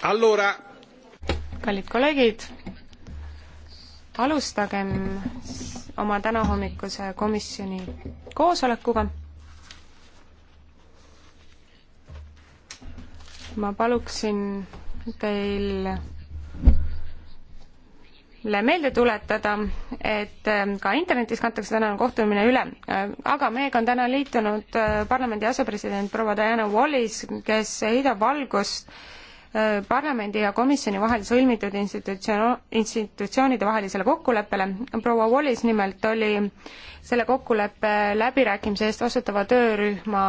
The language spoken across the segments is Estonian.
Allora. kallid kolleegid, alustagem oma tänahommikuse komisjoni koosolekuga. ma paluksin teil teile meelde tuletada, et äh, ka internetis kantakse tänane kohtumine üle. Äh, aga meiega on täna liitunud äh, parlamendi asepresident proua Diana Wallis, kes heidab valgust parlamendi ja komisjoni vahel sõlmitud institutsioon, institutsioonide vahelisele kokkuleppele. proua Wallis nimelt oli selle kokkuleppe läbirääkimise eest vastutava töörühma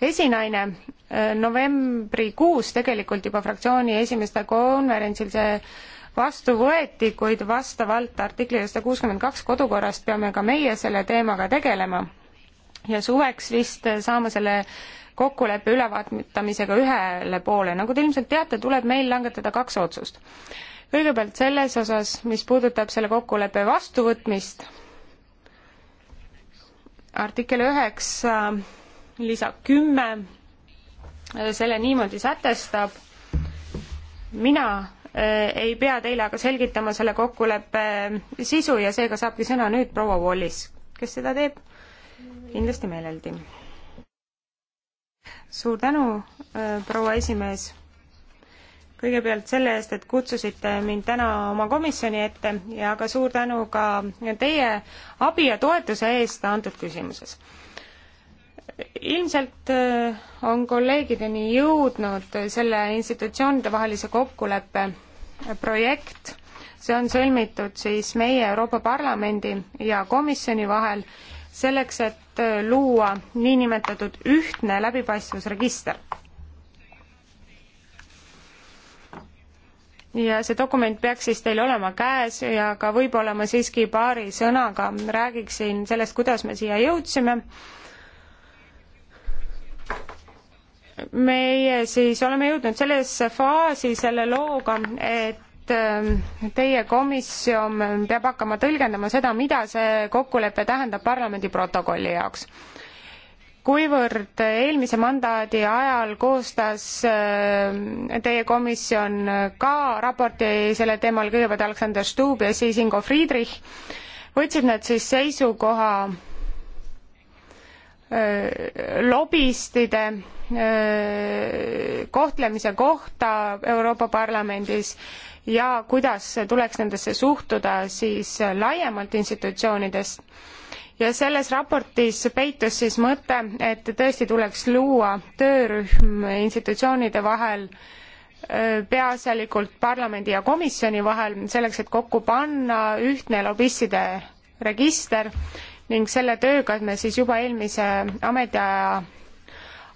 esinaine novembrikuus tegelikult juba fraktsiooni esimeste konverentsil see vastu võeti, kuid vastavalt artiklile sada kuuskümmend kaks kodukorrast peame ka meie selle teemaga tegelema. ja suveks vist saame selle kokkuleppe ülevaatamisega ühele poole. nagu te ilmselt teate, tuleb meil langetada kaks otsust. kõigepealt selles osas, mis puudutab selle kokkuleppe vastuvõtmist, artikkel üheksa lisa kümme selle niimoodi sätestab, mina Äh, ei pea teile aga selgitama selle kokkuleppe äh, sisu ja seega saabki sõna nüüd proua Wallis, kes seda teeb kindlasti meeleldi. suur tänu, äh, proua esimees, kõigepealt selle eest, et kutsusite mind täna oma komisjoni ette ja ka suur tänu ka teie abi ja toetuse eest antud küsimuses ilmselt on kolleegideni jõudnud selle institutsioonide vahelise kokkuleppe projekt, see on sõlmitud siis meie Euroopa Parlamendi ja komisjoni vahel selleks, et äh, luua niinimetatud ühtne läbipaistvusregister. ja see dokument peaks siis teil olema käes ja ka võib-olla ma siiski paari sõnaga räägiksin sellest, kuidas me siia jõudsime meie siis oleme jõudnud sellesse faasi selle looga, et ähm, teie komisjon peab hakkama tõlgendama seda, mida see kokkulepe tähendab parlamendi protokolli jaoks. kuivõrd eelmise mandaadi ajal koostas ähm, teie komisjon ka raporti sellel teemal, kõigepealt Aleksander Stubb ja siis Ingo Friedrich, võtsid nad siis seisukoha äh, lobistide Äh, kohtlemise kohta Euroopa Parlamendis ja kuidas tuleks nendesse suhtuda siis laiemalt institutsioonidest. ja selles raportis peitus siis mõte, et tõesti tuleks luua töörühm institutsioonide vahel, äh, peaasjalikult parlamendi ja komisjoni vahel, selleks et kokku panna ühtne lobistide register ning selle tööga me siis juba eelmise ametiaja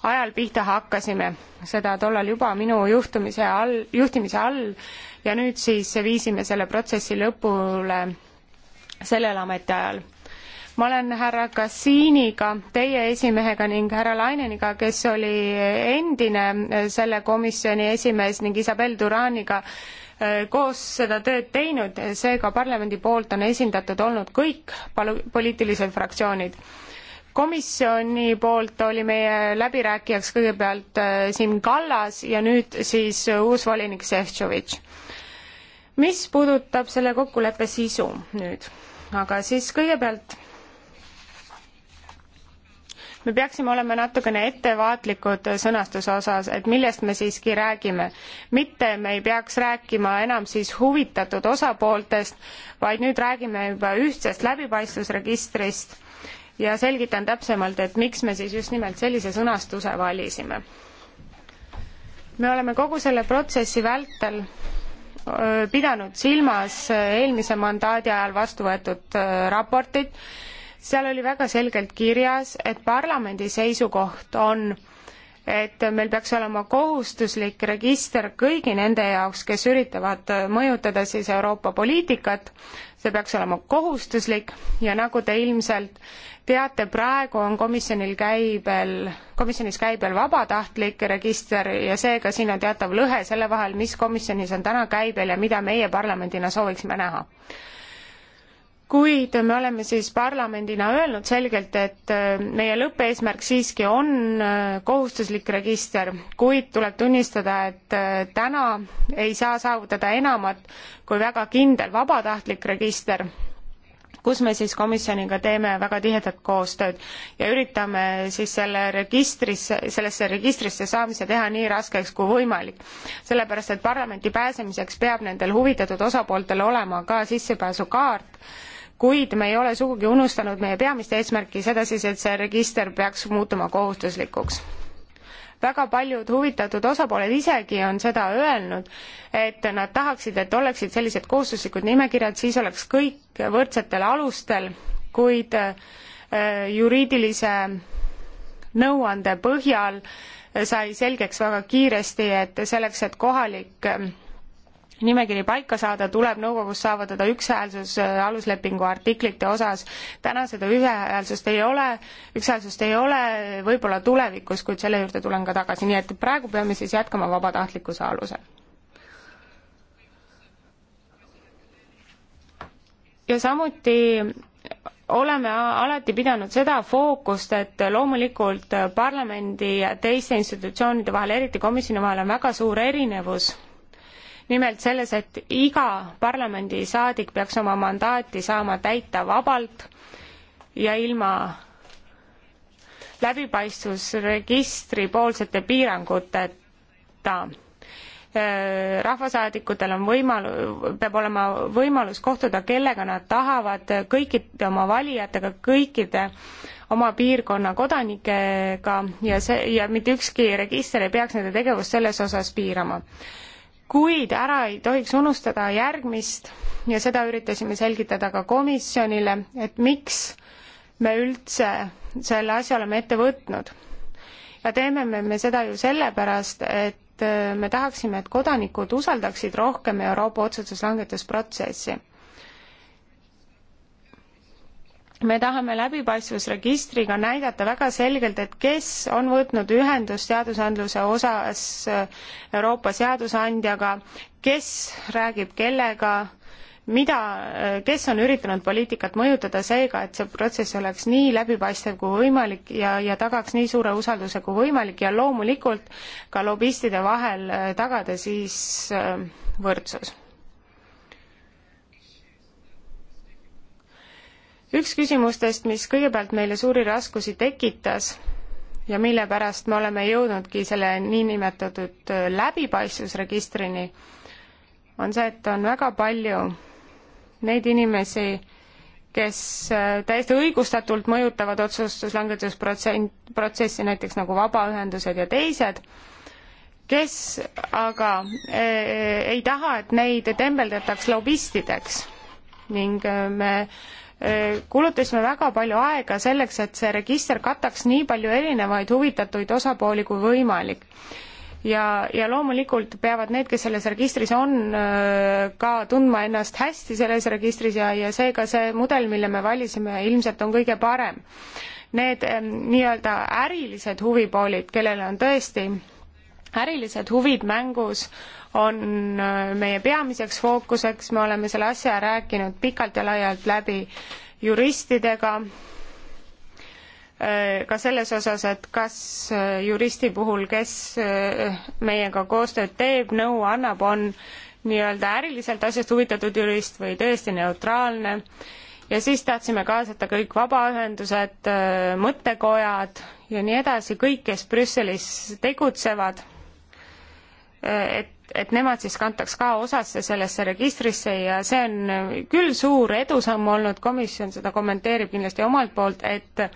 ajal pihta hakkasime, seda tollal juba minu juhtumise all, juhtimise all ja nüüd siis viisime selle protsessi lõpule sellel ametiajal ma olen härra Kassiiniga, teie esimehega ning härra Laineniga, kes oli endine selle komisjoni esimees ning Isabel Duraniga äh, koos seda tööd teinud, seega parlamendi poolt on esindatud olnud kõik palu-, poliitilised fraktsioonid komisjoni poolt oli meie läbirääkijaks kõigepealt äh, Siim Kallas ja nüüd siis äh, uus volinik Šeftšovitš. mis puudutab selle kokkuleppe sisu nüüd, aga siis kõigepealt me peaksime olema natukene ettevaatlikud sõnastuse osas, et millest me siiski räägime. mitte me ei peaks rääkima enam siis huvitatud osapooltest, vaid nüüd räägime juba ühtsest läbipaistvusregistrist ja selgitan täpsemalt, et miks me siis just nimelt sellise sõnastuse valisime. me oleme kogu selle protsessi vältel pidanud silmas eelmise mandaadi ajal vastu võetud raportit, seal oli väga selgelt kirjas, et parlamendi seisukoht on et meil peaks olema kohustuslik register kõigi nende jaoks, kes üritavad mõjutada siis Euroopa poliitikat, see peaks olema kohustuslik ja nagu te ilmselt teate, praegu on komisjonil käibel, komisjonis käibel vabatahtlik register ja seega siin on teatav lõhe selle vahel, mis komisjonis on täna käibel ja mida meie parlamendina sooviksime näha kuid me oleme siis parlamendina öelnud selgelt, et äh, meie lõppeesmärk siiski on äh, kohustuslik register, kuid tuleb tunnistada, et äh, täna ei saa saavutada enamat kui väga kindel vabatahtlik register, kus me siis komisjoniga teeme väga tihedat koostööd ja üritame siis selle registrisse, sellesse registrisse saamise teha nii raskeks kui võimalik. sellepärast, et parlamenti pääsemiseks peab nendel huvitatud osapooltel olema ka sissepääsukaart kuid me ei ole sugugi unustanud meie peamist eesmärki sedasi, et see register peaks muutuma kohustuslikuks väga paljud huvitatud osapooled isegi on seda öelnud, et nad tahaksid, et oleksid sellised kohustuslikud nimekirjad, siis oleks kõik võrdsetel alustel, kuid äh, juriidilise nõuande põhjal äh, sai selgeks väga kiiresti, et selleks, et kohalik äh, nimekiri paika saada, tuleb nõukogus saavutada ükshäälsus äh, aluslepingu artiklite osas. täna seda ühehäälsust ei ole, ükshäälsust ei ole, võib-olla tulevikus, kuid selle juurde tulen ka tagasi, nii et praegu peame siis jätkama vabatahtlikkuse alusel. ja samuti oleme alati pidanud seda fookust, et loomulikult parlamendi ja teiste institutsioonide vahel, eriti komisjoni vahel on väga suur erinevus nimelt selles, et iga parlamendisaadik peaks oma mandaati saama täita vabalt ja ilma läbipaistvusregistri poolsete piiranguteta äh, rahvasaadikutel on võimal-, peab olema võimalus kohtuda, kellega nad tahavad, kõikide oma valijatega, kõikide oma piirkonna kodanikega ja see, ja mitte ükski register ei peaks nende tegevust selles osas piirama kuid ära ei tohiks unustada järgmist ja seda üritasime selgitada ka komisjonile, et miks me üldse selle asja oleme ette võtnud. ja teeme me, me seda ju sellepärast, et äh, me tahaksime, et kodanikud usaldaksid rohkem Euroopa otsustuslangetusprotsessi me tahame läbipaistvusregistriga näidata väga selgelt, et kes on võtnud ühendust seadusandluse osas äh, Euroopa seadusandjaga, kes räägib kellega, mida, äh, kes on üritanud poliitikat mõjutada seega, et see protsess oleks nii läbipaistev kui võimalik ja, ja tagaks nii suure usalduse kui võimalik ja loomulikult ka lobistide vahel äh, tagada siis võrdsus üks küsimustest, mis kõigepealt meile suuri raskusi tekitas ja mille pärast me oleme jõudnudki selle niinimetatud läbipaistvusregistrini, on see, et on väga palju neid inimesi, kes äh, täiesti õigustatult mõjutavad otsustuslangetusprotsent, protsessi, näiteks nagu vabaühendused ja teised, kes aga äh, ei taha, et neid tembeldataks lobistideks ning äh, me kulutasime väga palju aega selleks, et see register kataks nii palju erinevaid huvitatuid osapooli kui võimalik. ja, ja loomulikult peavad need, kes selles registris on, ka tundma ennast hästi selles registris ja, ja seega see mudel, mille me valisime, ilmselt on kõige parem. Need nii-öelda ärilised huvipoolid, kellele on tõesti ärilised huvid mängus on äh, meie peamiseks fookuseks, me oleme selle asja rääkinud pikalt ja laialt läbi juristidega, äh, ka selles osas, et kas äh, juristi puhul, kes meiega koostööd teeb, nõu annab, on nii-öelda äriliselt asjast huvitatud jurist või tõesti neutraalne ja siis tahtsime kaasata kõik vabaühendused, mõttekojad ja nii edasi, kõik, kes Brüsselis tegutsevad et, et nemad siis kantaks ka osasse sellesse registrisse ja see on küll suur edusamm olnud, komisjon seda kommenteerib kindlasti omalt poolt, et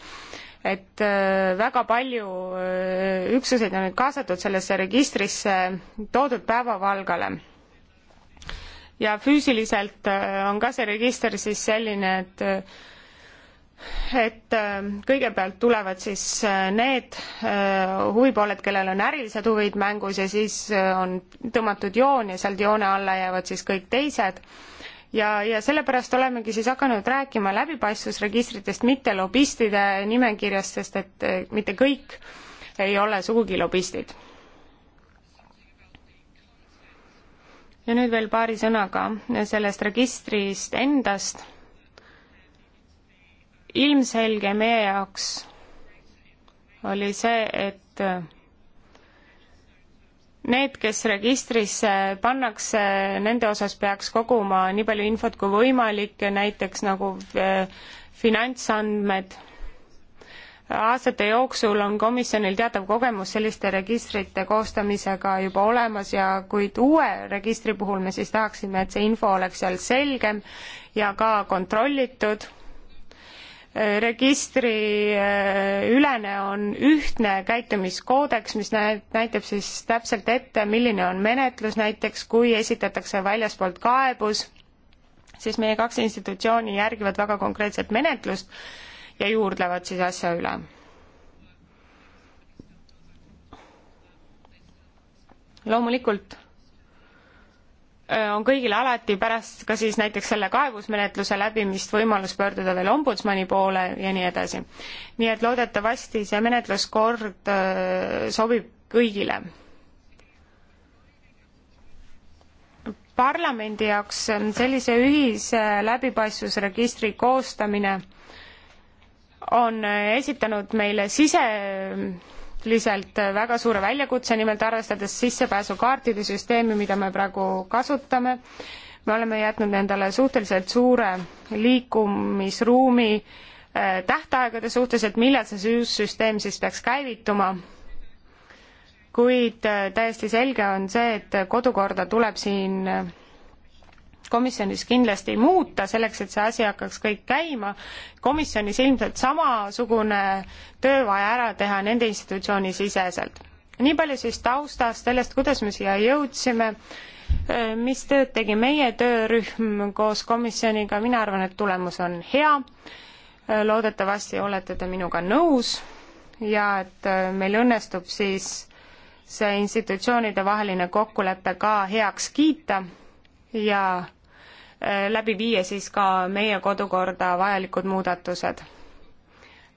et äh, väga palju äh, üksuseid on nüüd kaasatud sellesse registrisse, toodud päevavalgale ja füüsiliselt äh, on ka see register siis selline, et et ähm, kõigepealt tulevad siis äh, need äh, huvipooled, kellel on ärilised huvid mängus ja siis äh, on tõmmatud joon ja sealt joone alla jäävad siis kõik teised. ja, ja sellepärast olemegi siis hakanud rääkima läbipaistvusregistritest, mitte lobistide nimekirjast, sest et mitte kõik ei ole sugugi lobistid. ja nüüd veel paari sõnaga sellest registrist endast ilmselge meie jaoks oli see, et need, kes registrisse pannakse, nende osas peaks koguma nii palju infot kui võimalik, näiteks nagu eh, finantsandmed. aastate jooksul on komisjonil teatav kogemus selliste registrite koostamisega juba olemas ja kuid uue registri puhul me siis tahaksime, et see info oleks seal selgem ja ka kontrollitud registriülene äh, on ühtne käitumiskoodeks, mis näeb, näitab siis täpselt ette, milline on menetlus, näiteks kui esitatakse väljaspoolt kaebus, siis meie kaks institutsiooni järgivad väga konkreetset menetlust ja juurdlevad siis asja üle. loomulikult Äh, on kõigil alati pärast ka siis näiteks selle kaebusmenetluse läbimist võimalus pöörduda veel ombudsmani poole ja nii edasi. nii et loodetavasti see menetluskord äh, sobib kõigile. parlamendi jaoks sellise ühise läbipaistvusregistri koostamine on äh, esitanud meile sise üldiselt väga suure väljakutse, nimelt arvestades sissepääsukaartide süsteemi, mida me praegu kasutame. me oleme jätnud endale suhteliselt suure liikumisruumi äh, tähtaegade suhtes, et millal see uus süsteem siis peaks käivituma. kuid äh, täiesti selge on see, et kodukorda tuleb siin äh, komisjonis kindlasti ei muuta, selleks et see asi hakkaks kõik käima. komisjonis ilmselt samasugune töö vaja ära teha nende institutsiooni siseselt. nii palju siis taustast, sellest, kuidas me siia jõudsime, mis tööd tegi meie töörühm koos komisjoniga, mina arvan, et tulemus on hea. loodetavasti olete te minuga nõus ja et meil õnnestub siis see institutsioonide vaheline kokkulepe ka heaks kiita ja Äh, läbi viia siis ka meie kodukorda vajalikud muudatused.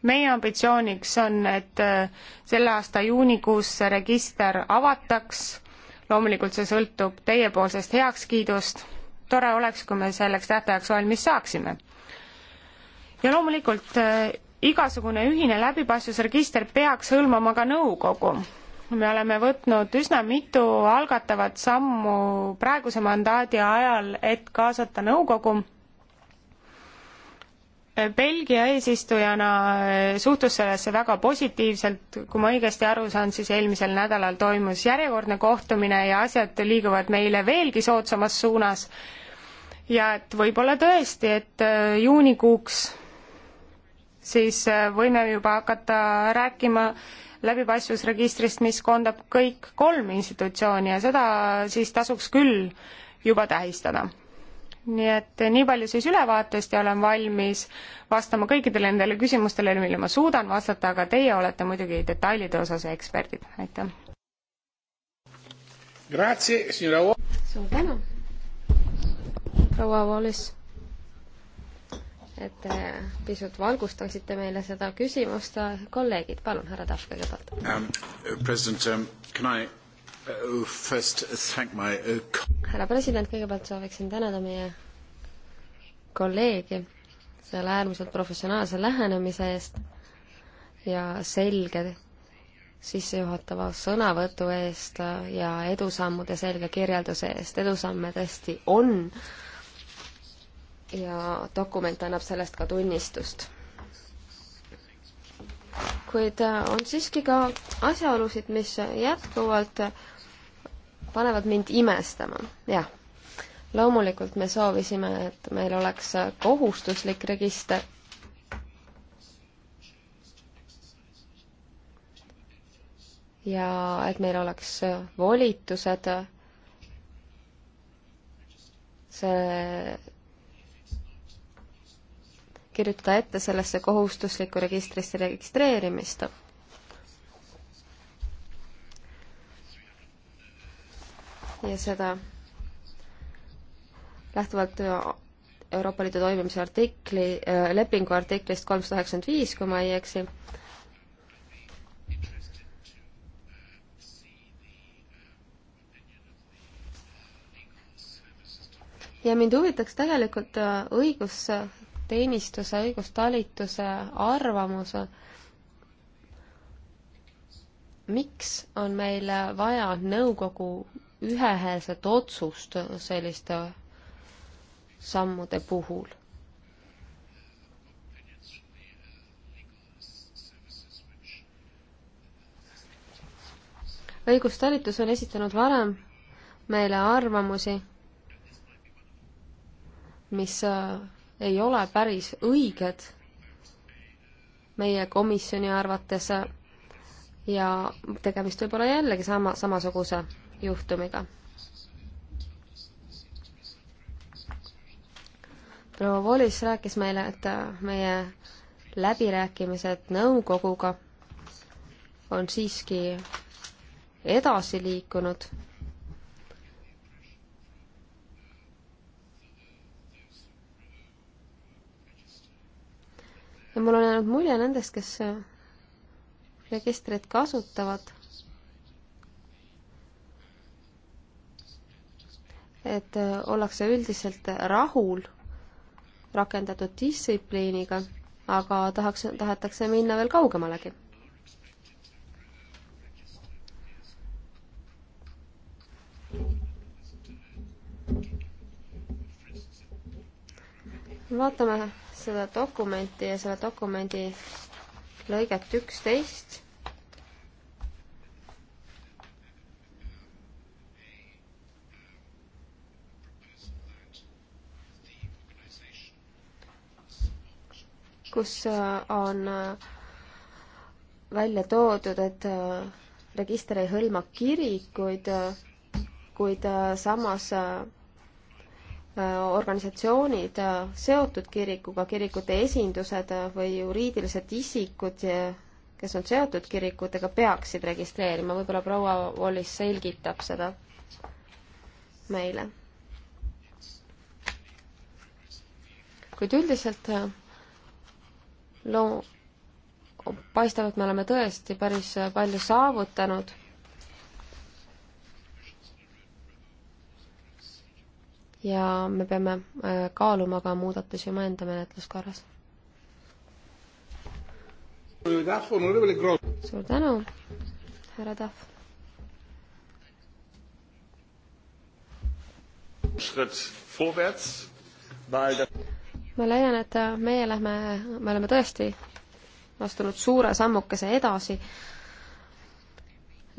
meie ambitsiooniks on, et äh, selle aasta juunikuus see register avataks, loomulikult see sõltub teiepoolsest heakskiidust, tore oleks, kui me selleks tähtajaks valmis saaksime. ja loomulikult äh, igasugune ühine läbipaistvusregister peaks hõlmama ka nõukogu me oleme võtnud üsna mitu algatavat sammu praeguse mandaadi ajal, et kaasata nõukogu. Belgia eesistujana suhtus sellesse väga positiivselt, kui ma õigesti aru saan, siis eelmisel nädalal toimus järjekordne kohtumine ja asjad liiguvad meile veelgi soodsamas suunas. ja et võib-olla tõesti, et äh, juunikuuks siis äh, võime juba hakata rääkima läbipaistvusregistrist, mis koondab kõik kolm institutsiooni ja seda siis tasuks küll juba tähistada. nii et nii palju siis ülevaatest ja olen valmis vastama kõikidele nendele küsimustele, millele ma suudan vastata, aga teie olete muidugi detailide osas eksperdid, aitäh. suur tänu, proua Wallis et te pisut valgustaksite meile seda küsimust. kolleegid, palun, härra Tahv kõigepealt um,. Uh, president um,, can I uh, first thank my uh, härra president, kõigepealt sooviksin tänada meie kolleegi selle äärmiselt professionaalse lähenemise eest ja selge sissejuhatava sõnavõtu eest ja edusammude selge kirjelduse eest. edusamme tõesti on ja dokument annab sellest ka tunnistust. kuid äh, on siiski ka asjaolusid, mis jätkuvalt panevad mind imestama, jah. loomulikult me soovisime, et meil oleks kohustuslik register, ja et meil oleks volitused see kirjutada ette sellesse kohustuslikku registrisse registreerimist. ja seda lähtuvalt Euroopa Liidu toimimise artikli, äh, lepingu artiklist kolmsada üheksakümmend viis, kui ma ei eksi, ja mind huvitaks tegelikult äh, õigus teenistuse, õigustalituse arvamuse. miks on meil vaja nõukogu ühehäälset otsust selliste sammude puhul? õigustalitus on esitanud varem meile arvamusi, mis äh, ei ole päris õiged meie komisjoni arvates ja tegemist võib olla jällegi sama, samasuguse juhtumiga. proua Volis rääkis meile, et meie läbirääkimised nõukoguga on siiski edasi liikunud ja mul on jäänud mulje nendest, kes äh, registrit kasutavad, et äh, ollakse üldiselt rahul rakendatud distsipliiniga, aga tahaks, tahetakse minna veel kaugemalegi vaatame seda dokumenti ja selle dokumendi lõiget üksteist. kus äh, on äh, välja toodud, et äh, register ei hõlma kirikuid, kuid samas Äh, organisatsioonid äh, seotud kirikuga, kirikute esindused äh, või juriidilised isikud, kes on seotud kirikutega, peaksid registreerima, võib-olla proua Wallis selgitab seda meile. kuid üldiselt loo-, paistab, et me oleme tõesti päris palju saavutanud ja me peame äh, kaaluma ka muudatusi omaenda menetluskorras. suur tänu, härra Tahv. ma leian, et äh, meie lähme, me oleme tõesti astunud suure sammukese edasi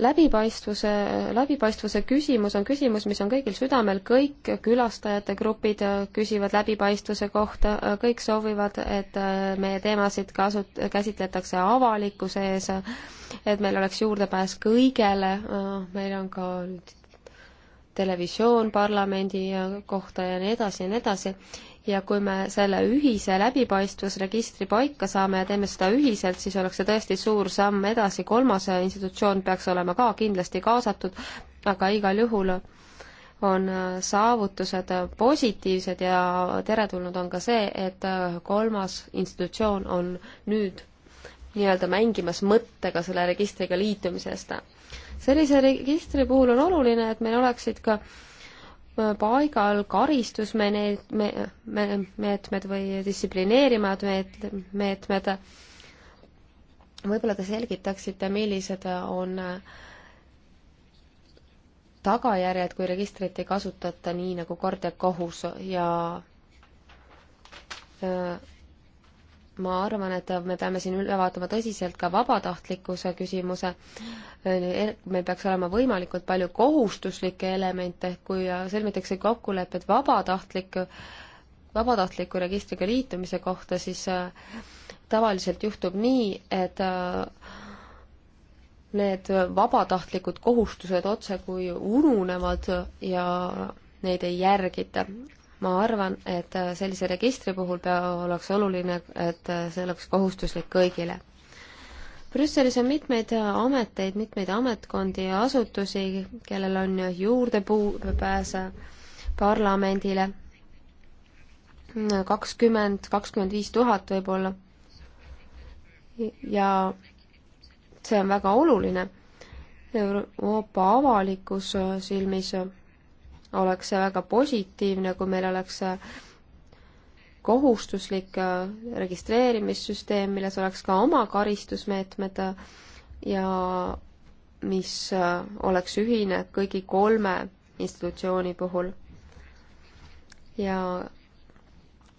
läbipaistvuse, läbipaistvuse küsimus on küsimus, mis on kõigil südamel, kõik külastajate grupid äh, küsivad läbipaistvuse kohta, äh, kõik soovivad, et äh, meie teemasid kasut-, käsitletakse avalikkuse ees, et meil oleks juurdepääs kõigele, meil on ka nüüd televisioon parlamendi kohta ja nii edasi ja nii edasi ja kui me selle ühise läbipaistvusregistri paika saame ja teeme seda ühiselt, siis oleks see tõesti suur samm edasi, kolmas institutsioon peaks olema ka kindlasti kaasatud, aga igal juhul on saavutused positiivsed ja teretulnud on ka see, et kolmas institutsioon on nüüd nii-öelda mängimas mõttega selle registriga liitumisest. sellise registri puhul on oluline, et meil oleksid ka äh, paigal karistusmeetmed või distsiplineerimad meetmed. võib-olla te selgitaksite, millised on tagajärjed, kui registrit ei kasutata nii, nagu kord ja kohus ja äh, ma arvan, et me peame siin üle vaatama tõsiselt ka vabatahtlikkuse küsimuse. meil peaks olema võimalikult palju kohustuslikke elemente, kui sõlmitakse kokkulepped vabatahtliku, vabatahtliku registriga liitumise kohta, siis äh, tavaliselt juhtub nii, et äh, need vabatahtlikud kohustused otsekui ununevad ja neid ei järgita ma arvan, et äh, sellise registri puhul pea-, oleks oluline, et äh, see oleks kohustuslik kõigile. Brüsselis on mitmeid äh, ameteid, mitmeid ametkondi ja asutusi, kellel on juurdepääs parlamendile kakskümmend, kakskümmend viis tuhat võib-olla. ja see on väga oluline Euroopa avalikus silmis oleks see väga positiivne, kui meil oleks kohustuslik äh, registreerimissüsteem, milles oleks ka oma karistusmeetmed äh, ja mis äh, oleks ühine kõigi kolme institutsiooni puhul. ja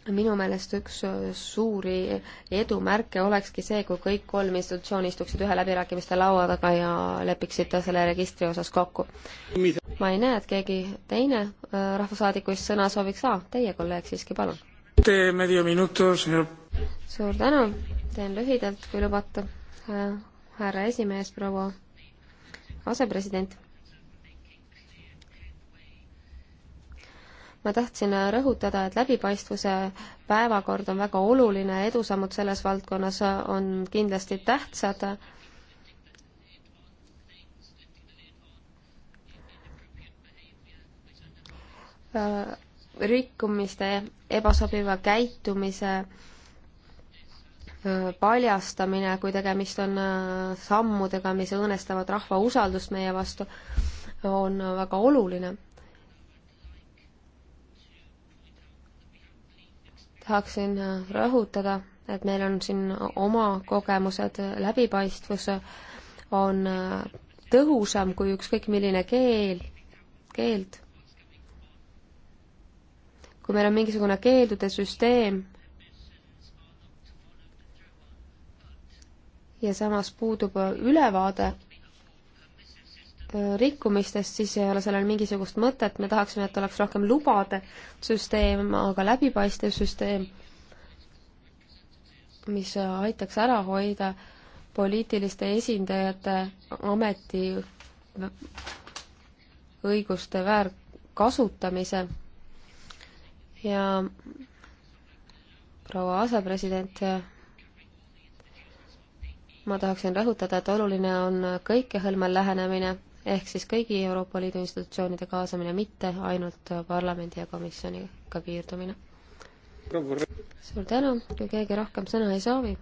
minu meelest üks äh, suuri edumärke olekski see, kui kõik kolm institutsiooni istuksid ühe läbirääkimiste laua taga ja lepiksid selle registri osas kokku. ma ei näe, et keegi teine äh, rahvasaadikuist sõna sooviks, aa, teie kolleeg siiski, palun. suur tänu, teen lühidalt, kui lubate, äh, härra esimees, proua asepresident ma tahtsin rõhutada, et läbipaistvuse päevakord on väga oluline, edusammud selles valdkonnas on kindlasti tähtsad rikkumiste, ebasobiva käitumise paljastamine, kui tegemist on sammudega, mis õõnestavad rahva usaldust meie vastu, on väga oluline tahaksin äh, rõhutada, et meil on siin oma kogemused, läbipaistvus on äh, tõhusam kui ükskõik milline keel, keeld. kui meil on mingisugune keeldude süsteem ja samas puudub ülevaade Äh, rikkumistest, siis ei ole sellel mingisugust mõtet, me tahaksime, et oleks rohkem lubade süsteem, aga läbipaistev süsteem, mis aitaks ära hoida poliitiliste esindajate ameti õiguste väärkasutamise ja proua asepresident, ma tahaksin rõhutada, et oluline on kõikehõlmav lähenemine ehk siis kõigi Euroopa Liidu institutsioonide kaasamine, mitte ainult parlamendi ja komisjoniga piirdumine. suur tänu, kui keegi rohkem sõna ei soovi.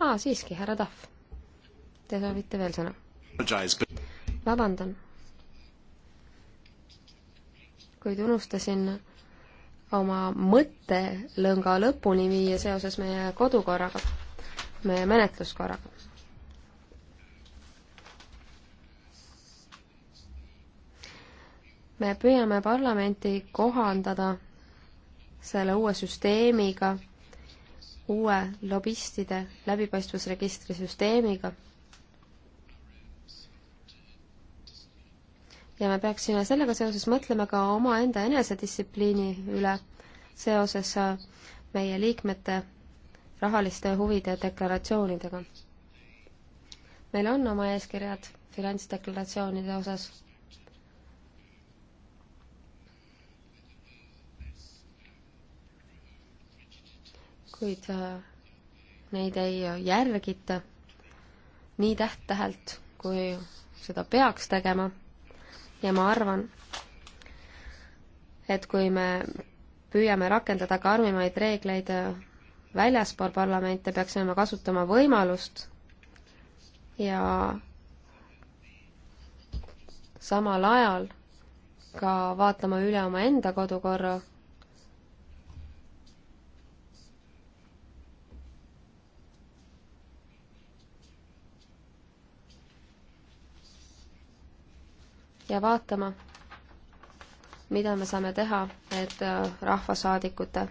aa, siiski, härra Tahv, te soovite veel sõna? vabandan, kuid unustasin oma mõttelõnga lõpuni viia seoses meie kodukorraga, meie menetluskorraga me püüame parlamenti kohandada selle uue süsteemiga, uue lobistide läbipaistvusregistri süsteemiga. ja me peaksime sellega seoses mõtlema ka omaenda enesedistsipliini üle seoses meie liikmete rahaliste huvide deklaratsioonidega. meil on oma eeskirjad finantsdeklaratsioonide osas kuid äh, neid ei järgita nii täht-tähelt, kui seda peaks tegema. ja ma arvan, et kui me püüame rakendada karmimaid reegleid äh, väljaspool parlamente, peaksime me kasutama võimalust ja samal ajal ka vaatama üle omaenda kodukorra ja vaatama, mida me saame teha, et äh, rahvasaadikute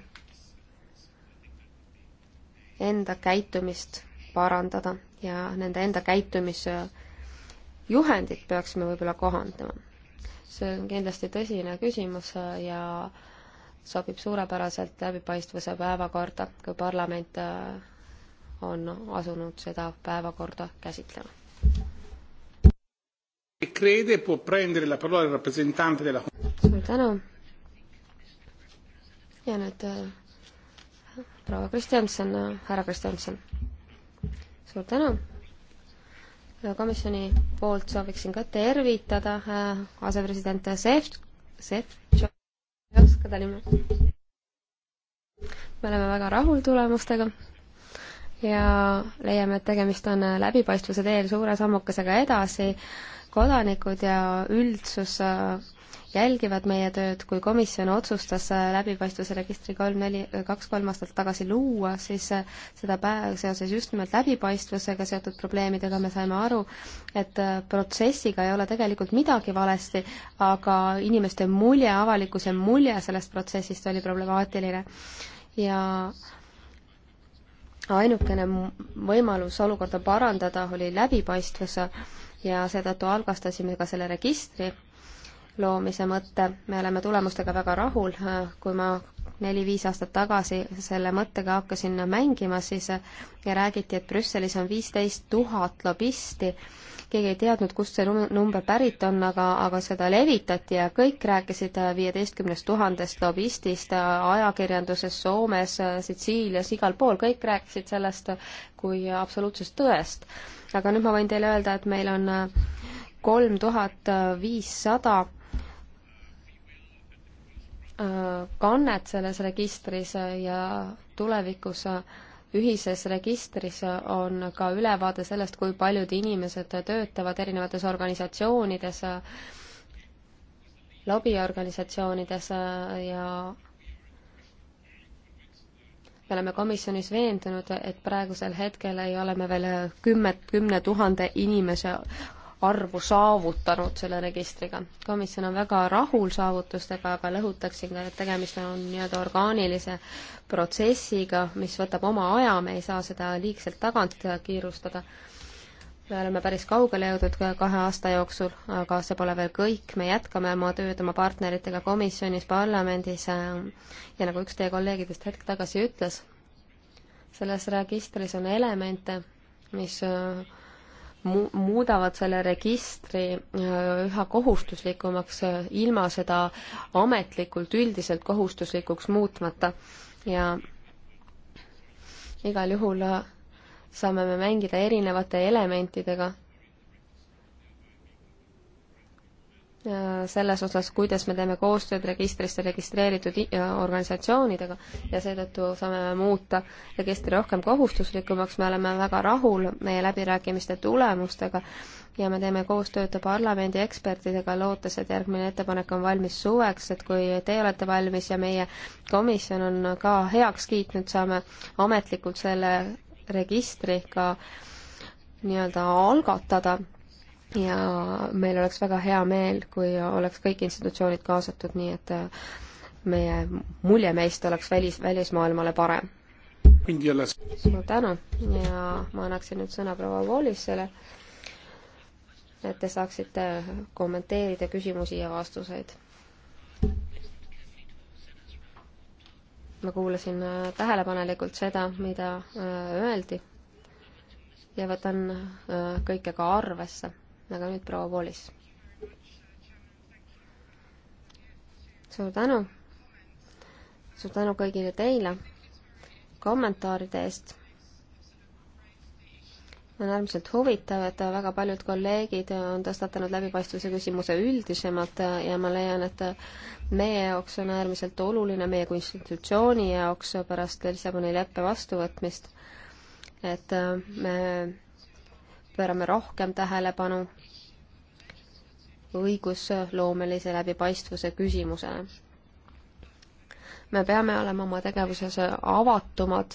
enda käitumist parandada ja nende enda käitumisjuhendit peaksime võib-olla kohandama. see on kindlasti tõsine küsimus äh, ja sobib suurepäraselt läbipaistvuse päevakorda, kui parlament äh, on asunud seda päevakorda käsitlema. E crede può prendere la parola il rappresentante della Suur tänu. ja nüüd äh, proua Kristjanson, härra Kristjanson. suur tänu. Äh, komisjoni poolt sooviksin ka tervitada äh, asepresident Sef-, Sef-, ei oska ta nime. me oleme väga rahul tulemustega ja leiame, et tegemist on läbipaistvuse teel suure sammukesega edasi kodanikud ja üldsus äh, jälgivad meie tööd, kui komisjon otsustas äh, läbipaistvuse registri kolm, neli, äh, kaks, kolm aastat tagasi luua, siis seda päev seoses just nimelt läbipaistvusega seotud probleemidega me saime aru, et protsessiga ei ole tegelikult midagi valesti, aga inimeste mulje, avalikkuse mulje sellest protsessist oli problemaatiline. ja ainukene võimalus olukorda parandada oli läbipaistvuse ja seetõttu algastasime ka selle registri loomise mõtte, me oleme tulemustega väga rahul, kui ma neli-viis aastat tagasi selle mõttega hakkasin mängima, siis ja räägiti, et Brüsselis on viisteist tuhat lobisti, keegi ei teadnud, kust see number pärit on, aga, aga seda levitati ja kõik rääkisid viieteistkümnest tuhandest lobistist ajakirjanduses, Soomes, Sitsiilias, igal pool, kõik rääkisid sellest kui absoluutsest tõest aga nüüd ma võin teile öelda, et meil on äh, kolm tuhat viissada äh, kannet selles registris äh, ja tulevikus ühises registris on ka ülevaade sellest, kui paljud inimesed töötavad erinevates organisatsioonides, lobiorganisatsioonides ja me oleme komisjonis veendunud, et praegusel hetkel ei ole me veel kümme, kümne tuhande inimese arvu saavutanud selle registriga. komisjon on väga rahul saavutustega, aga lõhutaksin ka, et tegemist on nii-öelda orgaanilise protsessiga, mis võtab oma aja, me ei saa seda liigselt tagant kiirustada me oleme päris kaugele jõudnud ka kahe aasta jooksul, aga see pole veel kõik, me jätkame oma tööd oma partneritega komisjonis, parlamendis ja nagu üks teie kolleegidest hetk tagasi ütles, selles registris on elemente, mis äh, mu-, muudavad selle registri äh, üha kohustuslikumaks, äh, ilma seda ametlikult üldiselt kohustuslikuks muutmata. ja igal juhul saame me mängida erinevate elementidega selles osas, kuidas me teeme koostööd registrisse registreeritud organisatsioonidega ja seetõttu saame me muuta registri rohkem kohustuslikumaks, me oleme väga rahul meie läbirääkimiste tulemustega ja me teeme koostööd parlamendi ekspertidega, lootes, et järgmine ettepanek on valmis suveks, et kui te olete valmis ja meie komisjon on ka heaks kiitnud, saame ametlikult selle registri ka nii-öelda algatada ja meil oleks väga hea meel, kui oleks kõik institutsioonid kaasatud, nii et äh, meie mulje meist oleks välis, välismaailmale parem. suur tänu ja ma annaksin nüüd sõna proua Voolisele, et te saaksite kommenteerida küsimusi ja vastuseid ma kuulasin äh, tähelepanelikult seda, mida äh, öeldi ja võtan äh, kõike ka arvesse. aga nüüd proua Poolis. suur tänu. suur tänu kõigile teile kommentaaride eest on äärmiselt huvitav, et väga paljud kolleegid on tõstatanud läbipaistvuse küsimuse üldisemalt ja ma leian, et meie jaoks on äärmiselt oluline, meie kui institutsiooni jaoks pärast Lissaboni leppe vastuvõtmist, et me pöörame rohkem tähelepanu õigusloomelise läbipaistvuse küsimusele. me peame olema oma tegevuses avatumad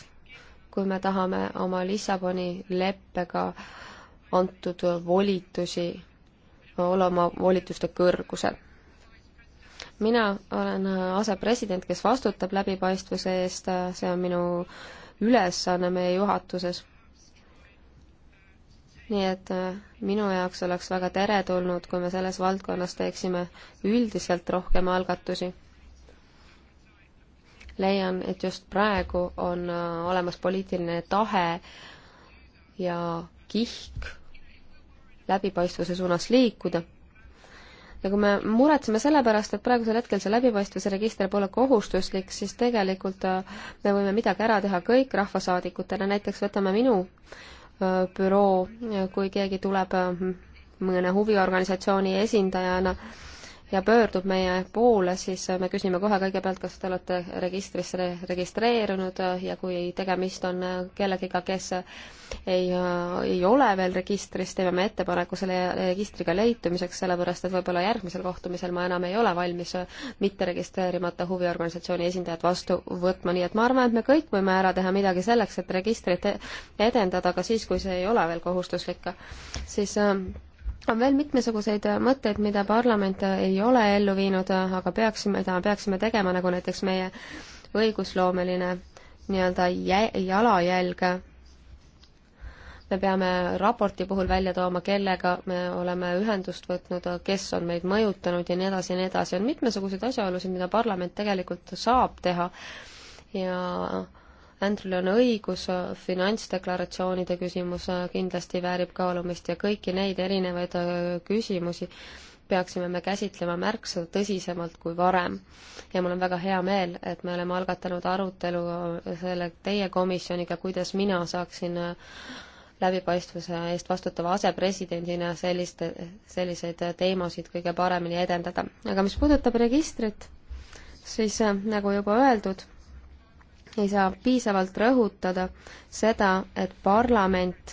kui me tahame oma Lissaboni leppega antud volitusi, olema volituste kõrgusel. mina olen asepresident, kes vastutab läbipaistvuse eest, see on minu ülesanne meie juhatuses nii et äh, minu jaoks oleks väga teretulnud, kui me selles valdkonnas teeksime üldiselt rohkem algatusi leian, et just praegu on äh, olemas poliitiline tahe ja kihk läbipaistvuse suunas liikuda. ja kui me muretseme selle pärast, et praegusel hetkel see läbipaistvuse register pole kohustuslik, siis tegelikult äh, me võime midagi ära teha kõik rahvasaadikutena, näiteks võtame minu äh, büroo, kui keegi tuleb mõne huviorganisatsiooni esindajana ja pöördub meie poole, siis me küsime kohe kõigepealt, kas te olete registrisse registreerunud ja kui tegemist on kellegiga, kes ei, ei ole veel registris, teeme me ettepaneku selle registriga leitumiseks, sellepärast et võib-olla järgmisel kohtumisel ma enam ei ole valmis mitte registreerimata huviorganisatsiooni esindajat vastu võtma, nii et ma arvan, et me kõik võime ära teha midagi selleks, et registrit e-, edendada ka siis, kui see ei ole veel kohustuslik. siis on veel mitmesuguseid mõtteid, mida parlament ei ole ellu viinud, aga peaksime, mida peaksime tegema, nagu näiteks meie õigusloomeline nii-öelda jalajälg. me peame raporti puhul välja tooma, kellega me oleme ühendust võtnud, kes on meid mõjutanud ja nii edasi ja nii edasi. on mitmesuguseid asjaolusid, mida parlament tegelikult saab teha ja Andrew'l on õigus, finantsdeklaratsioonide küsimus äh, kindlasti väärib kaalumist ja kõiki neid erinevaid äh, küsimusi peaksime me käsitlema märksa tõsisemalt kui varem. ja mul on väga hea meel, et me oleme algatanud arutelu äh, selle teie komisjoniga, kuidas mina saaksin läbipaistvuse eest vastutava asepresidendina selliste, selliseid teemasid kõige paremini edendada. aga mis puudutab registrit, siis nagu juba öeldud, ei saa piisavalt rõhutada seda, et parlament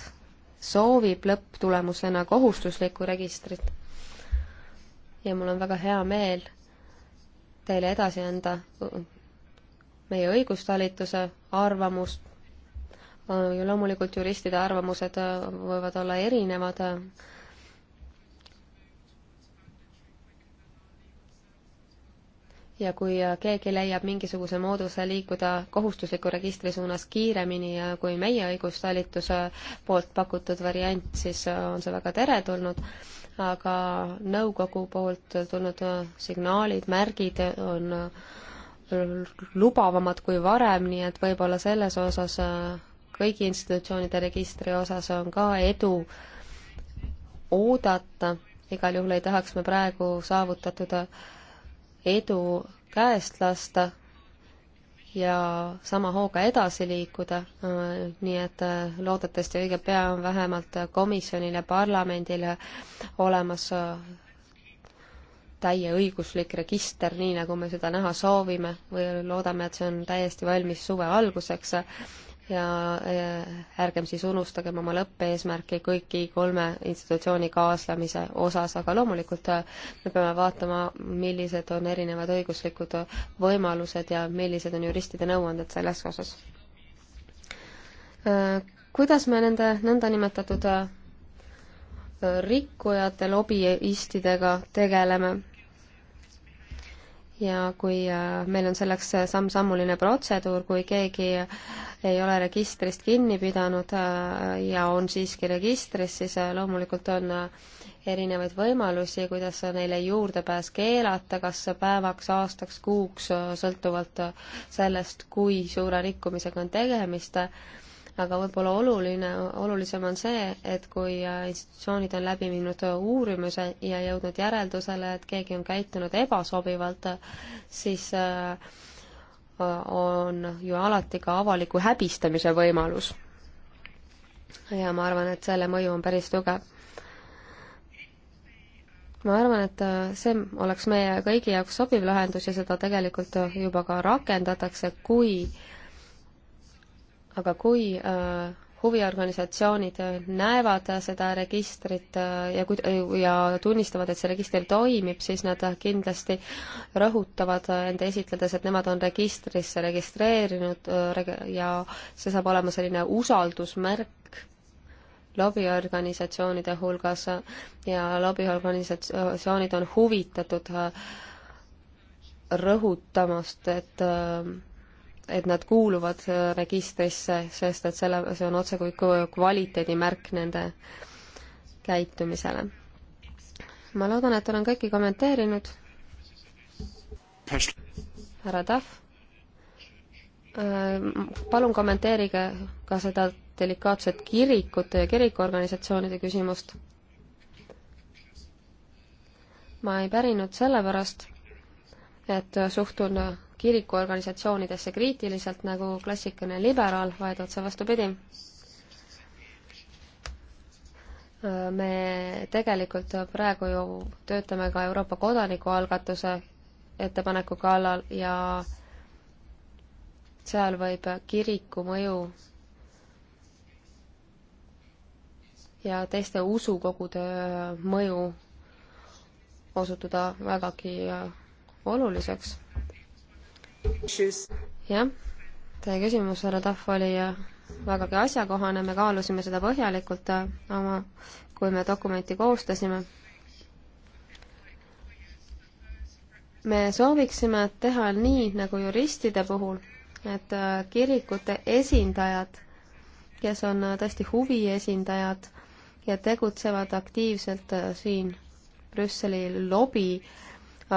soovib lõpptulemusena kohustuslikku registrit. ja mul on väga hea meel teile edasi anda meie õigustalituse arvamust. Äh, loomulikult juristide arvamused äh, võivad olla erinevad, äh, ja kui äh, keegi leiab mingisuguse mooduse liikuda kohustusliku registri suunas kiiremini kui meie õigustalituse äh, poolt pakutud variant, siis äh, on see väga teretulnud, aga nõukogu poolt tulnud signaalid, märgid on lubavamad kui varem, nii et võib-olla selles osas, kõigi institutsioonide registri osas on ka edu oodata, igal juhul ei tahaks me praegu saavutatud edu käest lasta ja sama hooga edasi liikuda, äh, nii et äh, loodetavasti õige pea on vähemalt äh, komisjonile, parlamendile olemas täieõiguslik register, nii nagu me seda näha soovime või loodame, et see on täiesti valmis suve alguseks ja eh, ärgem siis unustagem oma lõppeesmärki kõiki kolme institutsiooni kaaslamise osas, aga loomulikult eh, me peame vaatama, millised on erinevad õiguslikud eh, võimalused ja millised on juristide nõuanded selles osas. kuidas me nende nõndanimetatud rikkujate lobiistidega tegeleme? ja kui meil on selleks samm-sammuline protseduur, kui keegi äh, ei ole registrist kinni pidanud äh, ja on siiski registris, siis äh, loomulikult on äh, erinevaid võimalusi, kuidas neile juurdepääs keelata, kas päevaks, aastaks, kuuks, sõltuvalt sellest, kui suure rikkumisega on tegemist aga võib-olla oluline, olulisem on see, et kui institutsioonid on läbi viinud uurimuse ja jõudnud järeldusele, et keegi on käitunud ebasobivalt, siis äh, on ju alati ka avaliku häbistamise võimalus. ja ma arvan, et selle mõju on päris tugev. ma arvan, et äh, see oleks meie kõigi jaoks sobiv lahendus ja seda tegelikult juba ka rakendatakse, kui aga kui äh, huviorganisatsioonid näevad seda registrit äh, ja kui, äh, ja tunnistavad, et see register toimib, siis nad kindlasti rõhutavad enda esitledes, et nemad on registrisse registreerinud äh, ja see saab olema selline usaldusmärk lobiorganisatsioonide hulgas ja lobiorganisatsioonid on huvitatud rõhutamast, et et nad kuuluvad äh, registrisse, sest et selle, see on otsekui kvaliteedimärk nende käitumisele. ma loodan, et olen kõiki kommenteerinud. härra Tahv, äh, palun kommenteerige ka seda delikaatset kirikute ja kirikuorganisatsioonide küsimust. ma ei pärinud sellepärast, et suhtun kirikuorganisatsioonidesse kriitiliselt nagu klassikaline liberaal, vaid otse vastupidi. me tegelikult praegu ju töötame ka Euroopa kodanikualgatuse ettepaneku kallal ja seal võib kiriku mõju ja teiste usukogude mõju osutuda vägagi oluliseks jah, teie küsimus, härra Tahv, oli äh, vägagi asjakohane, me kaalusime seda põhjalikult äh, oma, kui me dokumenti koostasime. me sooviksime teha nii, nagu juristide puhul, et äh, kirikute esindajad, kes on tõesti huvi esindajad ja tegutsevad aktiivselt siin Brüsseli lobi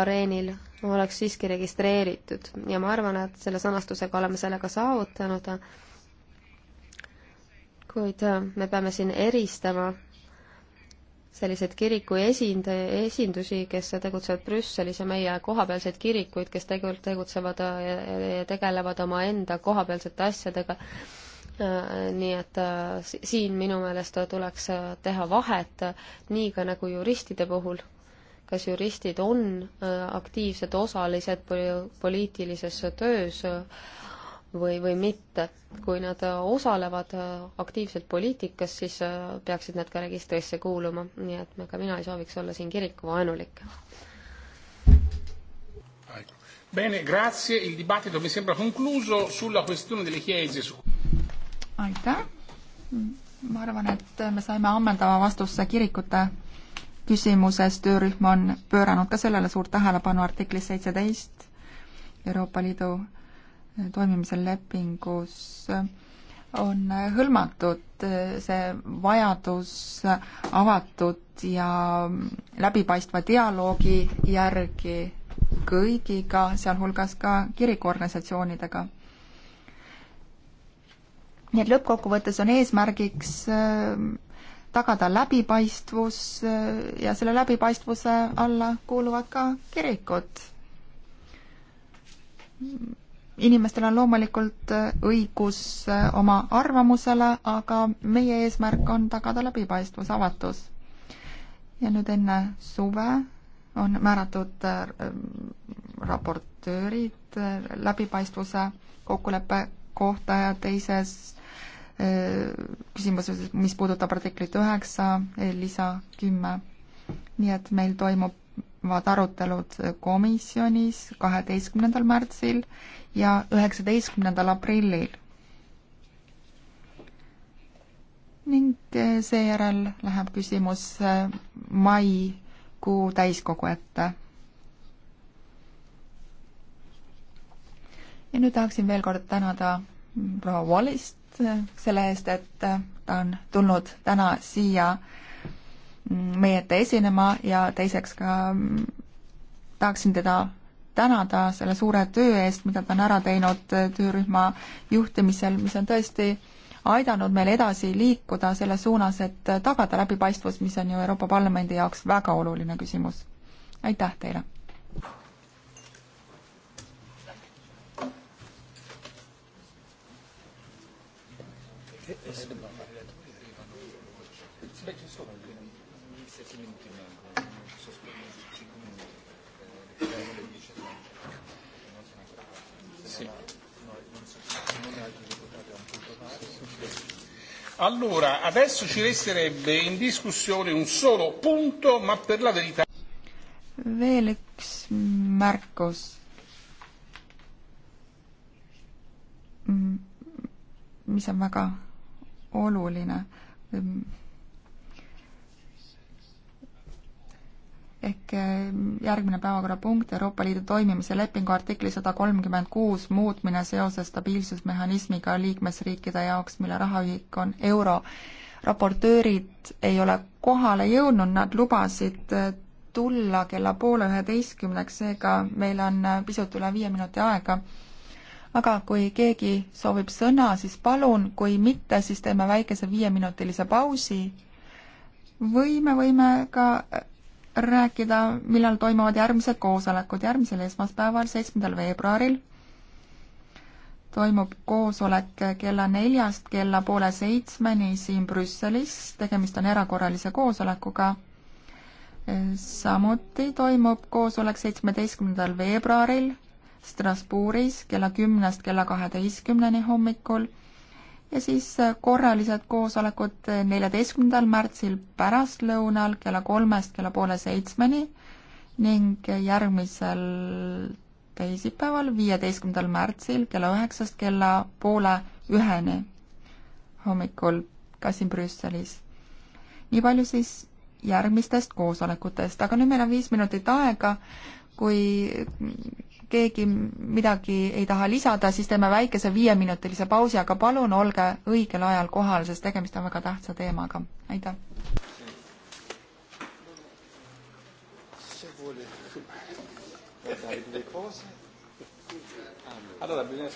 areenil oleks siiski registreeritud ja ma arvan, et selle sõnastusega oleme selle ka saavutanud, kuid äh, me peame siin eristama selliseid kiriku esindaja, esindusi, kes tegutsevad Brüsselis ja meie kohapealseid kirikuid, kes tegu-, tegutsevad äh, ja tegelevad omaenda kohapealsete asjadega. Äh, nii et siin minu meelest tuleks teha vahet nii ka nagu juristide puhul kes juristid on äh, aktiivsed osalised poliitilises töös äh, või, või mitte. kui nad äh, osalevad aktiivselt poliitikas, siis peaksid nad ka registrisse kuuluma, nii et ka mina ei sooviks olla siin kirikuvaenulik. Bene, grazie, il dibattito mi sembra concluso sulla questione delle chiese su.... aitäh, ma arvan, et me saime ammendava vastuse kirikute küsimuses töörühm on pööranud ka sellele suurt tähelepanu artiklis seitseteist Euroopa Liidu eh, toimimise lepingus on hõlmatud eh, see vajadus avatud ja läbipaistva dialoogi järgi kõigiga, sealhulgas ka kirikuorganisatsioonidega. nii et lõppkokkuvõttes on eesmärgiks eh, tagada läbipaistvus äh, ja selle läbipaistvuse alla kuuluvad ka kirikud. inimestel on loomulikult äh, õigus äh, oma arvamusele, aga meie eesmärk on tagada läbipaistvus, avatus. ja nüüd enne suve on määratud raportöörid läbipaistvuse kokkuleppe kohta ja teises küsimuses, mis puudutab artiklit üheksa, lisa kümme. nii et meil toimuvad arutelud komisjonis kaheteistkümnendal märtsil ja üheksateistkümnendal aprillil. ning eh, seejärel läheb küsimus eh, maikuu täiskogu ette ja nüüd tahaksin veel kord tänada proua Wallist selle eest, et ta on tulnud täna siia meie ette esinema ja teiseks ka tahaksin teda tänada selle suure töö eest, mida ta on ära teinud töörühma juhtimisel, mis on tõesti aidanud meil edasi liikuda selles suunas, et tagada läbipaistvus, mis on ju Euroopa Parlamendi jaoks väga oluline küsimus. aitäh teile! Sì. Allora, adesso ci resterebbe in discussione un solo punto, ma per la verità. Veel üks märkus. mis on väga oluline. ehk eh, järgmine päevakorrapunkt Euroopa Liidu toimimise lepingu artikli sada kolmkümmend kuus muutmine seoses stabiilsusmehhanismiga liikmesriikide jaoks, mille rahaühik on euro. raportöörid ei ole kohale jõudnud, nad lubasid eh, tulla kella poole üheteistkümneks, seega meil on eh, pisut üle viie minuti aega aga kui keegi soovib sõna, siis palun, kui mitte, siis teeme väikese viieminutilise pausi. või me võime ka äh, rääkida, millal toimuvad järgmised koosolekud. järgmisel esmaspäeval, seitsmendal veebruaril toimub koosolek kella neljast kella poole seitsmeni siin Brüsselis. tegemist on erakorralise koosolekuga äh, samuti toimub koosolek seitsmeteistkümnendal veebruaril Strasbourgis kella kümnest kella kaheteistkümneni hommikul ja siis äh, korralised koosolekud äh, neljateistkümnendal märtsil pärastlõunal kella kolmest kella poole seitsmeni ning äh, järgmisel teisipäeval, viieteistkümnendal märtsil kella üheksast kella poole üheni hommikul ka siin Brüsselis. nii palju siis järgmistest koosolekutest, aga nüüd meil on viis minutit aega, kui keegi midagi ei taha lisada, siis teeme väikese viieminutilise pausi, aga palun olge õigel ajal kohal, sest tegemist on väga tähtsa teemaga. aitäh! Allora bisogna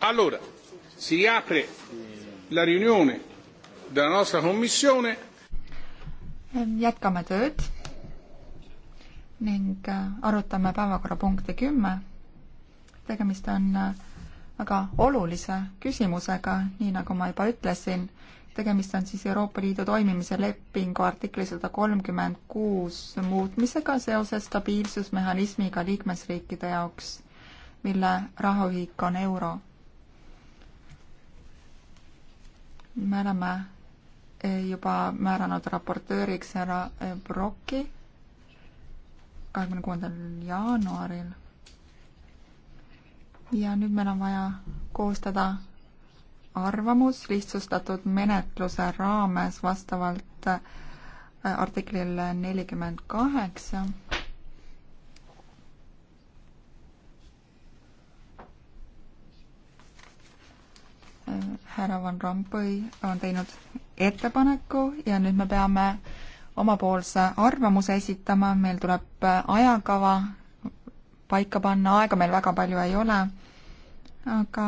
Allora, si riapre la riunione della nostra commissione. jätkame tööd ning äh, arutame päevakorrapunkti kümme. tegemist on äh, väga olulise küsimusega, nii nagu ma juba ütlesin, tegemist on siis Euroopa Liidu toimimise lepingu artikli sada kolmkümmend kuus muutmisega seoses stabiilsusmehhanismiga liikmesriikide jaoks mille rahaühik on euro. me oleme e, juba määranud raportööriks härra e, Brocki kahekümne kuuendal jaanuaril. ja nüüd meil on vaja koostada arvamus lihtsustatud menetluse raames vastavalt e, artiklile nelikümmend kaheksa härra Van Rompuy on teinud ettepaneku ja nüüd me peame omapoolse arvamuse esitama, meil tuleb ajakava paika panna, aega meil väga palju ei ole, aga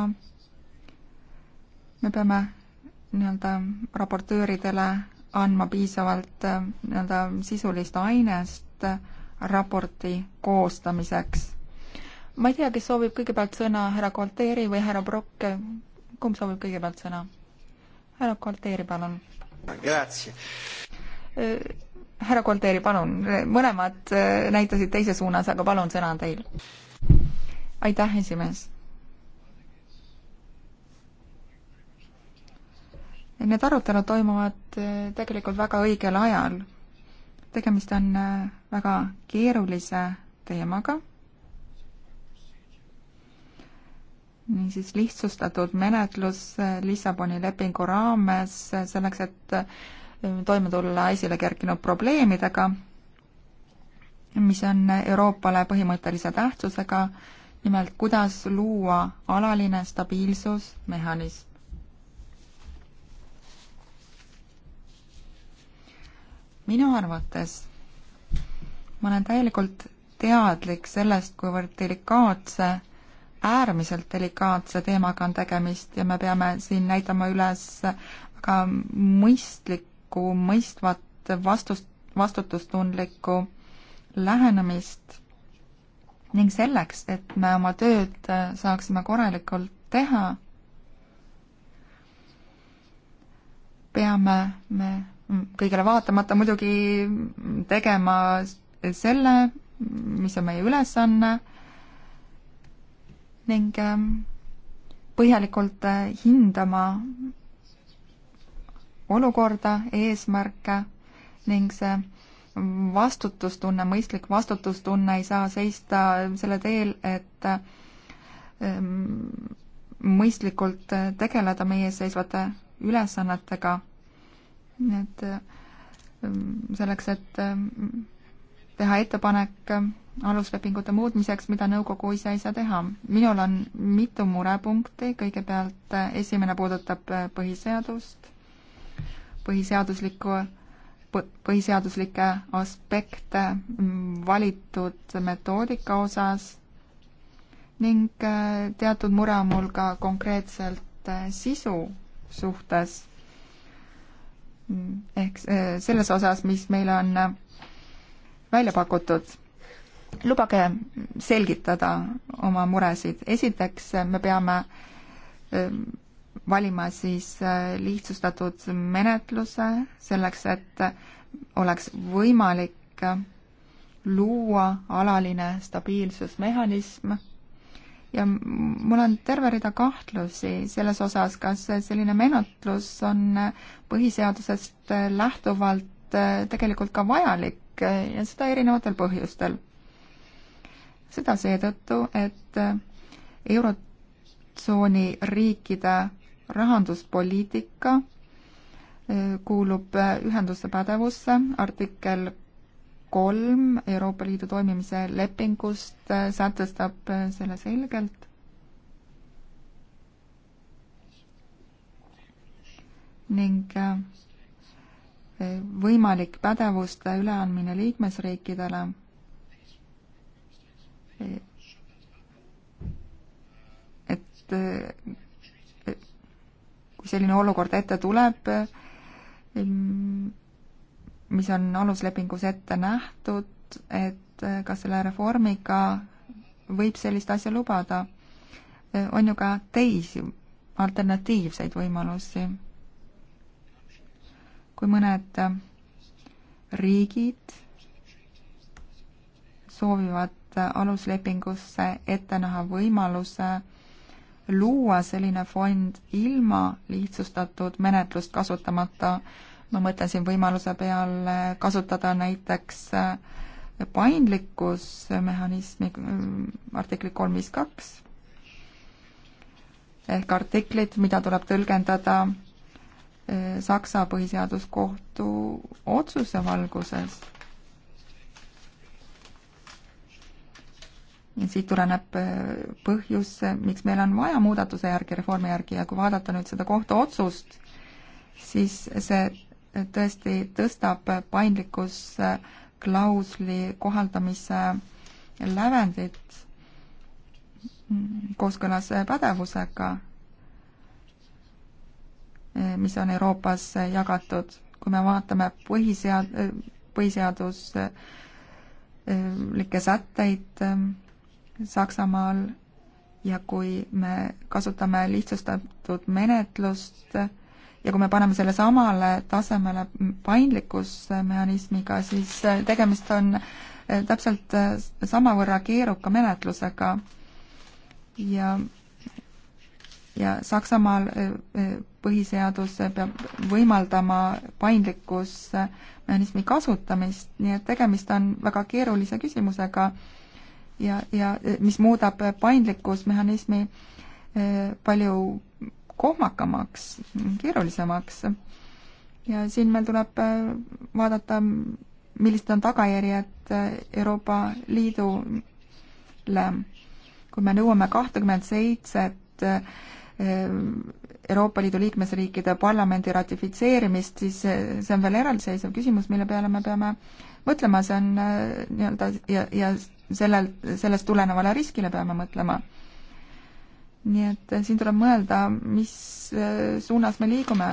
me peame nii-öelda raportööridele andma piisavalt eh, nii-öelda sisulist ainest raporti koostamiseks. ma ei tea, kes soovib kõigepealt sõna, härra Kolteeri või härra Brock, kumb soovib kõigepealt sõna? härra Kolteeri, palun. Äh, härra Kolteeri, palun, mõlemad äh, näitasid teise suunas, aga palun, sõna on teil. aitäh, esimees. Need arutelud toimuvad äh, tegelikult väga õigel ajal. tegemist on väga keerulise teemaga niisiis lihtsustatud menetlus Lissaboni lepingu raames selleks, et äh, toime tulla esile kerkinud probleemidega, mis on Euroopale põhimõttelise tähtsusega, nimelt kuidas luua alaline stabiilsusmehhanism. minu arvates ma olen täielikult teadlik sellest, kuivõrd delikaatse äärmiselt delikaatse teemaga on tegemist ja me peame siin näitama üles väga mõistlikku, mõistvat vastust, vastutustundlikku lähenemist ning selleks, et me oma tööd saaksime korralikult teha, peame me kõigele vaatamata muidugi tegema selle, mis on meie ülesanne ning ähm, põhjalikult äh, hindama olukorda, eesmärke ning see vastutustunne, mõistlik vastutustunne ei saa seista selle teel, et ähm, mõistlikult äh, tegeleda meie ees seisvate ülesannetega. nii et ähm, selleks, et teha ettepanek aluslepingute muutmiseks, mida nõukogu ise ei saa teha. minul on mitu murepunkti, kõigepealt eh, esimene puudutab eh, põhiseadust, põhiseaduslikku, põhiseaduslikke aspekte mm, valitud metoodika osas ning eh, teatud mure on mul ka konkreetselt sisu suhtes mm, ehk selles osas, mis meile on välja pakutud lubage selgitada oma muresid. esiteks me peame valima siis lihtsustatud menetluse selleks, et oleks võimalik luua alaline stabiilsusmehhanism ja mul on terve rida kahtlusi selles osas, kas selline menetlus on põhiseadusest lähtuvalt tegelikult ka vajalik ja seda erinevatel põhjustel seda seetõttu, et äh, eurotsooni riikide rahanduspoliitika äh, kuulub äh, ühenduse pädevusse, artikkel kolm Euroopa Liidu toimimise lepingust sätestab selle selgelt. ning võimalik pädevuste üleandmine liikmesriikidele et kui selline olukord ette tuleb, mis on aluslepingus ette nähtud, et kas selle reformiga võib sellist asja lubada, on ju ka teisi alternatiivseid võimalusi. kui mõned riigid soovivad et aluslepingusse ette näha võimaluse luua selline fond ilma lihtsustatud menetlust kasutamata. ma mõtlen siin võimaluse peal kasutada näiteks paindlikkusmehhanismi mm, artikli kolm viis kaks ehk artiklit, mida tuleb tõlgendada eh, Saksa põhiseaduskohtu otsuse valguses siit tuleneb äh, põhjus, miks meil on vaja muudatuse järgi, reformi järgi ja kui vaadata nüüd seda kohtuotsust, siis see tõesti tõstab paindlikkusklausli äh, kohaldamise lävendit kooskõlas pädevusega, äh, mis on Euroopas jagatud. kui me vaatame põhisead-, põhiseaduslikke sätteid, Saksamaal ja kui me kasutame lihtsustatud menetlust ja kui me paneme selle samale tasemele paindlikkusmehhanismiga, siis tegemist on eh, täpselt eh, samavõrra keeruka menetlusega ja ja Saksamaal eh, põhiseadus peab võimaldama paindlikkusmehhanismi kasutamist, nii et tegemist on väga keerulise küsimusega ja, ja mis muudab paindlikkusmehhanismi eh, palju kohmakamaks, keerulisemaks. ja siin meil tuleb eh, vaadata, millised on tagajärjed eh, Euroopa Liidule. kui me nõuame kahtekümmet seitset Euroopa Liidu liikmesriikide parlamendi ratifitseerimist, siis see on veel eraldiseisev küsimus, mille peale me peame mõtlema, see on nii-öelda ja, ja sellel, sellest tulenevale riskile peame mõtlema. nii et eh, siin tuleb mõelda, mis eh, suunas me liigume,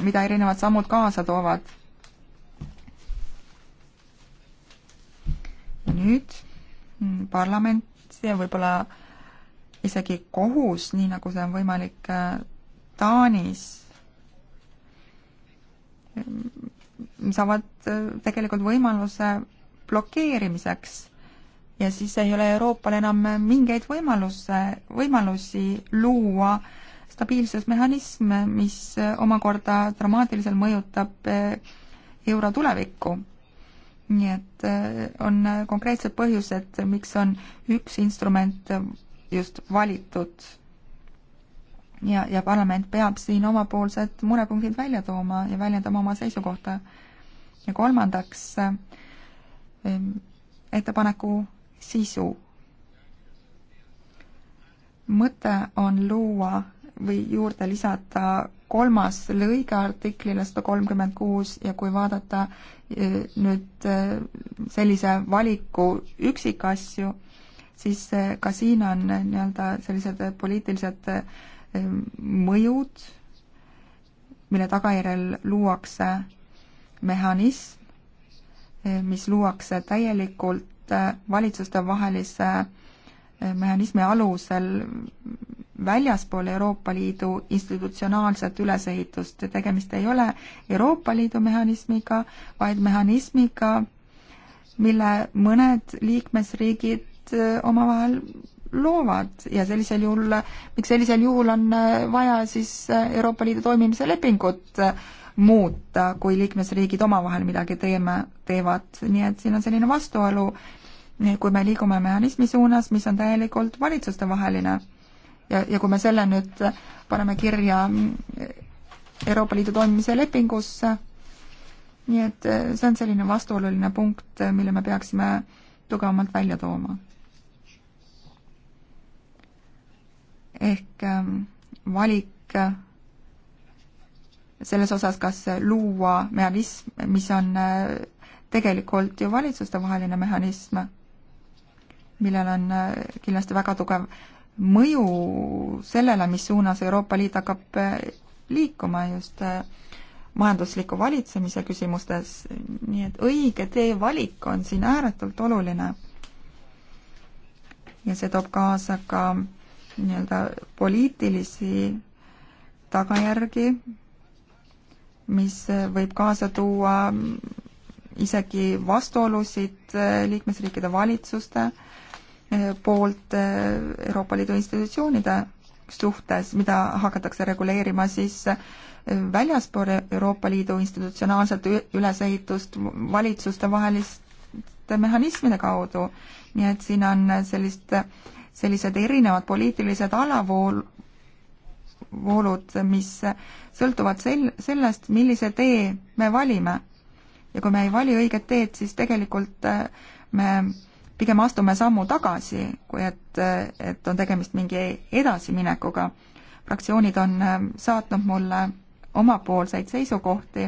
mida erinevad sammud kaasa toovad. nüüd mm, parlament ja võib-olla isegi kohus, nii nagu see on võimalik eh, Taanis, saavad tegelikult võimaluse blokeerimiseks ja siis ei ole Euroopal enam mingeid võimaluse, võimalusi luua stabiilsusmehhanism, mis omakorda dramaatiliselt mõjutab eh, euro tulevikku. nii et eh, on konkreetsed põhjused, miks on üks instrument just valitud ja, ja parlament peab siin omapoolsed murepunktid välja tooma ja väljendama oma seisukohta. ja kolmandaks eh, ettepaneku sisu. mõte on luua või juurde lisada kolmas lõige artiklile sada kolmkümmend kuus ja kui vaadata eh, nüüd eh, sellise valiku üksikasju, siis eh, ka siin on nii-öelda sellised poliitilised mõjud, mille tagajärjel luuakse mehhanism, mis luuakse täielikult Äh, valitsustevahelise äh, mehhanismi alusel väljaspool Euroopa Liidu institutsionaalset ülesehitust. tegemist ei ole Euroopa Liidu mehhanismiga, vaid mehhanismiga, mille mõned liikmesriigid äh, omavahel loovad ja sellisel juhul, miks sellisel juhul on vaja siis Euroopa Liidu toimimise lepingut muuta, kui liikmesriigid omavahel midagi teeme, teevad, nii et siin on selline vastuolu kui me liigume mehhanismi suunas, mis on täielikult valitsustevaheline. ja, ja kui me selle nüüd paneme kirja mm, Euroopa Liidu toimimise lepingusse, nii et eh, see on selline vastuoluline punkt, eh, mille me peaksime tugevamalt välja tooma. ehk eh, valik selles osas, kas luua mehhanism, mis on tegelikult ju valitsustevaheline mehhanism millel on äh, kindlasti väga tugev mõju sellele, mis suunas Euroopa Liit hakkab äh, liikuma just äh, majandusliku valitsemise küsimustes, nii et õige tee valik on siin ääretult oluline. ja see toob kaasa ka nii-öelda poliitilisi tagajärgi, mis võib kaasa tuua mm, isegi vastuolusid liikmesriikide valitsuste äh, Äh, poolt äh, Euroopa Liidu institutsioonide suhtes, mida hakatakse reguleerima siis äh, väljaspool Euroopa Liidu institutsionaalset ülesehitust valitsustevaheliste mehhanismide kaudu. nii et siin on sellist, sellised erinevad poliitilised alavool, voolud, mis sõltuvad sel-, sellest, millise tee me valime. ja kui me ei vali õiget teed, siis tegelikult me äh, pigem astume sammu tagasi, kui et, et on tegemist mingi edasiminekuga. fraktsioonid on ähm, saatnud mulle omapoolseid seisukohti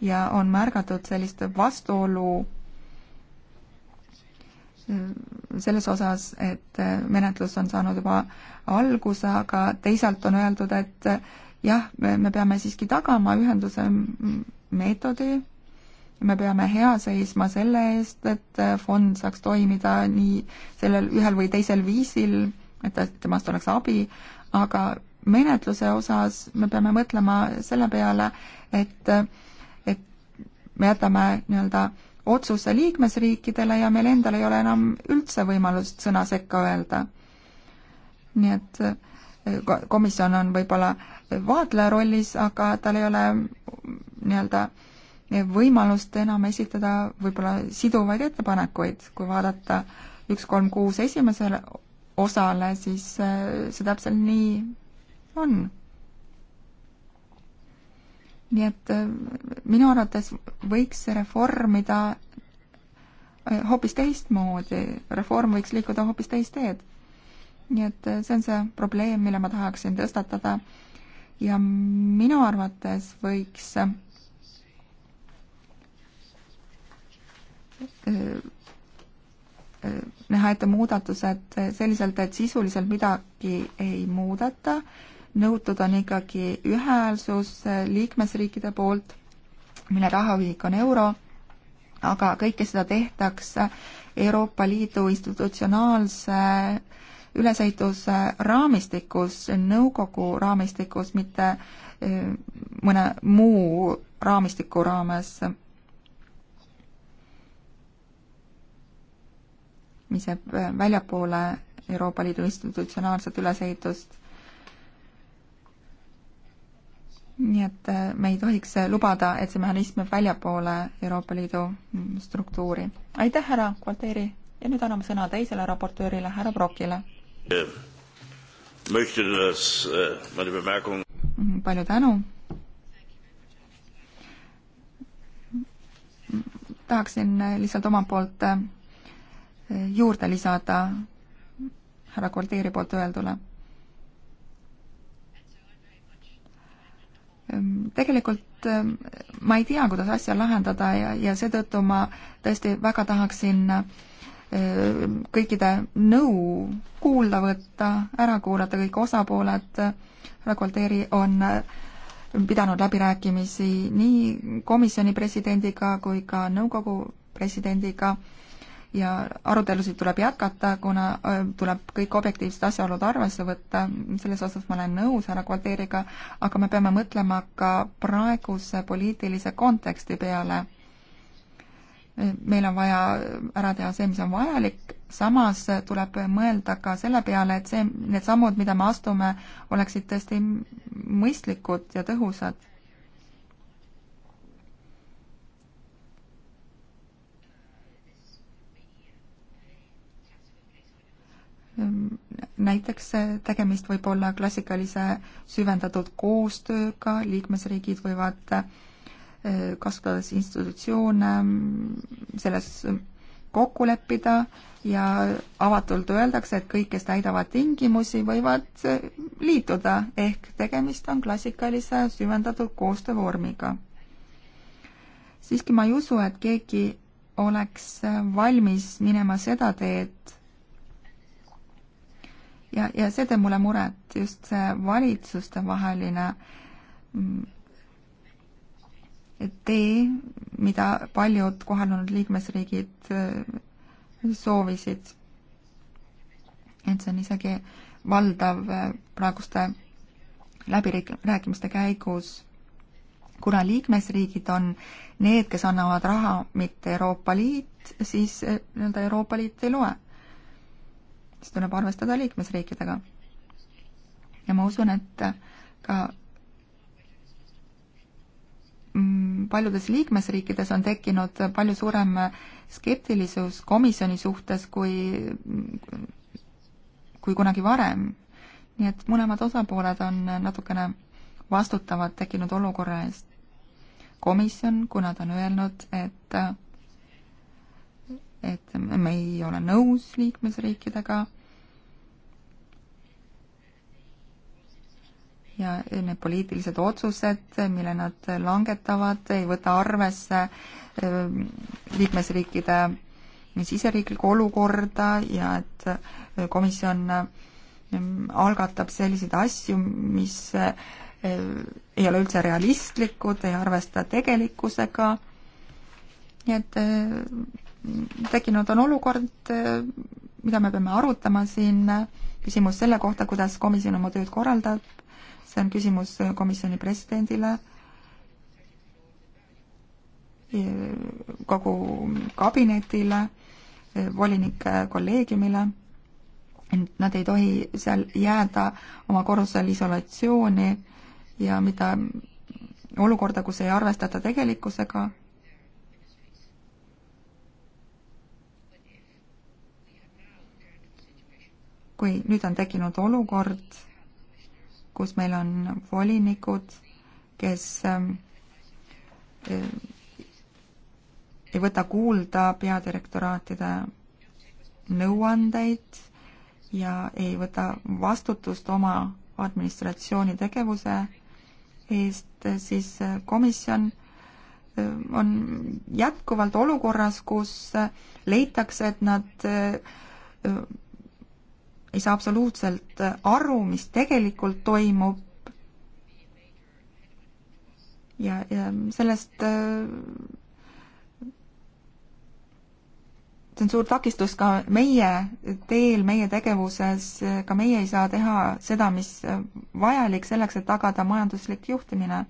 ja on märgatud sellist vastuolu äh, selles osas, et äh, menetlus on saanud juba alguse, aga teisalt on öeldud, et äh, jah, me peame siiski tagama ühenduse meetodi me peame hea seisma selle eest, et fond saaks toimida nii sellel ühel või teisel viisil, et temast oleks abi, aga menetluse osas me peame mõtlema selle peale, et, et me jätame nii-öelda otsuse liikmesriikidele ja meil endal ei ole enam üldse võimalust sõna sekka öelda. nii et eh, komisjon on võib-olla vaatleja rollis, aga tal ei ole nii-öelda äh, võimalust enam esitada võib-olla siduvaid ettepanekuid, kui vaadata üks kolm kuus esimesele osale, siis äh, see täpselt nii on. nii et äh, minu arvates võiks reformida äh, hoopis teistmoodi, reform võiks liikuda hoopis teist teed. nii et see on see probleem, mille ma tahaksin tõstatada ja minu arvates võiks näha ette muudatused selliselt, et sisuliselt midagi ei muudeta, nõutud on ikkagi ühehäälsus liikmesriikide poolt, mille rahaühik on euro, aga kõike seda tehtakse Euroopa Liidu institutsionaalse ülesehituse raamistikus, nõukogu raamistikus, mitte eh, mõne muu raamistiku raames mis jääb äh, väljapoole Euroopa Liidu institutsionaalset ülesehitust. nii et äh, me ei tohiks äh, lubada, et see mehhanism jääb väljapoole Euroopa Liidu mm, struktuuri. aitäh, härra Gualteri ja nüüd anname sõna teisele raportöörile, härra Brokile. Mm, palju tänu. Mm, tahaksin lihtsalt omalt poolt juurde lisada härra Kordiiri poolt öeldule. tegelikult ähm, ma ei tea, kuidas asja lahendada ja, ja seetõttu ma tõesti väga tahaksin ähm, kõikide nõu kuulda võtta, ära kuulata kõik osapooled, härra Kordiiri on äh, pidanud läbirääkimisi nii komisjoni presidendiga kui ka nõukogu presidendiga äh, ja arutelusid tuleb jätkata, kuna tuleb kõik objektiivsed asjaolud arvesse võtta, selles osas ma olen nõus härra Kvalteeriga, aga me peame mõtlema ka praeguse poliitilise konteksti peale. meil on vaja ära teha see, mis on vajalik, samas tuleb mõelda ka selle peale, et see, need sammud, mida me astume, oleksid tõesti mõistlikud ja tõhusad Ehm, näiteks eh, tegemist võib olla klassikalise süvendatud koostööga, liikmesriigid võivad eh, kasutades institutsioone mm, selles eh, kokku leppida ja avatult öeldakse, et kõik, kes täidavad tingimusi, võivad liituda, ehk tegemist on klassikalise süvendatud koostöövormiga. siiski ma ei usu, et keegi oleks valmis minema seda teed, ja, ja see teeb mulle muret, just see valitsustevaheline mm, tee, mida paljud kohanenud liikmesriigid äh, soovisid. et see on isegi valdav äh, praeguste läbirääkimiste käigus, kuna liikmesriigid on need, kes annavad raha, mitte Euroopa Liit, siis äh, nii-öelda Euroopa Liit ei loe siis tuleb arvestada liikmesriikidega. ja ma usun, et ka mm, paljudes liikmesriikides on tekkinud palju suurem skeptilisus komisjoni suhtes kui, kui kunagi varem. nii et mõlemad osapooled on natukene vastutavad tekkinud olukorra eest. komisjon, kuna ta on öelnud, et et me ei ole nõus liikmesriikidega ja need poliitilised otsused, mille nad langetavad, ei võta arvesse ähm, liikmesriikide siseriiklikku olukorda ja et äh, komisjon ähm, algatab selliseid asju, mis äh, ei ole üldse realistlikud, ei arvesta tegelikkusega, nii et äh, tekkinud on olukord, mida me peame arutama siin, küsimus selle kohta, kuidas komisjon oma tööd korraldab, see on küsimus komisjoni presidendile, kogu kabinetile, volinike kolleegiumile, nad ei tohi seal jääda oma korrusel isolatsiooni ja mida olukorda, kus ei arvestata tegelikkusega kui nüüd on tekkinud olukord, kus meil on volinikud, kes ähm, äh, ei võta kuulda peadirektoraatide nõuandeid ja ei võta vastutust oma administratsiooni tegevuse eest, siis äh, komisjon äh, on jätkuvalt olukorras, kus leitakse, et nad ei saa absoluutselt aru, mis tegelikult toimub. ja, ja sellest äh, see on suur takistus ka meie teel, meie tegevuses, ka meie ei saa teha seda, mis vajalik selleks, et tagada majanduslik juhtimine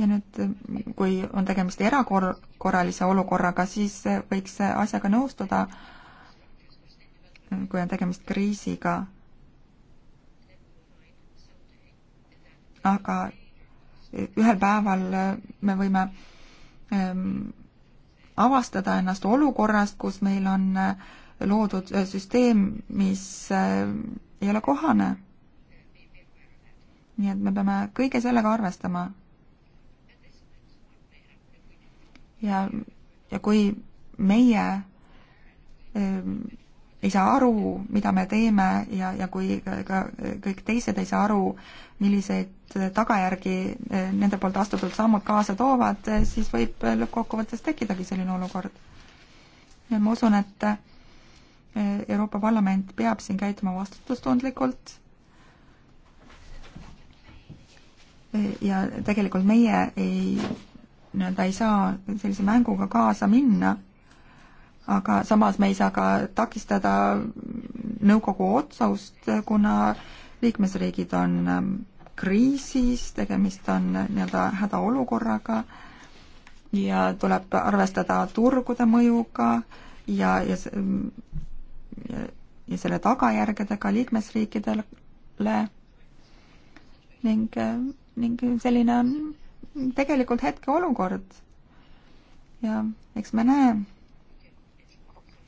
ja nüüd, kui on tegemist erakorralise olukorraga, siis võiks asjaga nõustuda, kui on tegemist kriisiga. aga ühel päeval me võime ehm, avastada ennast olukorrast, kus meil on eh, loodud eh, süsteem, mis eh, ei ole kohane. nii et me peame kõige sellega arvestama ja, ja kui meie ähm, ei saa aru, mida me teeme ja, ja kui ka kõik teised ei saa aru, milliseid tagajärgi äh, nende poolt astutud sammud kaasa toovad, äh, siis võib äh, lõppkokkuvõttes tekkidagi selline olukord. ma usun, et Euroopa Parlament peab siin käituma vastutustundlikult ja tegelikult meie ei nii-öelda ei saa sellise mänguga kaasa minna, aga samas me ei saa ka takistada nõukogu otsust, kuna liikmesriigid on ähm, kriisis, tegemist on nii-öelda hädaolukorraga ja tuleb arvestada turgude mõjuga ja, ja, mm, ja, ja selle tagajärgedega liikmesriikidele ning, äh, ning selline tegelikult hetkeolukord ja eks me näe,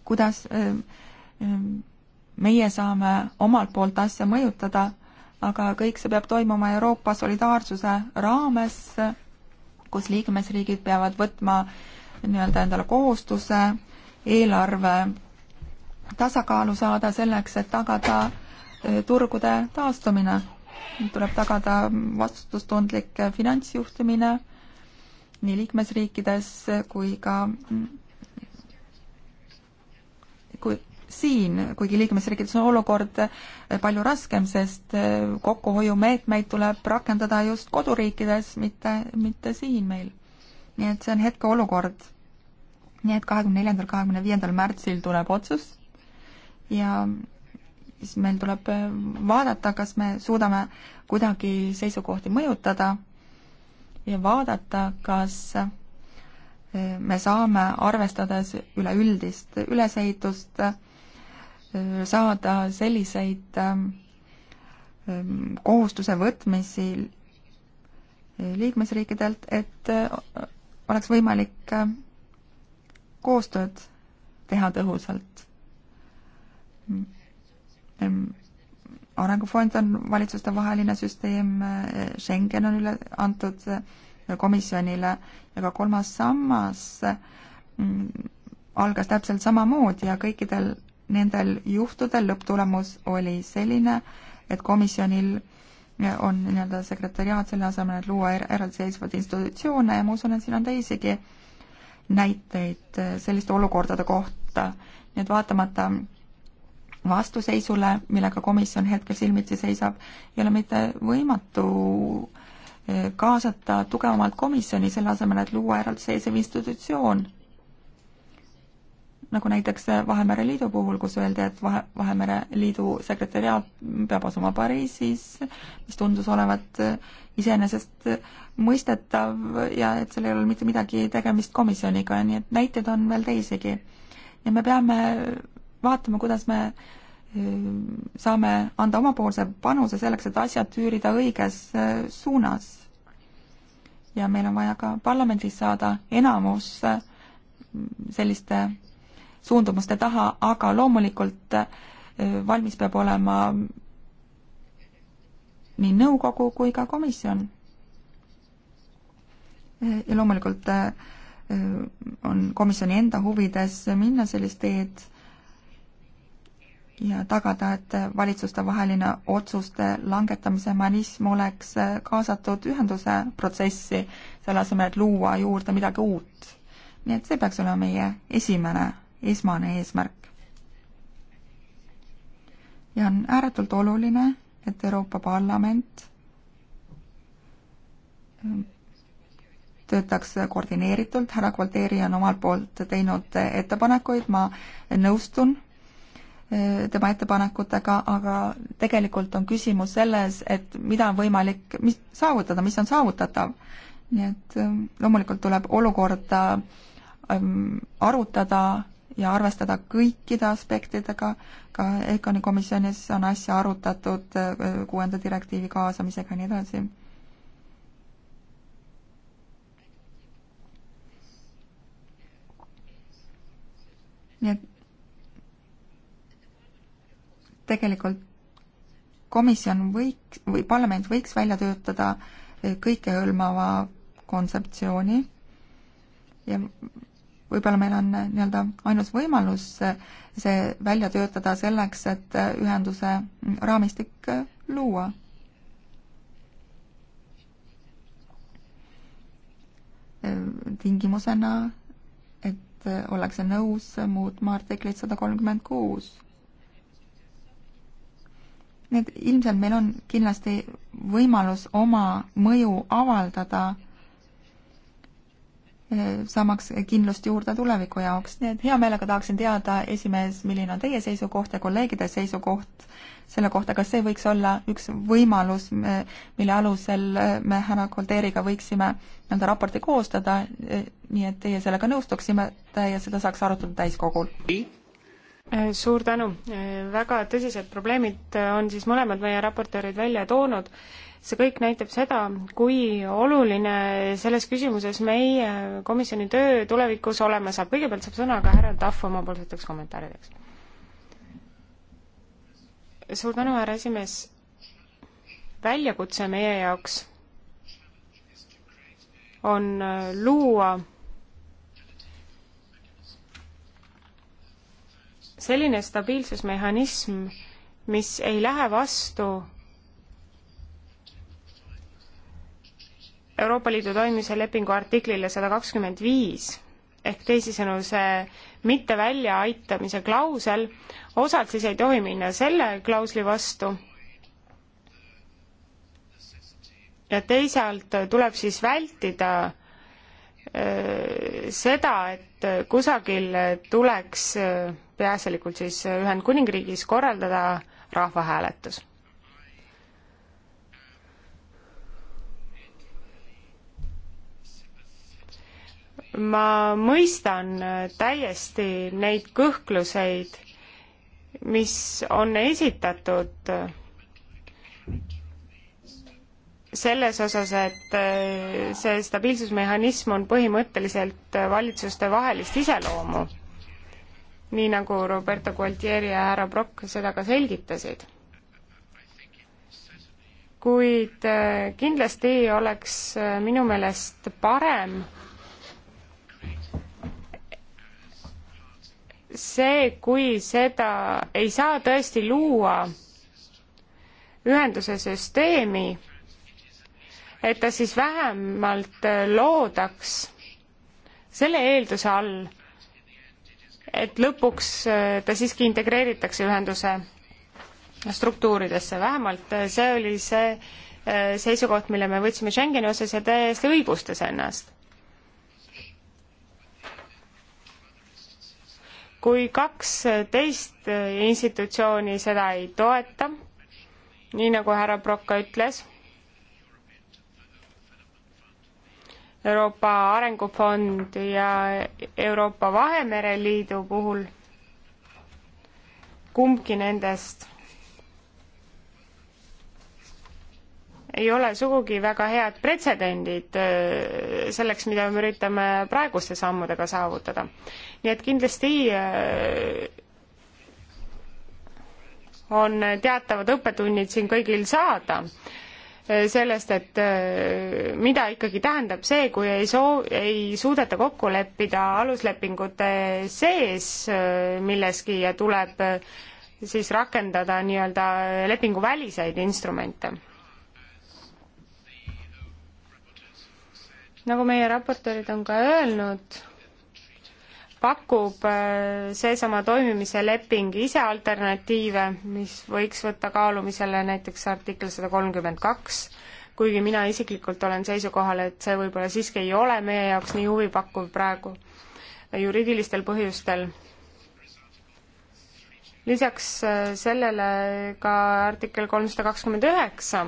kuidas äh, äh, meie saame omalt poolt asja mõjutada, aga kõik see peab toimuma Euroopa solidaarsuse raames, kus liikmesriigid peavad võtma nii-öelda endale kohustuse eelarve tasakaalu saada selleks, et tagada äh, turgude taastumine tuleb tagada vastutustundlik finantsjuhtimine nii liikmesriikides kui ka kui siin, kuigi liikmesriikides on olukord palju raskem, sest kokkuhoiumeetmeid tuleb rakendada just koduriikides, mitte, mitte siin meil. nii et see on hetkeolukord. nii et kahekümne neljandal, kahekümne viiendal märtsil tuleb otsus ja siis meil tuleb äh, vaadata, kas me suudame kuidagi seisukohti mõjutada ja vaadata, kas äh, me saame, arvestades üleüldist ülesehitust, äh, saada selliseid kohustuse võtmisi liikmesriikidelt, et oleks võimalik koostööd teha tõhusalt arengufond on valitsustevaheline süsteem, Schengen on üle antud äh, komisjonile ja ka kolmas sammas mm, algas täpselt samamoodi ja kõikidel nendel juhtudel lõpptulemus oli selline, et komisjonil äh, on nii-öelda sekretäriaat selle asemel, et luua er-, eraldiseisvaid institutsioone ja ma usun, et siin on teisigi näiteid äh, selliste olukordade kohta. nii et vaatamata vastuseisule, millega komisjon hetkel silmitsi seisab, ei ole mitte võimatu eh, kaasata tugevamalt komisjoni, selle asemel, et luua eraldiseisev institutsioon. nagu näiteks Vahemere Liidu puhul, kus öeldi, et Vahe, Vahemere Liidu sekretäriaat peab asuma Pariisis, mis tundus olevat eh, iseenesest mõistetav ja et seal ei ole mitte midagi tegemist komisjoniga, nii et näiteid on veel teisigi. ja me peame vaatama, kuidas me saame anda omapoolse panuse selleks, et asjad tüürida õiges suunas. ja meil on vaja ka parlamendis saada enamus selliste suundumuste taha, aga loomulikult valmis peab olema nii nõukogu kui ka komisjon. ja loomulikult on komisjoni enda huvides minna sellist teed ja tagada, et valitsustevaheline otsuste langetamise mehhanism oleks kaasatud ühenduse protsessi, selle asemel, et luua juurde midagi uut. nii et see peaks olema meie esimene, esmane eesmärk. ja on ääretult oluline, et Euroopa Parlament ähm, töötaks koordineeritult, härra Kvalteeri on omalt poolt teinud ettepanekuid, ma nõustun Eh, tema ettepanekutega, aga tegelikult on küsimus selles, et mida on võimalik mis, saavutada, mis on saavutatav. nii et eh, loomulikult tuleb olukorda ehm, arutada ja arvestada kõikide aspektidega, ka EKONi komisjonis on asja arutatud eh, kuuenda direktiivi kaasamisega ja nii edasi. nii et tegelikult komisjon võiks või parlament võiks välja töötada eh, kõikehõlmava kontseptsiooni ja võib-olla meil on eh, nii-öelda ainus võimalus eh, see välja töötada selleks, et ühenduse mm, raamistik luua. tingimusena, et ollakse nõus muutma artiklit sada kolmkümmend kuus need ilmselt meil on kindlasti võimalus oma mõju avaldada, eh, saamaks kindlust juurde tuleviku jaoks, nii et hea meelega tahaksin teada, esimees, milline on teie seisukoht ja kolleegide seisukoht selle kohta, kas see võiks olla üks võimalus, mille alusel eh, me härra Koldeeriga võiksime nii-öelda raporti koostada, eh, nii et teie sellega nõustuksime ja seda saaks arutada täiskogul? Äh, suur tänu. Äh, väga tõsised probleemid äh, on siis mõlemad meie raportöörid välja toonud. see kõik näitab seda, kui oluline selles küsimuses meie komisjoni töö tulevikus olema saab. kõigepealt saab sõna ka härra Tahv omapoolseteks kommentaarideks. suur tänu, härra esimees. väljakutse meie jaoks on luua selline stabiilsusmehhanism, mis ei lähe vastu Euroopa Liidu toimimise lepingu artiklile sada kakskümmend viis ehk teisisõnu see mitte väljaaitamise klausel, osad siis ei tohi minna selle klausli vastu. ja teisalt tuleb siis vältida äh, seda, et kusagil tuleks äh, peaasjalikult siis Ühendkuningriigis korraldada rahvahääletus. ma mõistan täiesti neid kõhkluseid, mis on esitatud selles osas, et äh, see stabiilsusmehhanism on põhimõtteliselt valitsuste vahelist iseloomu nii nagu Roberto Gualtieri ja härra Brock seda ka selgitasid. kuid äh, kindlasti oleks äh, minu meelest parem see, kui seda ei saa tõesti luua ühenduse süsteemi, et ta siis vähemalt äh, loodaks selle eelduse all et lõpuks äh, ta siiski integreeritakse ühenduse struktuuridesse, vähemalt äh, see oli see äh, seisukoht, mille me võtsime Schengeni osas ja täiesti õigustas ennast. kui kaks teist institutsiooni seda ei toeta, nii nagu härra Prokk ka ütles Euroopa Arengufond ja Euroopa Vahemere Liidu puhul kumbki nendest ei ole sugugi väga head pretsedendid äh, selleks, mida me üritame praeguste sammudega saavutada. nii et kindlasti äh, on teatavad õppetunnid siin kõigil saada sellest, et äh, mida ikkagi tähendab see, kui ei soo-, ei suudeta kokku leppida aluslepingute sees äh, milleski ja tuleb äh, siis rakendada nii-öelda lepinguväliseid instrumente. nagu meie raportöörid on ka öelnud pakub äh, seesama toimimise leping ise alternatiive, mis võiks võtta kaalumisele näiteks artikkel sada kolmkümmend kaks, kuigi mina isiklikult olen seisukohal, et see võib-olla siiski ei ole meie jaoks nii huvipakkuv praegu juriidilistel põhjustel. lisaks äh, sellele ka artikkel kolmsada kakskümmend üheksa,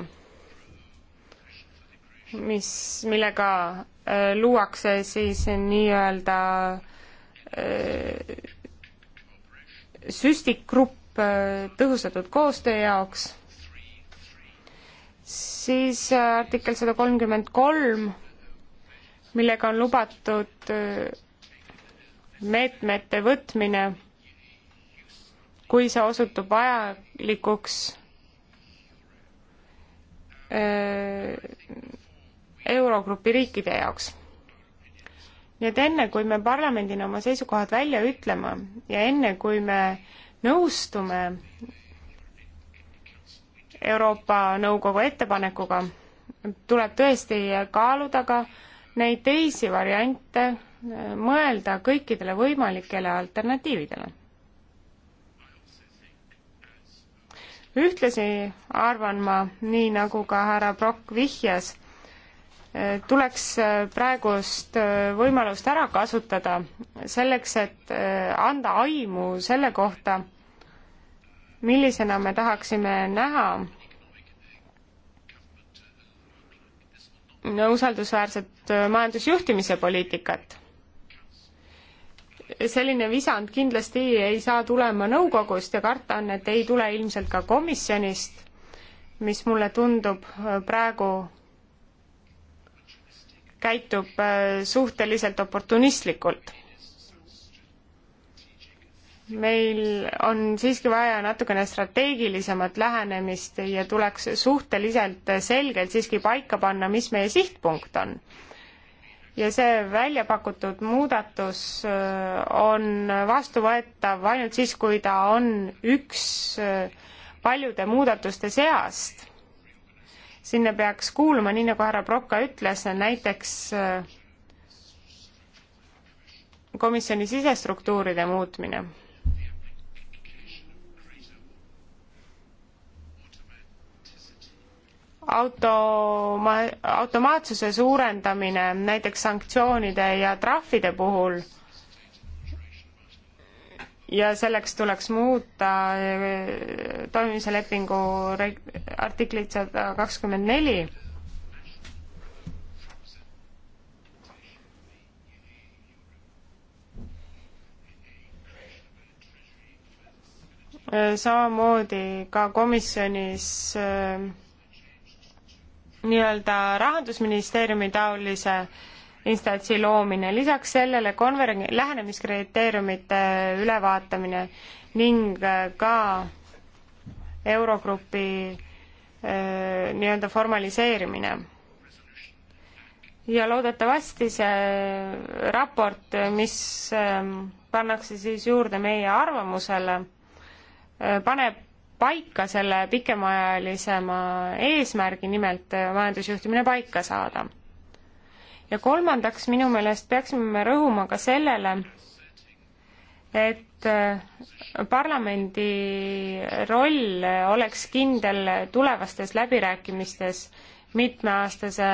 mis, millega äh, luuakse siis nii-öelda äh, Äh, süstikgrupp äh, tõhustatud koostöö jaoks, siis äh, artikkel sada kolmkümmend kolm, millega on lubatud meetmete võtmine, kui see osutub vajalikuks Eurogrupi riikide jaoks nii et enne, kui me parlamendina oma seisukohad välja ütlema ja enne, kui me nõustume Euroopa Nõukogu ettepanekuga, tuleb tõesti kaaluda ka neid teisi variante, mõelda kõikidele võimalikele alternatiividele. ühtlasi arvan ma, nii nagu ka härra Brock vihjas, tuleks äh, praegust äh, võimalust ära kasutada selleks, et äh, anda aimu selle kohta, millisena me tahaksime näha usaldusväärset majandusjuhtimise poliitikat. selline visand kindlasti ei saa tulema nõukogust ja karta on, et ei tule ilmselt ka komisjonist, mis mulle tundub praegu käitub äh, suhteliselt oportunistlikult. meil on siiski vaja natukene strateegilisemat lähenemist ja tuleks suhteliselt selgelt siiski paika panna, mis meie sihtpunkt on ja see välja pakutud muudatus äh, on vastuvõetav ainult siis, kui ta on üks äh, paljude muudatuste seast sinna peaks kuuluma, nii nagu härra Prokka ütles, näiteks äh, komisjoni sisestruktuuride muutmine. automa-, automaatsuse suurendamine näiteks sanktsioonide ja trahvide puhul ja selleks tuleks muuta eh, toimimise lepingu artiklit sada kakskümmend neli. Eh, samamoodi ka komisjonis eh, nii-öelda rahandusministeeriumi taolise äh, instantsi loomine, lisaks sellele konverentsi lähenemiskriteeriumite ülevaatamine ning äh, ka Eurogrupi äh, nii-öelda formaliseerimine. ja loodetavasti see raport, mis ähm, pannakse siis juurde meie arvamusele, äh, paneb paika selle pikemaajalisema eesmärgi, nimelt majandusjuhtimine paika saada ja kolmandaks, minu meelest peaksime me rõhuma ka sellele, et äh, parlamendi roll oleks kindel tulevastes läbirääkimistes mitmeaastase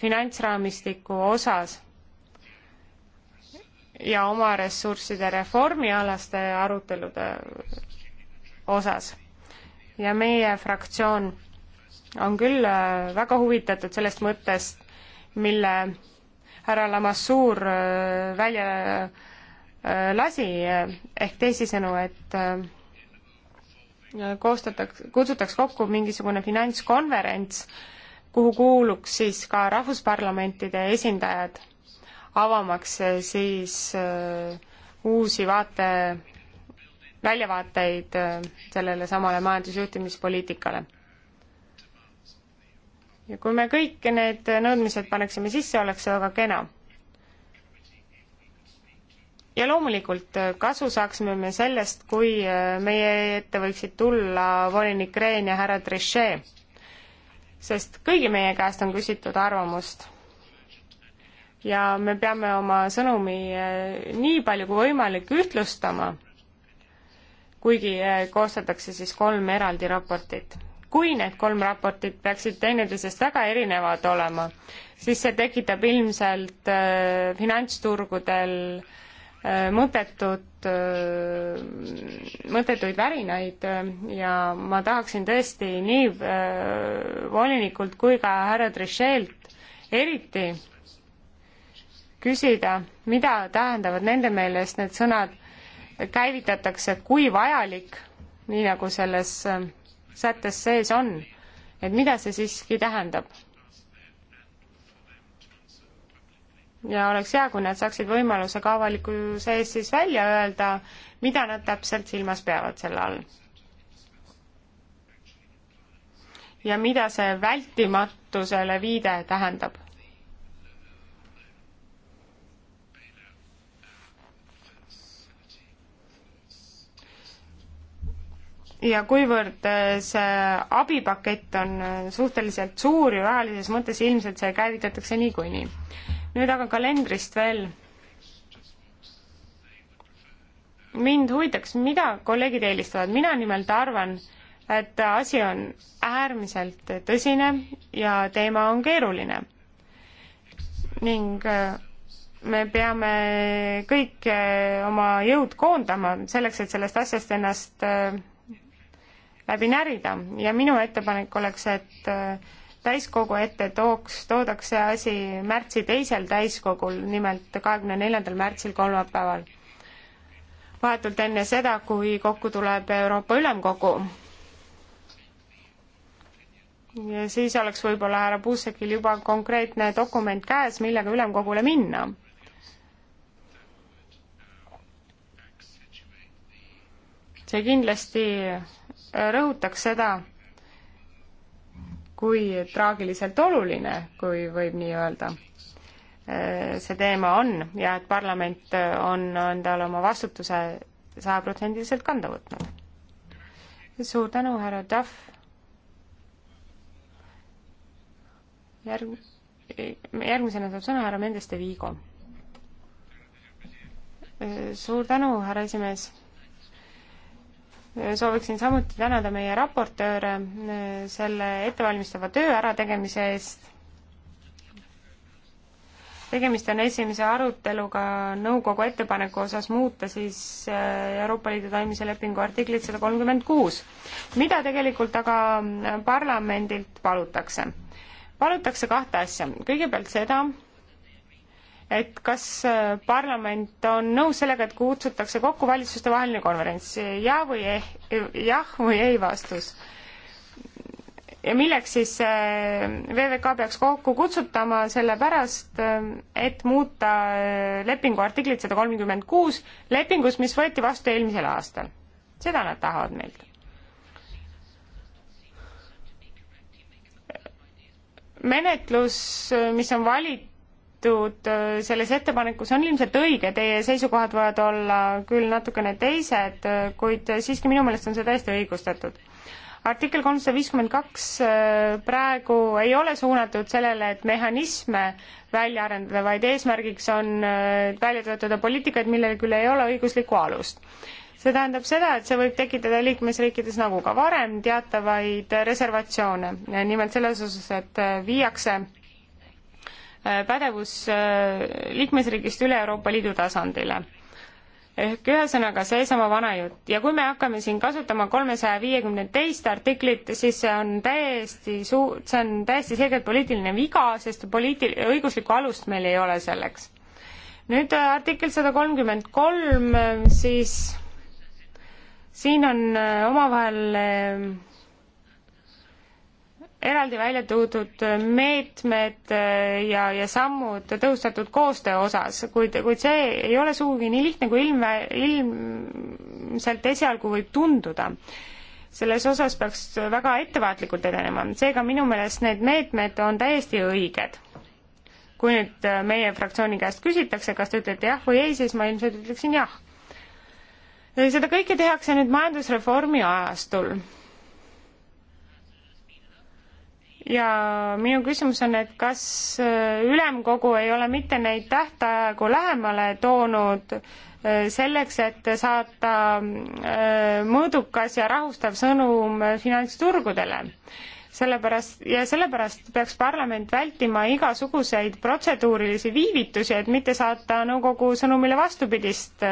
finantsraamistiku osas ja oma ressursside reformialaste arutelude osas. ja meie fraktsioon on küll äh, väga huvitatud sellest mõttest, mille härra Lamassoor äh, välja äh, lasi, äh, ehk teisisõnu, et koostataks, kutsutaks kokku mingisugune finantskonverents, kuhu kuuluks siis ka rahvusparlamentide esindajad, avamaks siis uusi vaate, väljavaateid sellele samale majandusjuhtimispoliitikale ja kui me kõik need nõudmised paneksime sisse, oleks see väga kena. ja loomulikult äh, kasu saaksime me sellest, kui äh, meie ette võiksid tulla volinik Rehn ja härra Trichet, sest kõigi meie käest on küsitud arvamust. ja me peame oma sõnumi äh, nii palju kui võimalik ühtlustama, kuigi koostatakse siis kolm eraldi raportit kui need kolm raportit peaksid teineteisest väga erinevad olema, siis see tekitab ilmselt äh, finantsturgudel äh, mõttetut äh,, mõttetuid värinaid äh, ja ma tahaksin tõesti nii äh, volinikult kui ka härra Trichelt eriti küsida, mida tähendavad nende meelest need sõnad käivitatakse, kui vajalik, nii nagu selles äh, sättes sees on, et mida see siiski tähendab. ja oleks hea, kui nad saaksid võimaluse ka avalikkuse ees siis välja öelda, mida nad täpselt silmas peavad selle all. ja mida see vältimatusele viide tähendab ja kuivõrd äh, see abipakett on äh, suhteliselt suur ju rahalises mõttes, ilmselt see käivitatakse niikuinii. nüüd aga kalendrist veel. mind huvitaks, mida kolleegid eelistavad, mina nimelt arvan, et asi on äärmiselt tõsine ja teema on keeruline. ning äh, me peame kõik oma jõud koondama selleks, et sellest asjast ennast läbi närida ja minu ettepanek oleks, et äh, täiskogu ette tooks, toodaks see asi märtsi teisel täiskogul, nimelt kahekümne neljandal märtsil kolmapäeval. vahetult enne seda, kui kokku tuleb Euroopa Ülemkogu. ja siis oleks võib-olla härra Puusekil juba konkreetne dokument käes, millega ülemkogule minna see kindlasti Äh, rõhutaks seda, kui traagiliselt oluline, kui võib nii öelda, äh, see teema on ja et parlament on endale oma vastutuse sajaprotsendiliselt kanda võtnud. suur tänu, härra Duff. järg, järgmisena saab sõna härra Mendeste Viigo. Äh, suur tänu, härra esimees sooviksin samuti tänada meie raportööre äh, selle ettevalmistava töö ärategemise eest. tegemist on esimese aruteluga nõukogu ettepaneku osas muuta siis äh, Euroopa Liidu toimimise lepingu artiklit sada kolmkümmend kuus, mida tegelikult aga äh, parlamendilt palutakse. palutakse kahte asja, kõigepealt seda, et kas äh, parlament on nõus sellega, et kutsutakse kokku valitsustevaheline konverents, jaa või eh-, jah või ei vastus. ja milleks siis äh, VVK peaks kokku kutsutama, sellepärast äh, et muuta lepingu artiklit sada kolmkümmend kuus lepingus, mis võeti vastu eelmisel aastal. seda nad tahavad meilt menetlus, mis on valit-, tehtud äh, selles ettepanekus on ilmselt õige, teie seisukohad võivad olla küll natukene teised, äh, kuid siiski minu meelest on see täiesti õigustatud. artikkel kolmsada viiskümmend kaks äh, praegu ei ole suunatud sellele, et mehhanisme välja arendada, vaid eesmärgiks on välja töötada poliitikaid, millel küll ei ole õiguslikku alust see tähendab seda, et see võib tekitada liikmesriikides nagu ka varem teatavaid reservatsioone, nimelt selles osas, et viiakse Äh, pädevus äh, liikmesriigist üle Euroopa Liidu tasandile ehk ühesõnaga seesama vana jutt ja kui me hakkame siin kasutama kolmesaja viiekümne teist artiklit, siis see on täiesti suu-, see on täiesti selgelt poliitiline viga, sest poliitil-, õiguslikku alust meil ei ole selleks. nüüd äh, artikkel sada kolmkümmend kolm, siis siin on omavahel eraldi välja toodud meetmed äh, ja, ja sammud tõhustatud koostöö osas, kuid, kuid see ei ole sugugi nii lihtne, kui ilme, ilmselt esialgu võib tunduda. selles osas peaks väga ettevaatlikult edenema, seega minu meelest need meetmed on täiesti õiged. kui nüüd äh, meie fraktsiooni käest küsitakse, kas te ütlete jah või ei, siis ma ilmselt ütleksin jah. seda kõike tehakse nüüd majandusreformi ajastul ja minu küsimus on, et kas äh, ülemkogu ei ole mitte neid tähtaegu lähemale toonud äh, selleks, et saata äh, mõõdukas ja rahustav sõnum finantsturgudele? sellepärast ja sellepärast peaks parlament vältima igasuguseid protseduurilisi viivitusi, et mitte saata nõukogu sõnumile vastupidist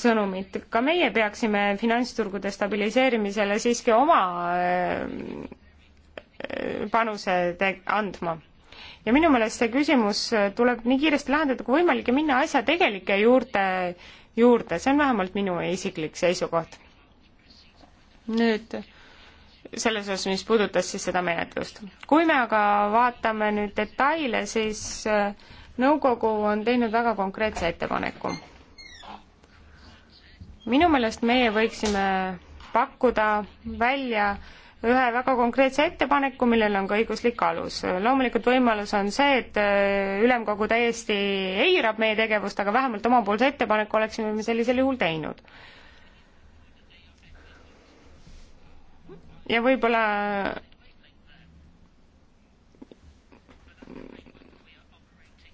sõnumit. ka meie peaksime finantsturgude stabiliseerimisele siiski oma panuse te-, andma. ja minu meelest see küsimus äh, tuleb nii kiiresti lahendada kui võimalik ja minna asja tegelike juurte juurde, see on vähemalt minu isiklik seisukoht. nüüd selles osas, mis puudutas siis seda menetlust. kui me aga vaatame nüüd detaile, siis äh, nõukogu on teinud väga konkreetse ettepaneku. minu meelest meie võiksime pakkuda välja äh, ühe väga konkreetse ettepaneku, millel on ka õiguslik alus. loomulikult võimalus on see, et äh, ülemkogu täiesti eirab meie tegevust, aga vähemalt omapoolse ettepaneku oleksime me sellisel juhul teinud. ja võib-olla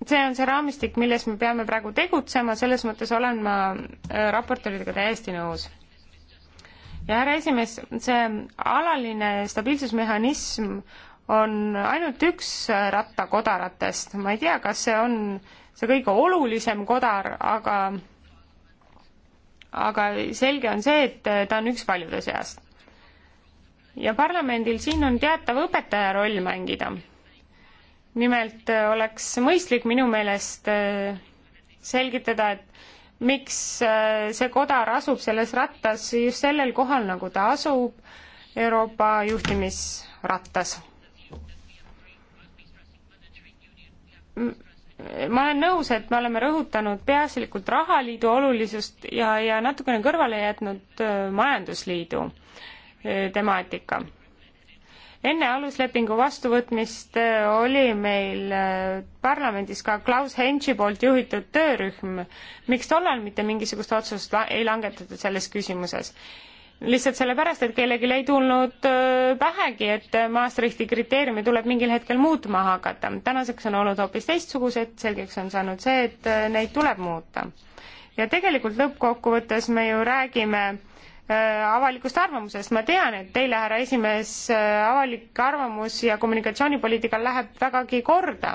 see on see raamistik, milles me peame praegu tegutsema, selles mõttes olen ma äh, raportööridega täiesti nõus ja härra esimees, see alaline stabiilsusmehhanism on ainult üks rattakodaratest, ma ei tea, kas see on see kõige olulisem kodar, aga aga selge on see, et ta on üks paljude seast. ja parlamendil siin on teatav õpetaja roll mängida. nimelt oleks mõistlik minu meelest äh, selgitada, et miks äh, see kodar asub selles rattas just sellel kohal, nagu ta asub Euroopa juhtimisrattas. ma olen nõus, et me oleme rõhutanud peaasjalikult rahaliidu olulisust ja, ja natukene kõrvale jätnud äh, majandusliidu äh, temaatika enne aluslepingu vastuvõtmist äh, oli meil äh, parlamendis ka Klaus Hentši poolt juhitud töörühm. miks tollal mitte mingisugust otsust ei langetatud selles küsimuses? lihtsalt sellepärast, et kellelgi ei tulnud pähegi, äh, et Maastrichti kriteeriumi tuleb mingil hetkel muutma hakata. tänaseks on olnud hoopis teistsugused, selgeks on saanud see, et neid tuleb muuta. ja tegelikult lõppkokkuvõttes me ju räägime Äh, avalikust arvamusest. ma tean, et teile, härra esimees, äh, avalik arvamus ja kommunikatsioonipoliitika läheb vägagi korda.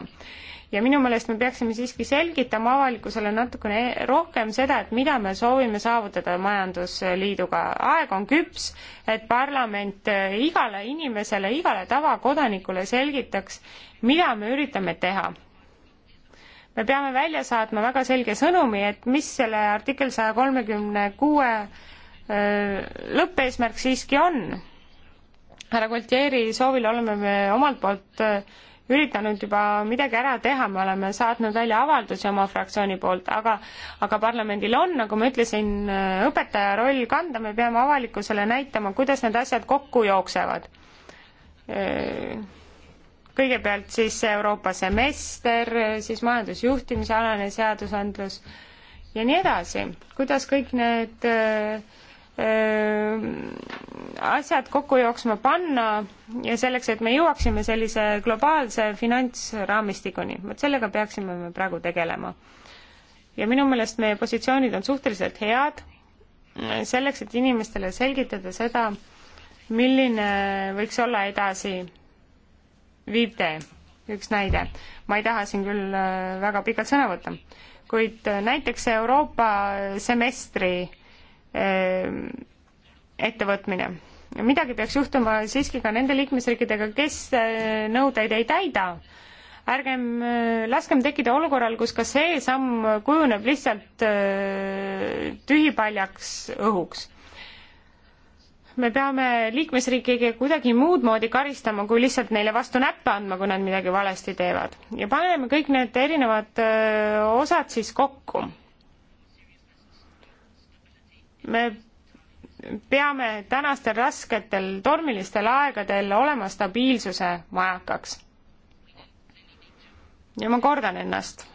ja minu meelest me peaksime siiski selgitama avalikkusele natukene rohkem seda, et mida me soovime saavutada Majandusliiduga. aeg on küps, et parlament äh, igale inimesele, igale tavakodanikule selgitaks, mida me üritame teha me peame välja saatma väga selge sõnumi, et mis selle artikkel saja kolmekümne kuue lõppeesmärk siiski on. härra Gualtieri soovil oleme me omalt poolt äh, üritanud juba midagi ära teha, me oleme saatnud välja avaldusi oma fraktsiooni poolt, aga aga parlamendil on, nagu ma ütlesin, äh, õpetaja roll kanda, me peame avalikkusele näitama, kuidas need asjad kokku jooksevad. Äh, kõigepealt siis Euroopa semester, siis majandusjuhtimise alane seadusandlus ja nii edasi, kuidas kõik need äh, asjad kokku jooksma panna ja selleks, et me jõuaksime sellise globaalse finantsraamistikuni, vot sellega peaksime me praegu tegelema. ja minu meelest meie positsioonid on suhteliselt head, selleks, et inimestele selgitada seda, milline võiks olla edasi viib tee, üks näide. ma ei taha siin küll äh, väga pikalt sõna võtta, kuid äh, näiteks Euroopa semestri Ehm, ettevõtmine. midagi peaks juhtuma siiski ka nende liikmesriikidega, kes eh, nõudeid ei täida. ärgem eh, laskem tekkida olukorral, kus ka see samm kujuneb lihtsalt eh, tühipaljaks õhuks me peame liikmesriikidega kuidagi muud moodi karistama, kui lihtsalt neile vastu näppe andma, kui nad midagi valesti teevad. ja paneme kõik need erinevad öö, osad siis kokku me peame tänastel rasketel tormilistel aegadel olema stabiilsuse majakaks. ja ma kordan ennast.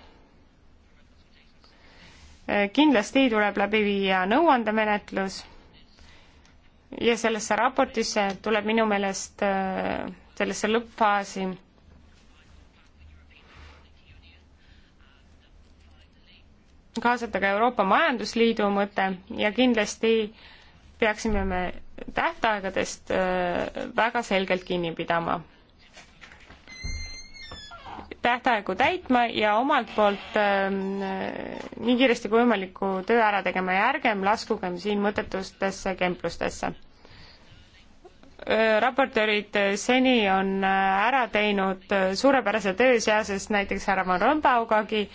kindlasti tuleb läbi viia nõuandemenetlus ja sellesse raportisse tuleb minu meelest äh, sellesse lõppfaasi kaasata ka Euroopa Majandusliidu mõte ja kindlasti peaksime me tähtaegadest äh, väga selgelt kinni pidama. tähtaegu täitma ja omalt poolt ähm, nii kiiresti kui võimaliku töö ära tegema ja ärgem laskugem siin mõttetustesse kemplustesse äh, raportöörid äh, seni on ära teinud suurepärase töö seoses näiteks härra Van Rompuygagi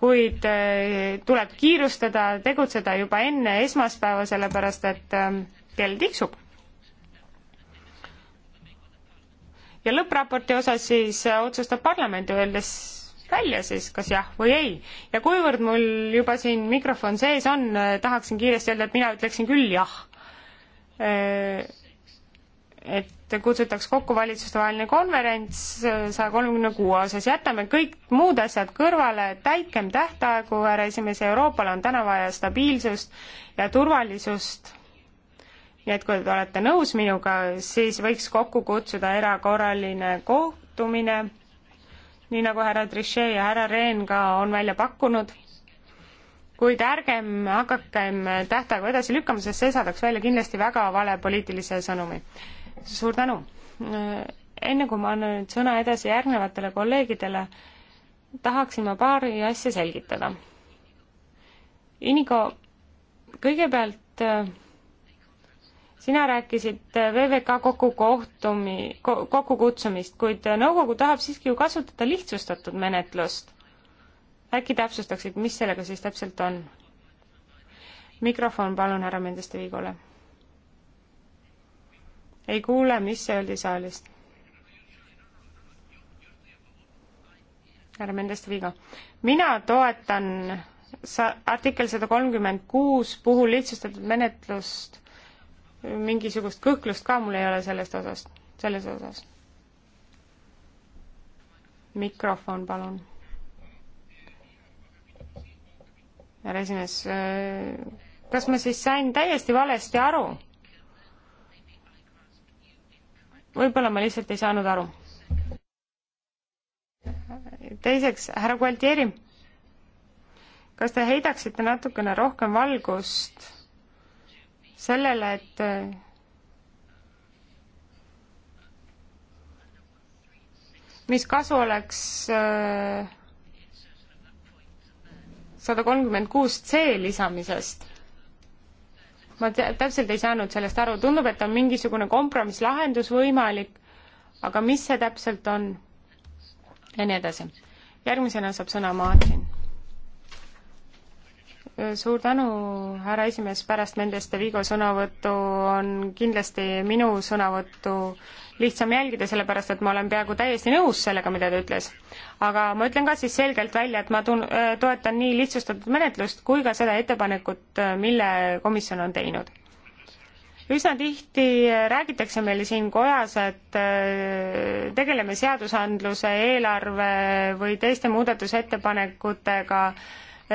kuid eh, tuleb kiirustada, tegutseda juba enne esmaspäeva, sellepärast et eh, kell tiksub. ja lõppraporti osas siis eh, otsustab parlament, öeldes välja siis, kas jah või ei. ja kuivõrd mul juba siin mikrofon sees on, tahaksin kiiresti öelda, et mina ütleksin küll jah. et et kutsutaks kokku valitsustevaheline konverents äh, saja kolmekümne kuue osas, jätame kõik muud asjad kõrvale, täitkem tähtaegu, härra esimees, Euroopale on täna vaja stabiilsust ja turvalisust. nii et kui te olete nõus minuga, siis võiks kokku kutsuda erakorraline kohtumine, nii nagu härra Trichet ja härra Rehn ka on välja pakkunud kuid ärgem hakakem tähtaegu edasi lükkama, sest see saadaks välja kindlasti väga vale poliitilise sõnumi suur tänu! enne kui ma annan nüüd sõna edasi järgnevatele kolleegidele, tahaksin ma paari asja selgitada. Inigo, kõigepealt sina rääkisid VVK kokkukohtumi, kokkukutsumist, kuid nõukogu tahab siiski ju kasutada lihtsustatud menetlust. äkki täpsustaksid, mis sellega siis täpselt on? mikrofon palun härra Mendeste Viigole ei kuule, mis öeldi saalist. härra Mendest Viga. mina toetan sa-, artikkel sada kolmkümmend kuus puhul lihtsustatud menetlust, mingisugust kõhklust ka mul ei ole sellest osast, selles osas. mikrofon, palun. härra esimees, kas ma siis sain täiesti valesti aru? võib-olla ma lihtsalt ei saanud aru. teiseks, härra Gualtieri, kas te heidaksite natukene rohkem valgust sellele, et mis kasu oleks sada kolmkümmend kuus C lisamisest? ma täpselt ei saanud sellest aru, tundub, et on mingisugune kompromisslahendus võimalik, aga mis see täpselt on? ja nii edasi. järgmisena saab sõna Martin. suur tänu, härra esimees, pärast Mendeste Vigo sõnavõttu on kindlasti minu sõnavõttu lihtsam jälgida, sellepärast et ma olen peaaegu täiesti nõus sellega, mida ta ütles. aga ma ütlen ka siis selgelt välja, et ma tun-, äh, toetan nii lihtsustatud menetlust kui ka seda ettepanekut, äh, mille komisjon on teinud. üsna tihti äh, räägitakse meile siin kojas, et tegeleme seadusandluse, eelarve või teiste muudatusettepanekutega äh,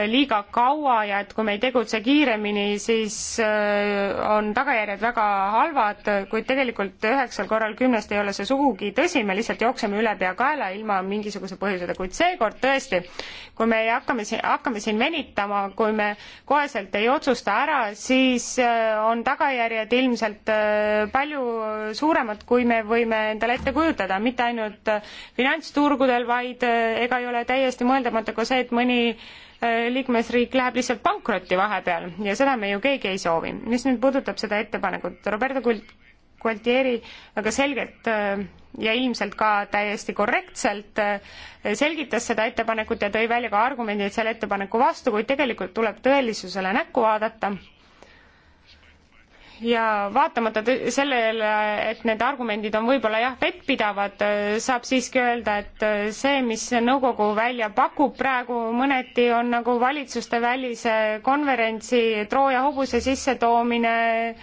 liiga kaua ja et kui me ei tegutse kiiremini, siis äh, on tagajärjed väga halvad, kuid tegelikult üheksal korral kümnest ei ole see sugugi tõsi, me lihtsalt jookseme ülepeakaela ilma mingisuguse põhjuseta, kuid seekord tõesti, kui me hakkame siin, hakkame siin venitama, kui me koheselt ei otsusta ära, siis äh, on tagajärjed ilmselt äh, palju suuremad, kui me võime endale ette kujutada, mitte ainult finantsturgudel, vaid ega ei ole täiesti mõeldamatu ka see, et mõni Äh, liikmesriik läheb lihtsalt pankrotti vahepeal ja seda me ju keegi ei soovi. mis nüüd puudutab seda ettepanekut, Roberto Gualtieri väga selgelt äh, ja ilmselt ka täiesti korrektselt äh, selgitas seda ettepanekut ja tõi välja ka argumendid selle ettepaneku vastu, kuid tegelikult tuleb tõelisusele näkku vaadata ja vaatamata sellele, et need argumendid on võib-olla jah, vettpidavad, saab siiski öelda, et see, mis nõukogu välja pakub praegu mõneti, on nagu valitsuste välise konverentsi Trooja hobuse sissetoomine äh,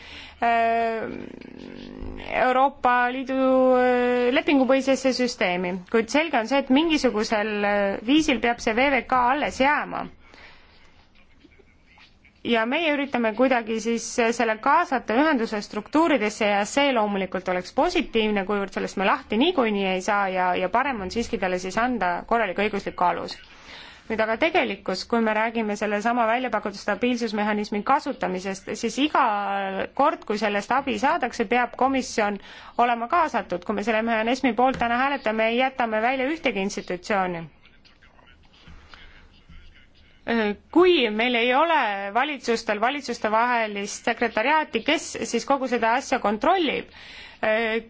Euroopa Liidu äh, lepingupõhisesse süsteemi, kuid selge on see, et mingisugusel äh, viisil peab see VVK alles jääma ja meie üritame kuidagi siis selle kaasata ühenduse struktuuridesse ja see loomulikult oleks positiivne, kuivõrd sellest me lahti niikuinii ei saa ja, ja parem on siiski talle siis anda korralik õiguslik alus. nüüd aga tegelikkus, kui me räägime sellesama välja pakutud stabiilsusmehhanismi kasutamisest, siis iga kord, kui sellest abi saadakse, peab komisjon olema kaasatud, kui me selle mehhanismi poolt täna hääletame, ei jäta me välja ühtegi institutsiooni Äh, kui meil ei ole valitsustel valitsustevahelist sekretariaati, kes siis kogu seda asja kontrollib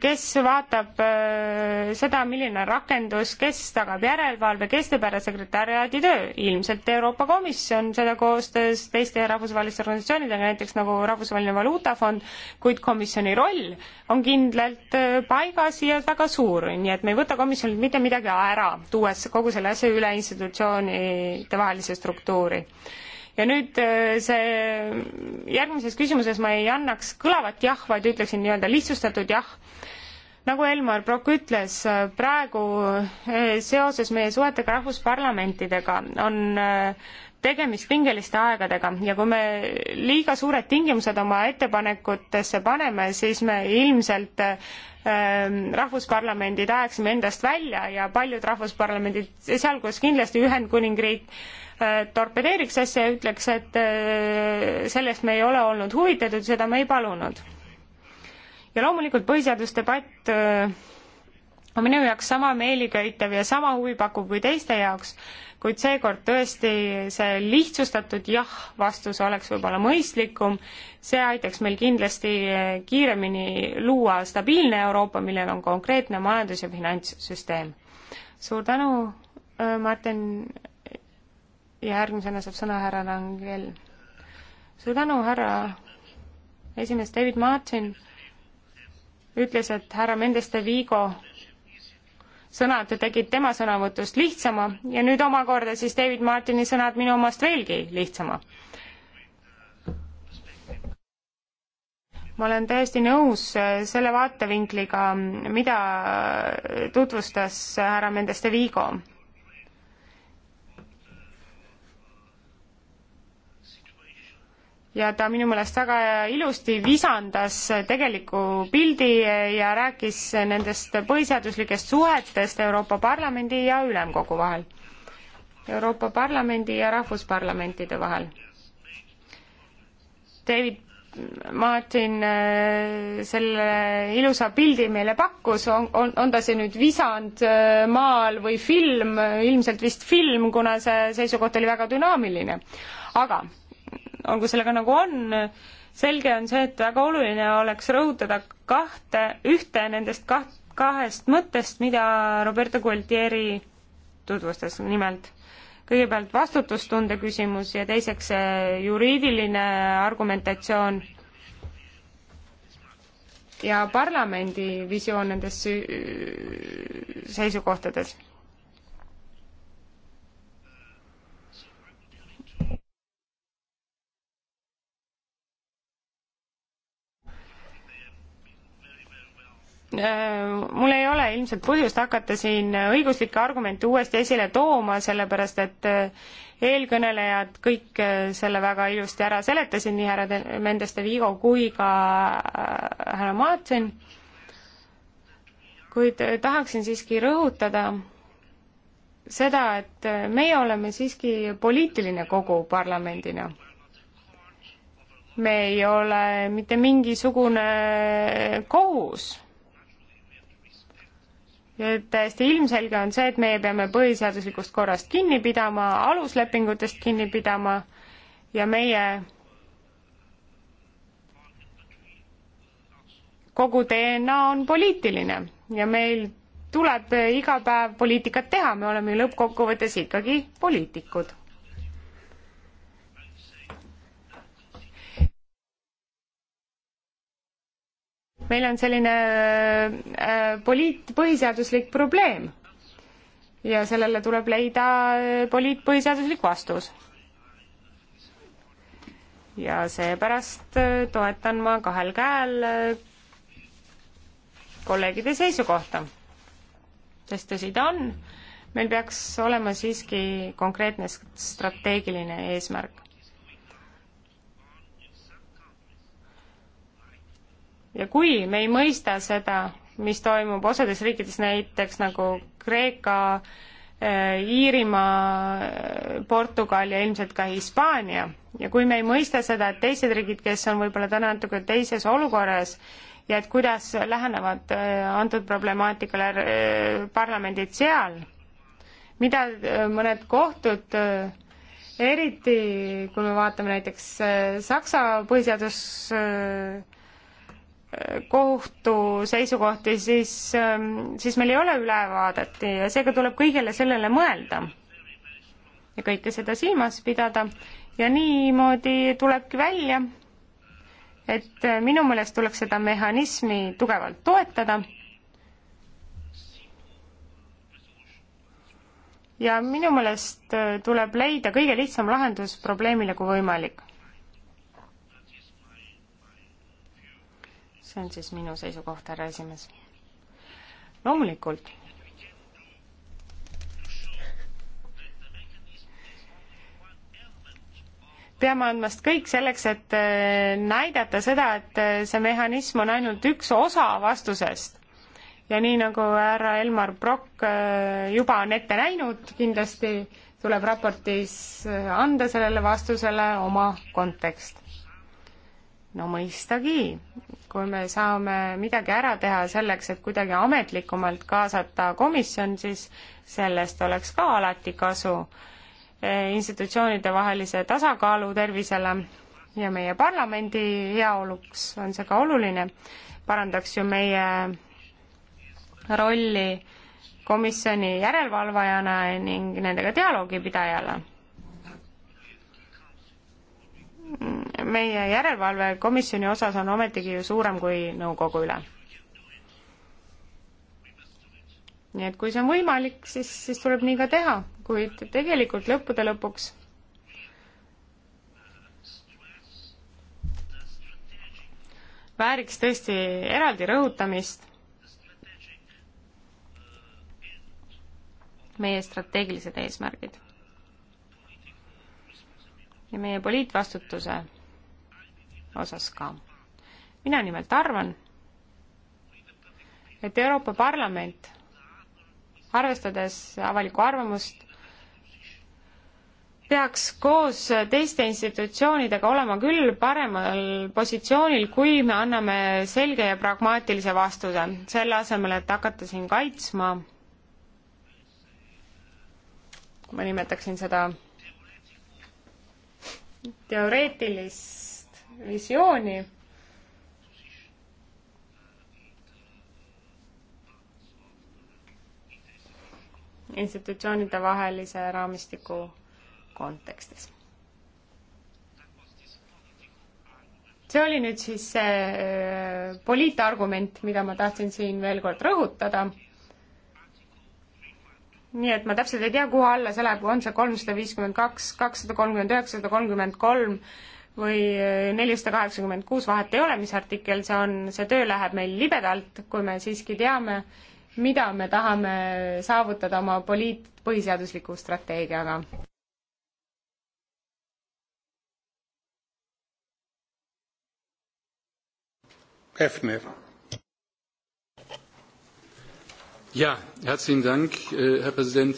kes vaatab äh, seda, milline on rakendus, kes tagab järelevalve, kes teeb ära sekretäriaadi töö, ilmselt Euroopa Komisjon, seda koostöös teiste rahvusvaheliste organisatsioonidega, näiteks nagu Rahvusvaheline Valuutafond, kuid komisjoni roll on kindlalt äh, paigas ja väga suur, nii et me ei võta komisjonilt mitte midagi ära, tuues kogu selle asja üle institutsioonide vahelise struktuuri ja nüüd äh, see, järgmises küsimuses ma ei annaks kõlavat jah, vaid ütleksin nii-öelda lihtsustatud jah. nagu Elmar Brok ütles, äh, praegu äh, seoses meie suhetega rahvusparlamentidega on tegemist pingeliste aegadega ja kui me liiga suured tingimused oma ettepanekutesse paneme, siis me ilmselt Ähm, rahvusparlamendid ajaksime endast välja ja paljud rahvusparlamendid, sealhulgas kindlasti Ühendkuningriik, äh, torpedeeriks asja ja ütleks, et äh, sellest me ei ole olnud huvitatud, seda me ei palunud. ja loomulikult põhiseadusdebatt äh, on minu jaoks sama meeliköitev ja sama huvipakkuv kui teiste jaoks kuid seekord tõesti see lihtsustatud jah vastus oleks võib-olla mõistlikum, see aitaks meil kindlasti kiiremini luua stabiilne Euroopa, millel on konkreetne majandus- ja finantssüsteem. suur tänu, äh, Martin, ja järgmisena saab sõna härra Rangel. suur tänu, härra esimees David Martin ütles, et härra Mendes de Vigo sõnad tegid tema sõnavõtust lihtsama ja nüüd omakorda siis David Martini sõnad minu omast veelgi lihtsama. ma olen täiesti nõus äh, selle vaatevinkliga, mida tutvustas härra Mendeste Vigo ja ta minu meelest väga ilusti visandas tegeliku pildi ja rääkis nendest põhiseaduslikest suhetest Euroopa Parlamendi ja Ülemkogu vahel. Euroopa Parlamendi ja rahvusparlamentide vahel. David Martin äh, selle ilusa pildi meile pakkus, on, on, on ta see nüüd visand äh, maal või film, ilmselt vist film, kuna see seisukoht oli väga dünaamiline. aga olgu sellega nagu on, selge on see, et väga oluline oleks rõhutada kahte, ühte nendest kaht, kahest mõttest, mida Roberto Gualtieri tutvustas nimelt. kõigepealt vastutustunde küsimus ja teiseks juriidiline argumentatsioon ja parlamendi visioon nendes seisukohtades Äh, mul ei ole ilmselt põhjust hakata siin õiguslikke argumente uuesti esile tooma, sellepärast et äh, eelkõnelejad kõik äh, selle väga ilusti ära seletasid, nii härra Mendeste Vigo kui ka härra Martin. kuid tahaksin siiski rõhutada seda, et meie oleme siiski poliitiline kogu parlamendina me ei ole mitte mingisugune kohus täiesti ilmselge on see, et meie peame põhiseaduslikust korrast kinni pidama, aluslepingutest kinni pidama ja meie kogu DNA on poliitiline ja meil tuleb iga päev poliitikat teha, me oleme ju lõppkokkuvõttes ikkagi poliitikud meil on selline äh, poliit, põhiseaduslik probleem. ja sellele tuleb leida äh, poliitpõhiseaduslik vastus. ja seepärast äh, toetan ma kahel käel kolleegide seisukohta. sest tõsi ta on, meil peaks olema siiski konkreetne strateegiline eesmärk. ja kui me ei mõista seda, mis toimub osades riikides, näiteks nagu Kreeka, eh, Iirimaa, eh, Portugal ja ilmselt ka Hispaania ja kui me ei mõista seda, et teised riigid, kes on võib-olla täna natuke teises olukorras ja et kuidas lähenevad eh, antud problemaatikale parlamendid seal, mida mõned kohtud eriti kui me vaatame näiteks Saksa põhiseadus kohtu seisukohti, siis, ähm, siis meil ei ole ülevaadet ja seega tuleb kõigele sellele mõelda ja kõike seda silmas pidada ja niimoodi tulebki välja, et äh, minu meelest tuleks seda mehhanismi tugevalt toetada. ja minu meelest äh, tuleb leida kõige lihtsam lahendus probleemile kui võimalik see on siis minu seisukoht, härra esimees. loomulikult peame andma kõik selleks, et äh, näidata seda, et äh, see mehhanism on ainult üks osa vastusest. ja nii nagu härra Elmar Brokk äh, juba on ette näinud, kindlasti tuleb raportis anda sellele vastusele oma kontekst no mõistagi, kui me saame midagi ära teha selleks, et kuidagi ametlikumalt kaasata komisjon, siis sellest oleks ka alati kasu e, institutsioonide vahelise tasakaalu tervisele ja meie parlamendi heaoluks on see ka oluline, parandaks ju meie rolli komisjoni järelevalvajana ning nendega dialoogi pidajale meie järelevalve komisjoni osas on ometigi ju suurem kui nõukogu üle. nii et kui see on võimalik, siis, siis tuleb nii ka teha, kuid tegelikult lõppude lõpuks vääriks tõesti eraldi rõhutamist meie strateegilised eesmärgid ja meie poliitvastutuse osas ka. mina nimelt arvan, et Euroopa Parlament, arvestades avalikku arvamust, peaks koos teiste institutsioonidega olema küll paremal positsioonil, kui me anname selge ja pragmaatilise vastuse, selle asemel, et hakata siin kaitsma, ma nimetaksin seda teoreetilist visiooni institutsioonide vahelise raamistiku kontekstis. see oli nüüd siis see äh, poliitargument, mida ma tahtsin siin veel kord rõhutada nii et ma täpselt ei tea, kuhu alla see läheb, on see kolmsada viiskümmend kaks, kakssada kolmkümmend üheksa, sada kolmkümmend kolm või äh, nelisada kaheksakümmend kuus, vahet ei ole, mis artikkel see on, see töö läheb meil libedalt, kui me siiski teame, mida me tahame saavutada oma poliit-, põhiseadusliku strateegiaga. Hefner jaa, herzlichen Dank, härra äh, president.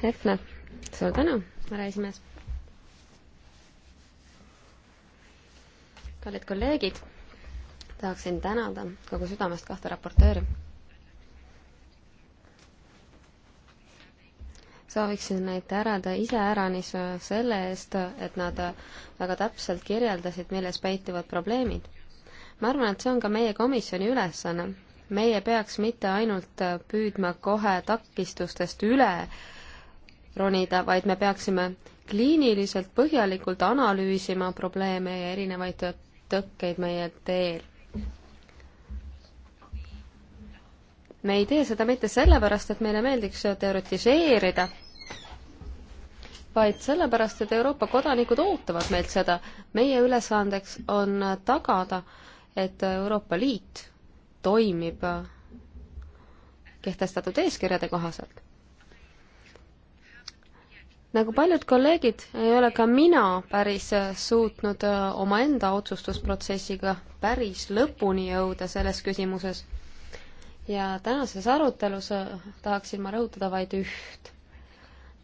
Hefner, suur tänu, härra esimees. kallid kolleegid, tahaksin tänada kogu südamest kahte raportööri. sooviksin neid tänada iseäranis selle eest, et nad väga täpselt kirjeldasid, milles peituvad probleemid. ma arvan, et see on ka meie komisjoni ülesanne meie peaks mitte ainult püüdma kohe takistustest üle ronida, vaid me peaksime kliiniliselt põhjalikult analüüsima probleeme ja erinevaid tõkkeid meie teel. me ei tee seda mitte sellepärast, et meile meeldiks teoritiseerida, vaid sellepärast, et Euroopa kodanikud ootavad meilt seda. meie ülesandeks on tagada, et Euroopa Liit toimib kehtestatud eeskirjade kohaselt. nagu paljud kolleegid, ei ole ka mina päris suutnud äh, omaenda otsustusprotsessiga päris lõpuni jõuda selles küsimuses. ja tänases arutelus äh, tahaksin ma rõhutada vaid üht.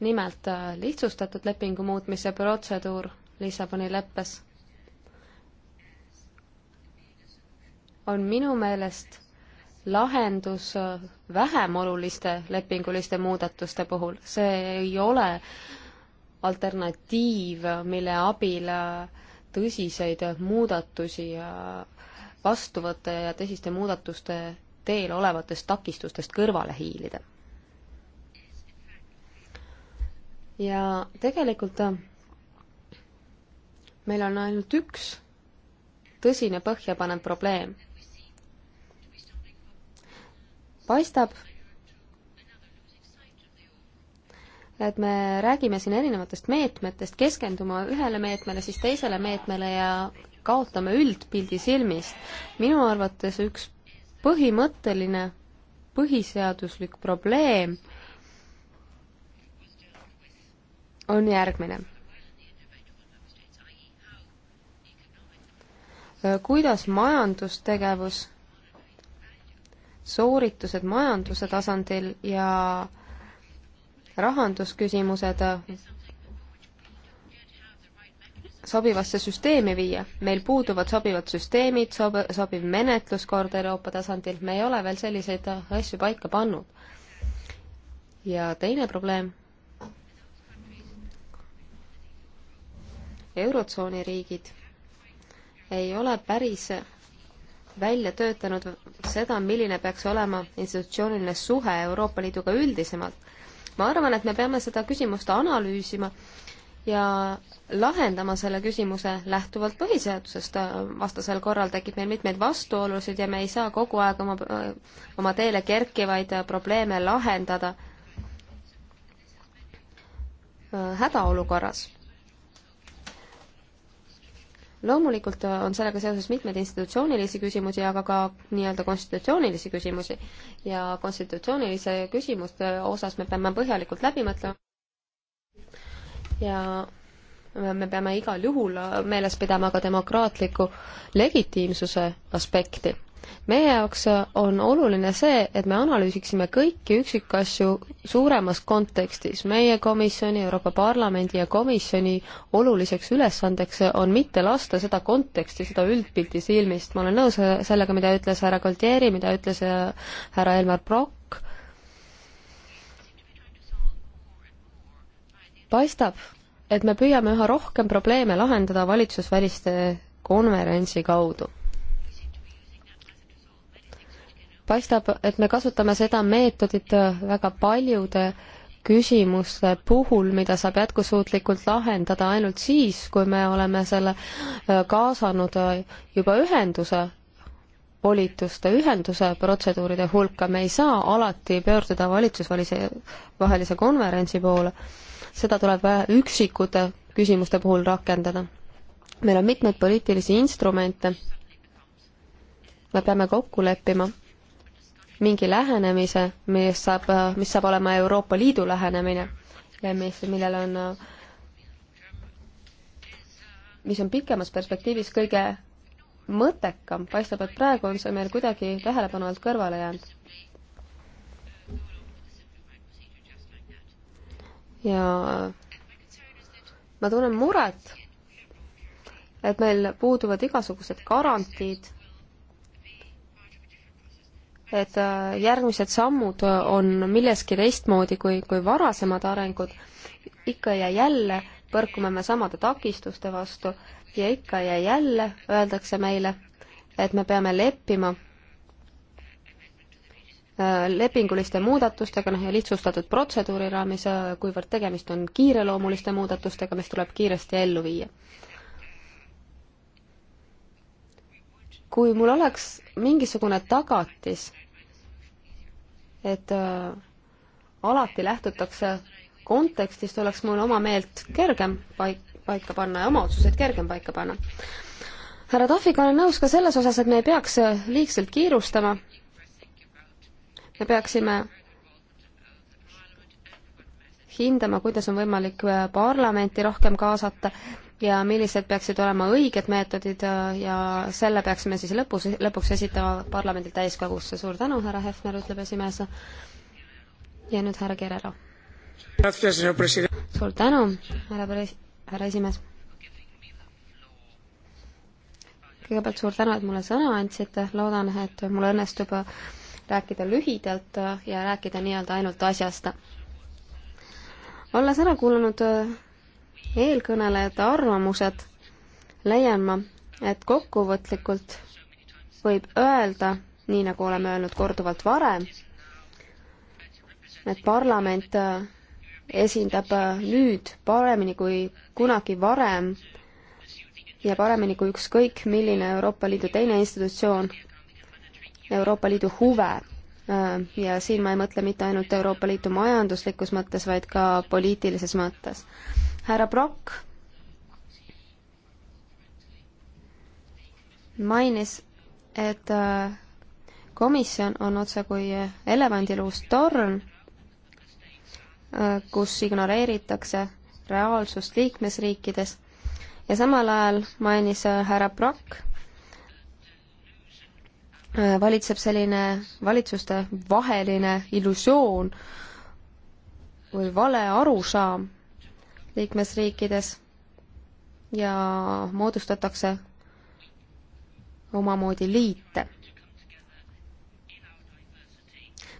nimelt äh, lihtsustatud lepingu muutmise protseduur Lissaboni leppes on minu meelest lahendus äh, vähem oluliste lepinguliste muudatuste puhul, see ei ole alternatiiv, mille abil äh, tõsiseid muudatusi äh, vastu võtta ja tõsiste muudatuste teel olevatest takistustest kõrvale hiilida. ja tegelikult meil on ainult üks tõsine põhjapanev probleem paistab, et me räägime siin erinevatest meetmetest, keskenduma ühele meetmele, siis teisele meetmele ja kaotame üldpildi silmist. minu arvates üks põhimõtteline põhiseaduslik probleem on järgmine. kuidas majandustegevus sooritused majanduse tasandil ja rahandusküsimused sobivasse süsteemi viia. meil puuduvad sobivad süsteemid, sob-, sobiv menetluskord Euroopa tasandil, me ei ole veel selliseid asju paika pannud. ja teine probleem. eurotsooni riigid ei ole päris välja töötanud seda, milline peaks olema institutsiooniline suhe Euroopa Liiduga üldisemalt. ma arvan, et me peame seda küsimust analüüsima ja lahendama selle küsimuse lähtuvalt põhiseadusest, vastasel korral tekib meil mitmeid vastuolusid ja me ei saa kogu aeg oma, oma teele kerkivaid probleeme lahendada äh, hädaolukorras loomulikult äh, on sellega seoses mitmeid institutsioonilisi küsimusi, aga ka nii-öelda konstitutsioonilisi küsimusi. ja konstitutsioonilise küsimuste osas me peame põhjalikult läbi mõtlema. ja me peame igal juhul meeles pidama ka demokraatliku legitiimsuse aspekti meie jaoks äh, on oluline see, et me analüüsiksime kõiki üksikasju suuremas kontekstis. meie komisjoni, Euroopa Parlamendi ja komisjoni oluliseks ülesandeks on mitte lasta seda konteksti, seda üldpilti silmist. ma olen nõus äh, sellega, mida ütles härra Galtieri, mida ütles äh, härra Elmar Brokk. paistab, et me püüame üha rohkem probleeme lahendada valitsusväliste konverentsi kaudu paistab, et me kasutame seda meetodit väga paljude küsimuste puhul, mida saab jätkusuutlikult lahendada ainult siis, kui me oleme selle äh, kaasanud äh, juba ühenduse volituste ühenduse protseduuride hulka, me ei saa alati pöörduda valitsusvalise, vahelise konverentsi poole. seda tuleb üksikute küsimuste puhul rakendada. meil on mitmeid poliitilisi instrumente, me peame kokku leppima mingi lähenemise, mis saab, mis saab olema Euroopa Liidu lähenemine ja mis, millel on, mis on pikemas perspektiivis kõige mõttekam, paistab, et praegu on see meil kuidagi tähelepanu alt kõrvale jäänud. ja ma tunnen muret, et meil puuduvad igasugused garantiid et äh, järgmised sammud äh, on milleski teistmoodi kui, kui varasemad arengud, ikka ja jälle põrkume me samade takistuste vastu ja ikka ja jälle öeldakse meile, et me peame leppima äh, lepinguliste muudatustega, noh ja lihtsustatud protseduuri raames, kuivõrd tegemist on kiireloomuliste muudatustega, mis tuleb kiiresti ellu viia kui mul oleks mingisugune tagatis, et äh, alati lähtutakse kontekstist, oleks mul oma meelt kergem paik-, paika panna ja oma otsuseid kergem paika panna. härra Tahviga olen nõus ka selles osas, et me ei peaks äh, liigselt kiirustama, me peaksime hindama, kuidas on võimalik äh, parlamenti rohkem kaasata ja millised peaksid olema õiged meetodid äh, ja selle peaksime siis lõpus, lõpuks esitama parlamendil täiskogusse. suur tänu, härra Hefner, ütleb esimees. ja nüüd härra Guerrero. suur tänu, härra, härra esimees. kõigepealt suur tänu, et mulle sõna andsite, loodan, et mul õnnestub rääkida lühidalt ja rääkida nii-öelda ainult asjast. olles ära kuulanud äh, eelkõnelejate arvamused leian ma, et kokkuvõtlikult võib öelda, nii nagu oleme öelnud korduvalt varem, et parlament äh, esindab äh, nüüd paremini kui kunagi varem ja paremini kui ükskõik milline Euroopa Liidu teine institutsioon Euroopa Liidu huve. Äh, ja siin ma ei mõtle mitte ainult Euroopa Liitu majanduslikus mõttes, vaid ka poliitilises mõttes härra Brock mainis, et äh, komisjon on otsekui elevandiluust torn, äh, kus ignoreeritakse reaalsust liikmesriikides ja samal ajal mainis äh, härra Brock, valitseb selline valitsuste vaheline illusioon või vale arusaam liikmesriikides ja moodustatakse omamoodi liite.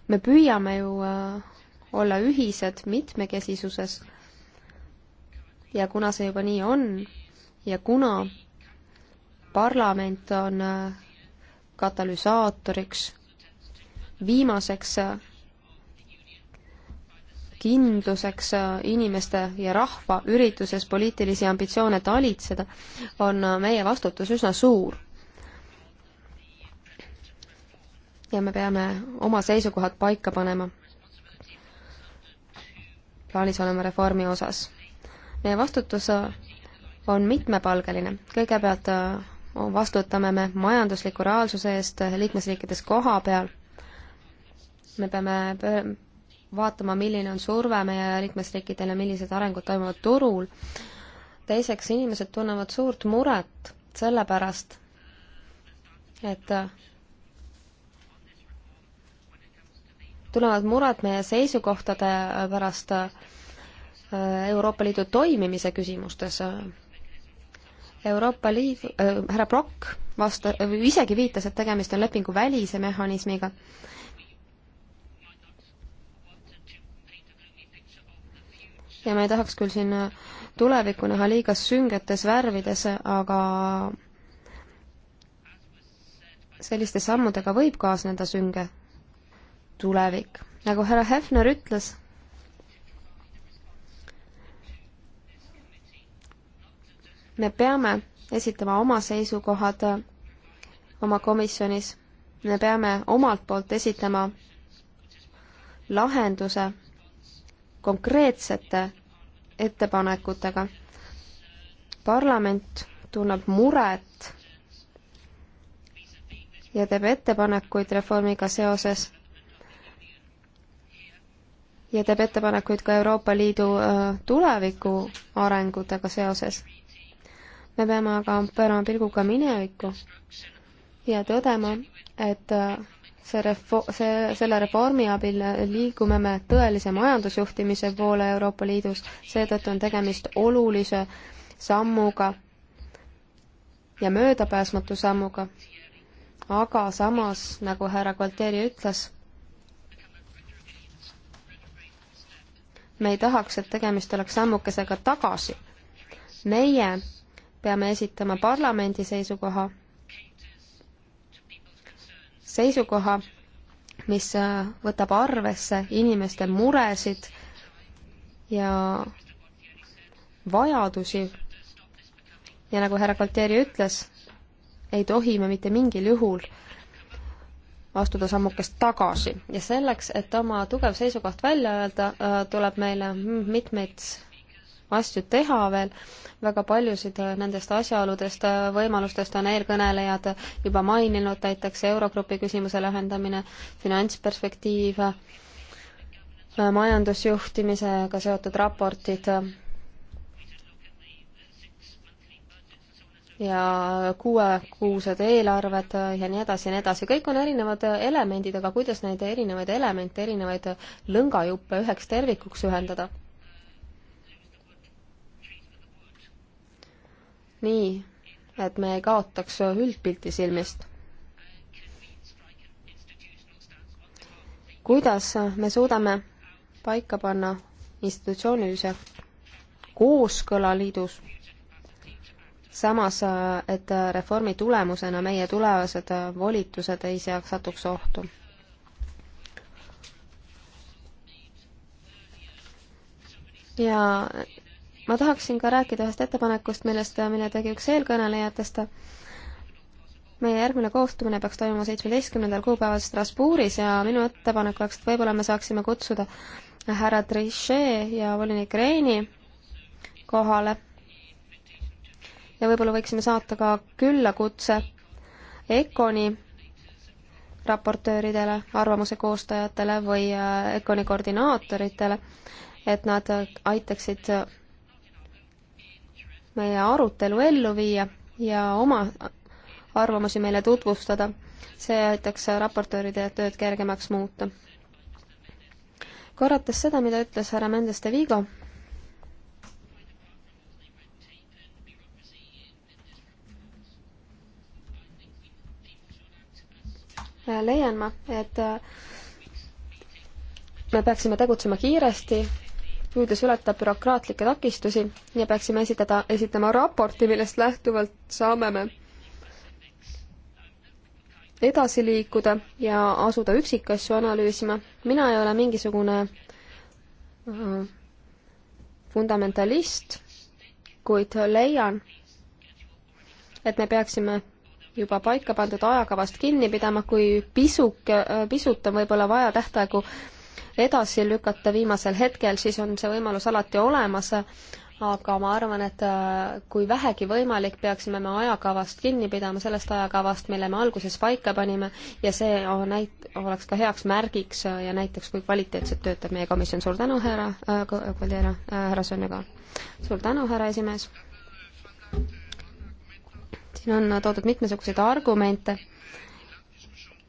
me püüame ju äh, olla ühised mitmekesisuses ja kuna see juba nii on ja kuna parlament on äh, katalüsaatoriks, viimaseks äh, kindluseks äh, inimeste ja rahva ürituses poliitilisi ambitsioone talitseda, on äh, meie vastutus üsna suur. ja me peame oma seisukohad paika panema plaanis olema reformi osas. meie vastutus äh, on mitmepalgeline, kõigepealt vastutame me majandusliku reaalsuse eest liikmesriikides koha peal, me peame vaatama, milline on surve meie liikmesriikidele, millised arengud toimuvad turul. teiseks, inimesed tunnevad suurt muret selle pärast, et tunnevad muret meie seisukohtade pärast äh, Euroopa Liidu toimimise küsimustes. Euroopa Liidu äh,, härra Brock vasta-, isegi viitas, et tegemist on lepinguvälise mehhanismiga äh,, ja me ei tahaks küll siin tulevikku näha liiga süngetes värvides, aga selliste sammudega võib kaasneda sünge tulevik. nagu härra Hefner ütles, me peame esitama oma seisukohad oma komisjonis, me peame omalt poolt esitama lahenduse konkreetsete ettepanekutega. parlament tunneb muret ja teeb ettepanekuid reformiga seoses ja teeb ettepanekuid ka Euroopa Liidu äh, tuleviku arengutega seoses. me peame aga pöörama pilguga minevikku ja tõdema, et äh, see refo-, see, selle reformi abil liigume me tõelise majandusjuhtimise poole Euroopa Liidus, seetõttu on tegemist olulise sammuga ja möödapääsmatu sammuga. aga samas, nagu härra Gualteri ütles, me ei tahaks, et tegemist oleks sammukesega tagasi. meie peame esitama parlamendi seisukoha seisukoha, mis äh, võtab arvesse inimeste muresid ja vajadusi. ja nagu härra Galtieri ütles, ei tohi me mitte mingil juhul astuda sammukest tagasi ja selleks, et oma tugev seisukoht välja öelda, äh, tuleb meile mitmeid asju teha veel, väga paljusid äh, nendest asjaoludest, äh, võimalustest on eelkõnelejad juba maininud, näiteks Eurogrupi küsimuse lahendamine, finantsperspektiiv, äh, majandusjuhtimisega seotud raportid ja kuuekuused eelarved ja nii edasi ja nii edasi, kõik on erinevad elemendid, aga kuidas neid erinevaid elemente, erinevaid lõngajuppe üheks tervikuks ühendada? nii, et me ei kaotaks üldpilti silmist. kuidas me suudame paika panna institutsioonilise kooskõla liidus, samas et reformi tulemusena meie tulevased volitused ei seaks, satuks ohtu. ja ma tahaksin ka rääkida ühest ettepanekust, millest, mille tegi üks eelkõnelejatest. meie järgmine kohtumine peaks toimuma seitsmeteistkümnendal kuupäeval Strasbourgis ja minu ettepanek oleks, et võib-olla me saaksime kutsuda härra Trichet ja volinik Reini kohale. ja võib-olla võiksime saata ka küllakutse ECONi raportööridele, arvamuse koostajatele või äh, ECONi koordinaatoritele, et nad aitaksid meie arutelu ellu viia ja oma arvamusi meile tutvustada. see aitaks raportööride tööd kergemaks muuta. korrates seda, mida ütles härra Mendes de Vigo, leian ma, et me peaksime tegutsema kiiresti püüdes ületada bürokraatlikke takistusi ja peaksime esitada, esitama raporti, millest lähtuvalt saame me edasi liikuda ja asuda üksikasju analüüsima. mina ei ole mingisugune äh, fundamentalist, kuid leian, et me peaksime juba paika pandud ajakavast kinni pidama, kui pisuk, äh, pisut on võib-olla vaja tähtaegu edasi lükata viimasel hetkel, siis on see võimalus alati olemas, aga ma arvan, et äh, kui vähegi võimalik, peaksime me ajakavast kinni pidama, sellest ajakavast, mille me alguses paika panime ja see on näit-, oleks ka heaks märgiks äh, ja näiteks, kui kvaliteetselt töötab meie komisjon. suur tänu, härra äh,, äh härra, härra Sõnnega. suur tänu, härra esimees. siin on toodud mitmesuguseid argumente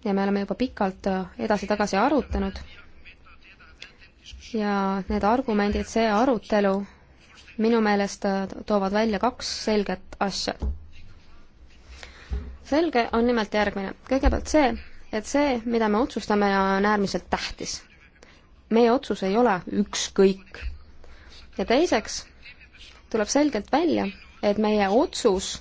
ja me oleme juba pikalt edasi-tagasi arutanud ja need argumendid, see arutelu minu meelest äh, toovad välja kaks selget asja. selge on nimelt järgmine. kõigepealt see, et see, mida me otsustame, on äärmiselt tähtis. meie otsus ei ole ükskõik. ja teiseks tuleb selgelt välja, et meie otsus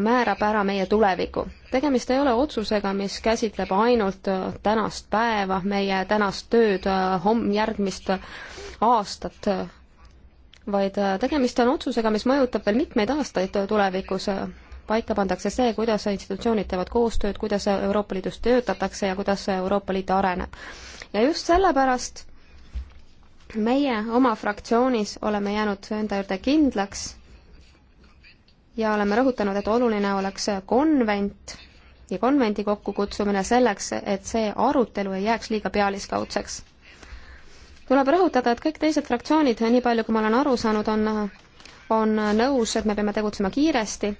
määrab ära meie tuleviku. tegemist ei ole otsusega, mis käsitleb ainult äh, tänast päeva, meie tänast tööd, äh, homm-, järgmist äh, aastat, vaid tegemist on otsusega, mis mõjutab veel mitmeid aastaid tulevikus. paika pandakse see, kuidas institutsioonid teevad koostööd, kuidas Euroopa Liidus töötatakse ja kuidas Euroopa Liit areneb. ja just sellepärast meie oma fraktsioonis oleme jäänud enda juurde kindlaks ja oleme rõhutanud, et oluline oleks konvent ja konvendi kokkukutsumine selleks, et see arutelu ei jääks liiga pealiskaudseks. tuleb rõhutada, et kõik teised fraktsioonid, nii palju kui ma olen aru saanud, on, on nõus, et me peame tegutsema kiiresti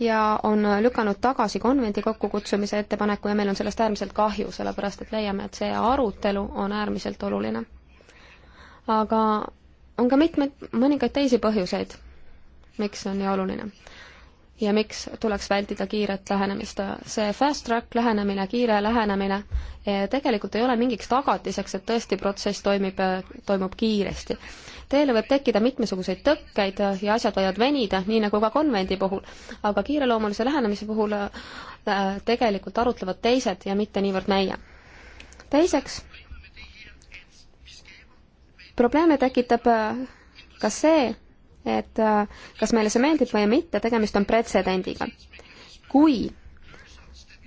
ja on lükanud tagasi konvendi kokkukutsumise ettepaneku ja meil on sellest äärmiselt kahju, sellepärast et leiame, et see arutelu on äärmiselt oluline. aga on ka mitmeid, mõningaid teisi põhjuseid miks see on nii oluline ja miks tuleks vältida kiiret lähenemist. see fast track lähenemine, kiire lähenemine eh, tegelikult ei ole mingiks tagatiseks, et tõesti protsess toimib, toimub kiiresti. Teele võib tekkida mitmesuguseid tõkkeid ja asjad võivad venida, nii nagu ka konvendi puhul, aga kiireloomulise lähenemise puhul eh, tegelikult arutlevad teised ja mitte niivõrd meie. teiseks, probleeme tekitab eh, ka see, et äh, kas meile see meeldib või mitte, tegemist on pretsedendiga. kui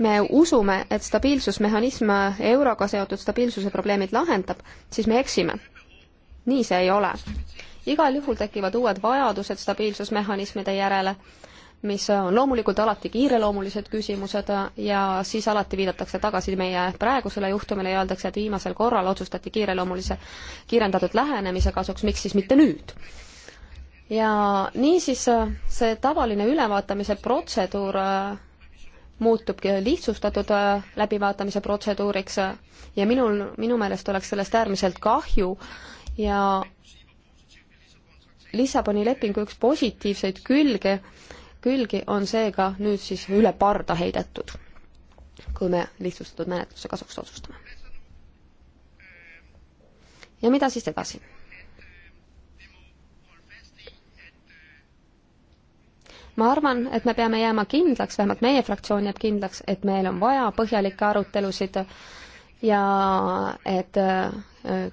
me usume, et stabiilsusmehhanism äh, euroga seotud stabiilsuse probleemid lahendab, siis me eksime. nii see ei ole. igal juhul tekivad uued vajadused stabiilsusmehhanismide järele, mis on loomulikult alati kiireloomulised küsimused äh, ja siis alati viidatakse tagasi meie praegusele juhtumile ja öeldakse, et viimasel korral otsustati kiireloomulise, kiirendatud lähenemise kasuks, miks siis mitte nüüd ja niisiis äh, see tavaline ülevaatamise protseduur äh, muutubki lihtsustatud äh, läbivaatamise protseduuriks ja minul, minu meelest oleks sellest äärmiselt kahju ja Lissaboni lepingu üks positiivseid külge, külgi on seega nüüd siis üle parda heidetud, kui me lihtsustatud menetluse kasuks otsustame. ja mida siis edasi? ma arvan, et me peame jääma kindlaks, vähemalt meie fraktsioon jääb kindlaks, et meil on vaja põhjalikke arutelusid ja et äh,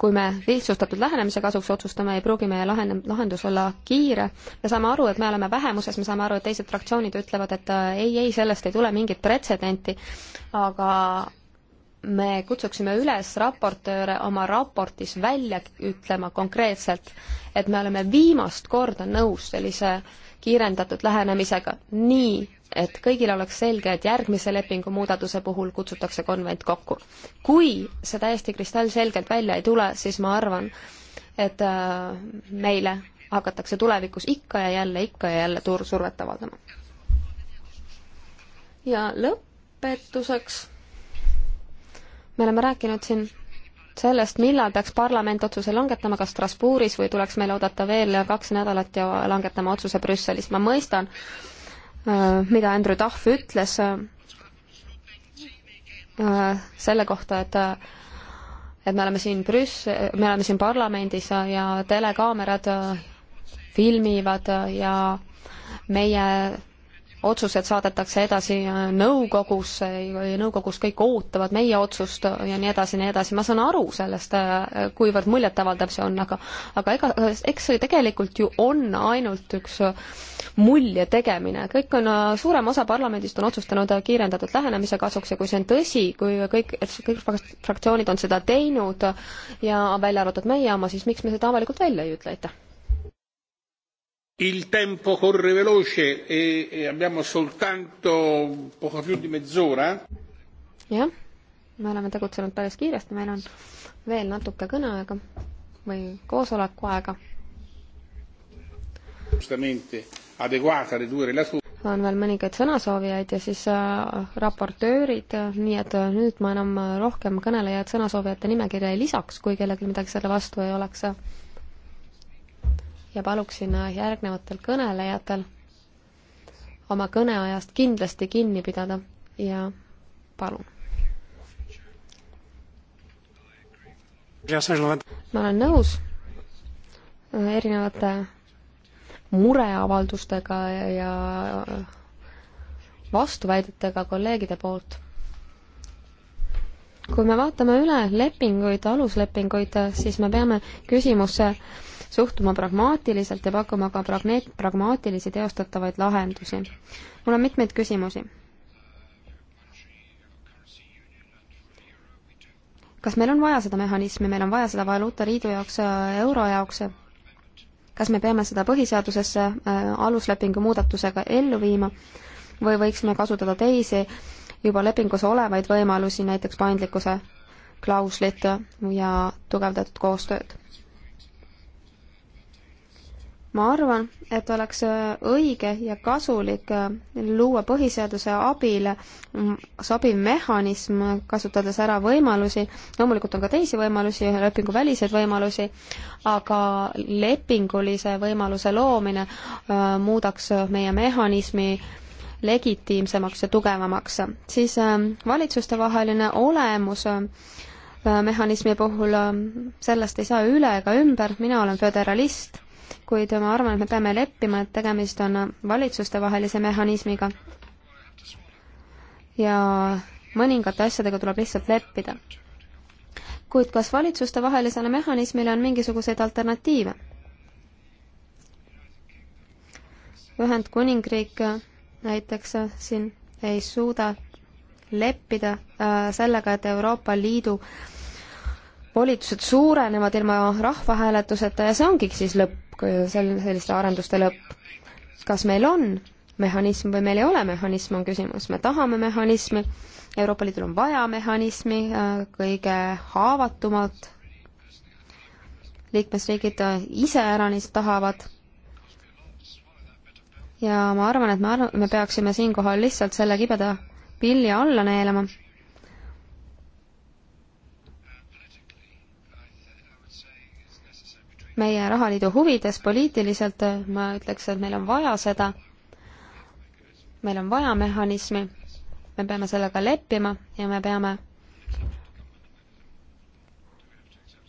kui me lihtsustatud lähenemise kasuks otsustame, ei pruugi meie lahen-, lahendus olla kiire, me saame aru, et me oleme vähemuses, me saame aru, et teised fraktsioonid ütlevad, et äh, ei, ei, sellest ei tule mingit pretsedenti, aga me kutsuksime üles raportööre oma raportis välja ütlema konkreetselt, et me oleme viimast korda nõus sellise äh, kiirendatud lähenemisega, nii et kõigil oleks selge, et järgmise lepingu muudatuse puhul kutsutakse konvent kokku. kui see täiesti kristallselgelt välja ei tule, siis ma arvan, et äh, meile hakatakse tulevikus ikka ja jälle, ikka ja jälle tur-, survet avaldama. ja lõpetuseks me oleme rääkinud siin sellest, millal peaks parlament otsuse langetama, kas Strasbourgis või tuleks meil oodata veel kaks nädalat ja langetama otsuse Brüsselis. ma mõistan, äh, mida Andrew Duff ütles äh, selle kohta, et et me oleme siin Brüss-, me oleme siin parlamendis ja telekaamerad äh, filmivad ja meie otsused saadetakse edasi äh, nõukogusse ja nõukogus kõik ootavad meie otsust ja nii edasi ja nii edasi, ma saan aru sellest, äh, kuivõrd muljetavaldav see on, aga aga ega, eks see tegelikult ju on ainult üks äh, mulje tegemine, kõik on, suurem osa parlamendist on otsustanud kiirendatud lähenemise kasuks ja kui see on tõsi, kui kõik, kõik fraktsioonid on seda teinud ja välja arvatud meie oma, siis miks me seda avalikult välja ei ütle, aitäh? Il tempo corre veloce e, e abbiamo soltanto poco più di mezz'ora. jah, me oleme tegutsenud päris kiiresti, meil on veel natuke kõneaega või koosoleku aega. on veel mõningaid sõnasoovijaid ja siis äh, raportöörid, nii et äh, nüüd ma enam rohkem kõnelejaid sõnasoovijate nimekirja ei lisaks, kui kellelgi midagi selle vastu ei oleks ja paluksin järgnevatel kõnelejatel oma kõneajast kindlasti kinni pidada ja palun. ma olen nõus erinevate mureavaldustega ja vastuväidetega kolleegide poolt kui me vaatame üle lepinguid, aluslepinguid, siis me peame küsimusse suhtuma pragmaatiliselt ja pakkuma ka pragne-, pragmaatilisi teostatavaid lahendusi. mul on mitmeid küsimusi. kas meil on vaja seda mehhanismi, meil on vaja seda valuutaliidu jaoks, euro jaoks? kas me peame seda põhiseadusesse äh, aluslepingu muudatusega ellu viima või võiksime kasutada teisi äh, juba lepingus olevaid võimalusi, näiteks paindlikkuse klauslit ja tugevdatud koostööd. ma arvan, et oleks õige ja kasulik luua põhiseaduse abil sobiv mehhanism, kasutades ära võimalusi, loomulikult on ka teisi võimalusi, lepinguväliseid võimalusi, aga lepingulise võimaluse loomine äh, muudaks meie mehhanismi äh, legitiimsemaks ja tugevamaks. siis äh, valitsustevaheline olemus äh, mehhanismi puhul, äh, sellest ei saa üle ega ümber, mina olen föderalist, kuid ma arvan, et me peame leppima, et tegemist on valitsustevahelise mehhanismiga. ja mõningate asjadega tuleb lihtsalt leppida. kuid kas valitsustevahelisele mehhanismile on mingisuguseid alternatiive? Ühendkuningriik näiteks äh, siin ei suuda leppida äh, sellega, et Euroopa Liidu volitused suurenevad ilma rahvahääletuseta ja see ongi siis lõpp, sel-, selliste arenduste lõpp. kas meil on mehhanism või meil ei ole mehhanism, on küsimus, me tahame mehhanismi, Euroopa Liidul on vaja mehhanismi äh, kõige haavatumalt, liikmesriigid iseäranis tahavad ja ma arvan, et me arv-, me peaksime siinkohal lihtsalt selle kibeda pilli alla neelama. meie rahaliidu huvides poliitiliselt ma ütleks, et meil on vaja seda, meil on vaja mehhanismi, me peame sellega leppima ja me peame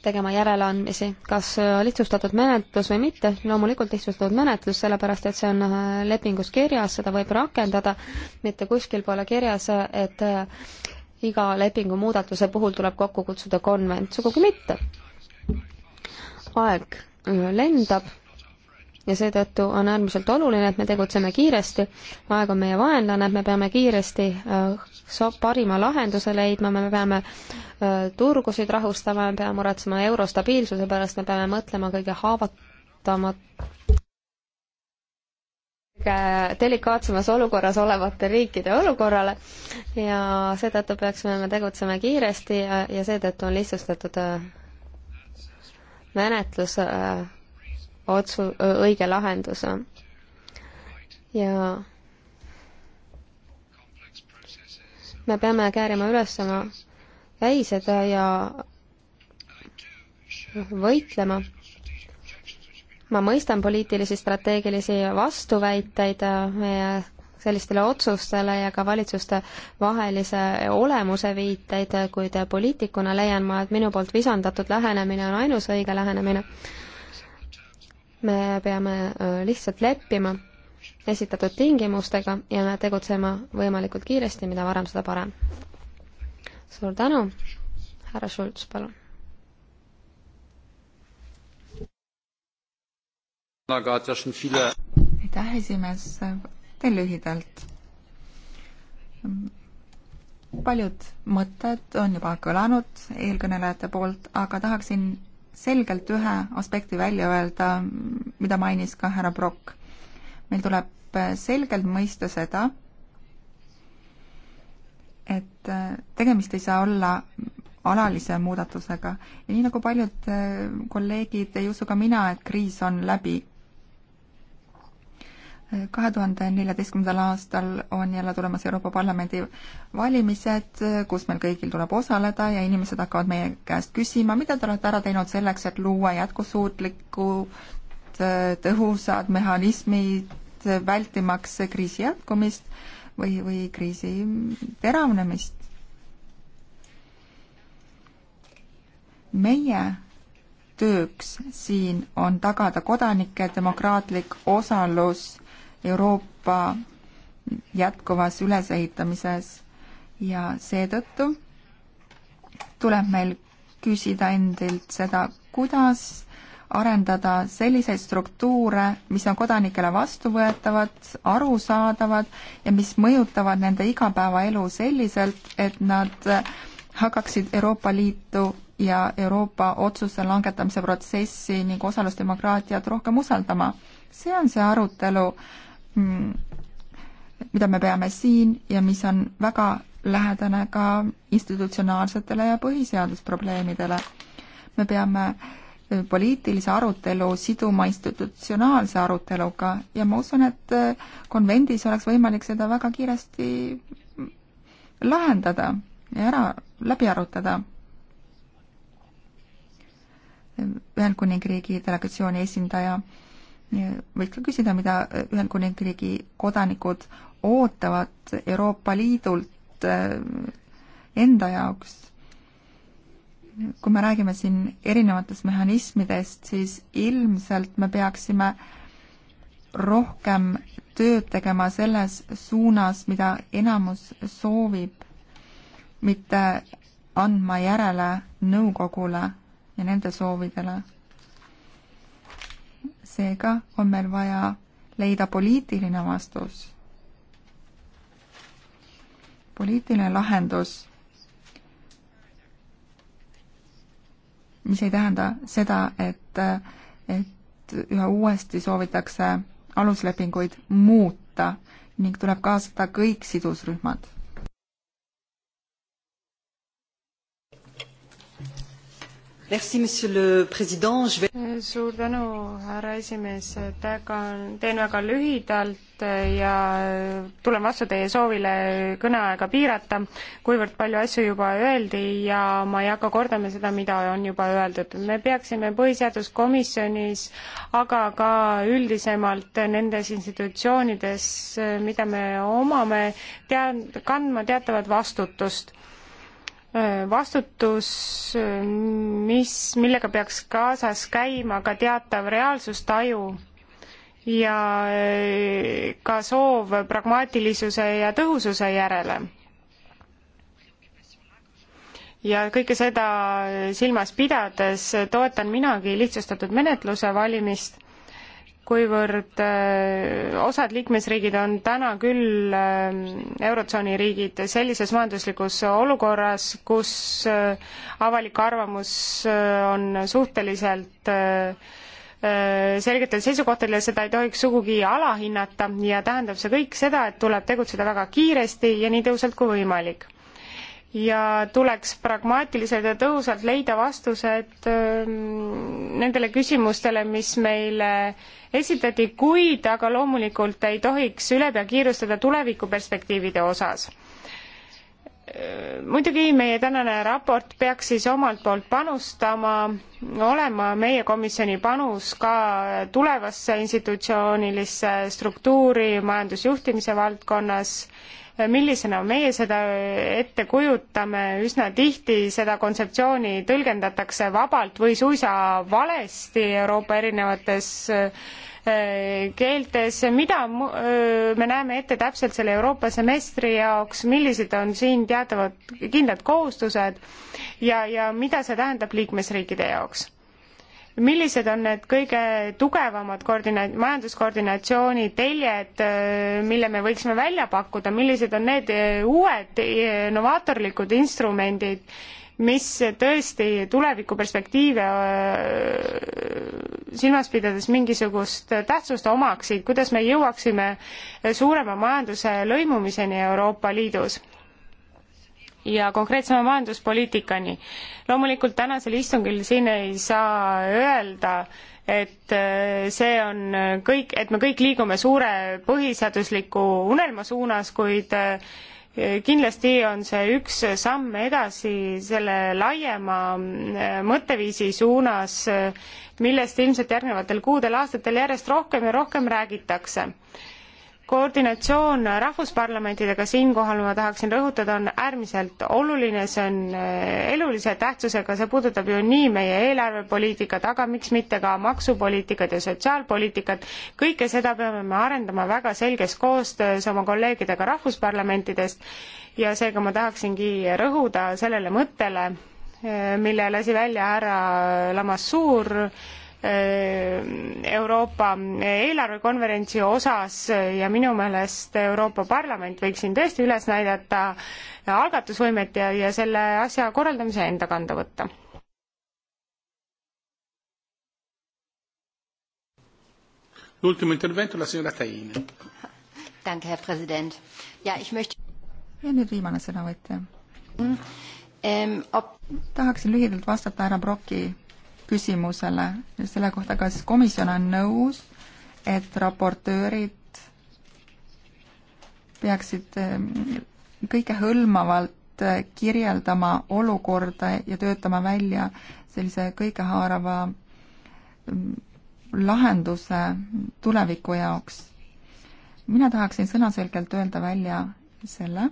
tegema järeleandmisi, kas äh, lihtsustatud menetlus või mitte, loomulikult lihtsustatud menetlus, sellepärast et see on äh, lepingus kirjas, seda võib rakendada, mitte kuskil pole kirjas, et äh, iga lepingu muudatuse puhul tuleb kokku kutsuda konvent, sugugi mitte. aeg lendab ja seetõttu on äärmiselt oluline, et me tegutseme kiiresti, aeg on meie vaenlane, me peame kiiresti äh, parima lahenduse leidma, me peame äh, turgusid rahustama, me peame muretsema euro stabiilsuse pärast, me peame mõtlema kõige haavatavamat kõige delikaatsemas olukorras olevate riikide olukorrale ja seetõttu peaksime me tegutsema kiiresti ja, äh, ja seetõttu on lihtsustatud menetlus otsu-, õige lahendus. ja me peame käärima üles oma väised ja võitlema. ma mõistan poliitilisi strateegilisi vastuväiteid äh, meie sellistele otsustele ja ka valitsuste vahelise olemuse viiteid, kuid poliitikuna leian ma, et minu poolt visandatud lähenemine on ainus õige lähenemine me peame lihtsalt leppima esitatud tingimustega ja tegutsema võimalikult kiiresti, mida varem, seda parem. suur tänu, härra Schultz, palun. aitäh, esimees, teen lühidalt. paljud mõtted on juba kõlanud eelkõnelejate poolt, aga tahaksin selgelt ühe aspekti välja öelda, mida mainis ka härra Brock. meil tuleb äh, selgelt mõista seda, et äh, tegemist ei saa olla alalise muudatusega ja nii nagu paljud äh, kolleegid, ei usu ka mina, et kriis on läbi kahe tuhande neljateistkümnendal aastal on jälle tulemas Euroopa Parlamendi valimised, kus meil kõigil tuleb osaleda ja inimesed hakkavad meie käest küsima, mida te olete ära teinud selleks, et luua jätkusuutlikud tõhusad mehhanismid, vältimaks kriisi jätkumist või, või kriisi teravnemist. meie tööks siin on tagada kodanike demokraatlik osalus Euroopa jätkuvas ülesehitamises ja seetõttu tuleb meil küsida endilt seda, kuidas arendada selliseid struktuure, mis on kodanikele vastuvõetavad, arusaadavad ja mis mõjutavad nende igapäevaelu selliselt, et nad hakkaksid Euroopa Liitu ja Euroopa otsuse langetamise protsessi ning osalusdemokraatiat rohkem usaldama. see on see arutelu, Mm, mida me peame siin ja mis on väga lähedane ka institutsionaalsetele ja põhiseadusprobleemidele. me peame eh, poliitilise arutelu siduma institutsionaalse aruteluga ja ma usun, et eh, konvendis oleks võimalik seda väga kiiresti lahendada ja ära, läbi arutada. Ühendkuningriigi delegatsiooni esindaja võiks ka küsida, mida Ühendkuningriigi kodanikud ootavad Euroopa Liidult äh, enda jaoks. kui me räägime siin erinevatest mehhanismidest, siis ilmselt me peaksime rohkem tööd tegema selles suunas, mida enamus soovib, mitte andma järele nõukogule ja nende soovidele seega on meil vaja leida poliitiline vastus, poliitiline lahendus, mis ei tähenda seda, et, et üha uuesti soovitakse aluslepinguid muuta ning tuleb kaasata kõik sidusrühmad suur tänu, härra esimees, tagan, teen väga lühidalt ja tulen vastu teie soovile kõneaega piirata, kuivõrd palju asju juba öeldi ja ma ei hakka kordama seda, mida on juba öeldud. me peaksime Põhiseaduskomisjonis, aga ka üldisemalt nendes institutsioonides, mida me omame, tea-, kandma teatavat vastutust Äh, vastutus, äh, mis, millega peaks kaasas käima ka teatav reaalsustaju ja äh, ka soov pragmaatilisuse ja tõhususe järele. ja kõike seda silmas pidades toetan minagi lihtsustatud menetluse valimist kuivõrd äh, osad liikmesriigid on täna küll äh, Eurotsooni riigid sellises majanduslikus olukorras, kus äh, avalik arvamus on suhteliselt selgetel seisukohtadel ja seda ei tohiks sugugi alahinnata ja tähendab see kõik seda, et tuleb tegutseda väga kiiresti ja nii tõhusalt kui võimalik ja tuleks pragmaatiliselt ja tõhusalt leida vastused ähm, nendele küsimustele, mis meile esitati, kuid aga loomulikult ei tohiks ülepea kiirustada tulevikuperspektiivide osas. Äh, muidugi meie tänane raport peaks siis omalt poolt panustama, olema meie komisjoni panus ka tulevasse institutsioonilisse struktuuri majandusjuhtimise valdkonnas millisena meie seda ette kujutame, üsna tihti seda kontseptsiooni tõlgendatakse vabalt või suisa valesti Euroopa erinevates äh, keeltes, mida äh, me näeme ette täpselt selle Euroopa semestri jaoks, millised on siin teatavad kindlad kohustused ja, ja mida see tähendab liikmesriikide jaoks? millised on need kõige tugevamad koordina-, majanduskoordinatsiooni teljed, äh, mille me võiksime välja pakkuda, millised on need äh, uued äh, novaatorlikud instrumendid, mis tõesti tulevikuperspektiive silmas pidades mingisugust tähtsust omaksid, kuidas me jõuaksime suurema majanduse lõimumiseni Euroopa Liidus ja konkreetsema majanduspoliitikani. loomulikult tänasel istungil siin ei saa öelda, et äh, see on kõik, et me kõik liigume suure põhiseadusliku unelma suunas, kuid äh, kindlasti on see üks samm edasi selle laiema äh, mõtteviisi suunas, millest ilmselt järgnevatel kuudel-aastatel järjest rohkem ja rohkem räägitakse koordinatsioon rahvusparlamentidega siinkohal ma tahaksin rõhutada, on äärmiselt oluline, see on äh, elulise tähtsusega, see puudutab ju nii meie eelarvepoliitikat, aga miks mitte ka maksupoliitikat ja sotsiaalpoliitikat, kõike seda peame me arendama väga selges koostöös oma kolleegidega rahvusparlamentidest ja seega ma tahaksingi rõhuda sellele mõttele, äh, mille lasi välja härra Lamassoor, Äh, Euroopa eelarvekonverentsi osas ja minu meelest Euroopa Parlament võiks siin tõesti üles näidata algatusvõimet ja, ja selle asja korraldamise enda kanda võtta. L'ultimo intervento la signora Taini. Danke, Herr Präsident. Ja, ich möchte... Ja nüüd viimane sõnavõtja mm.. Ehm, op... Tahaksin lühidalt vastata härra Brocki küsimusele selle kohta, kas komisjon on nõus, et raportöörid peaksid eh, kõikehõlmavalt eh, kirjeldama olukorda ja töötama välja sellise kõigehaarava mm, lahenduse tuleviku jaoks. mina tahaksin sõnaselgelt öelda välja selle,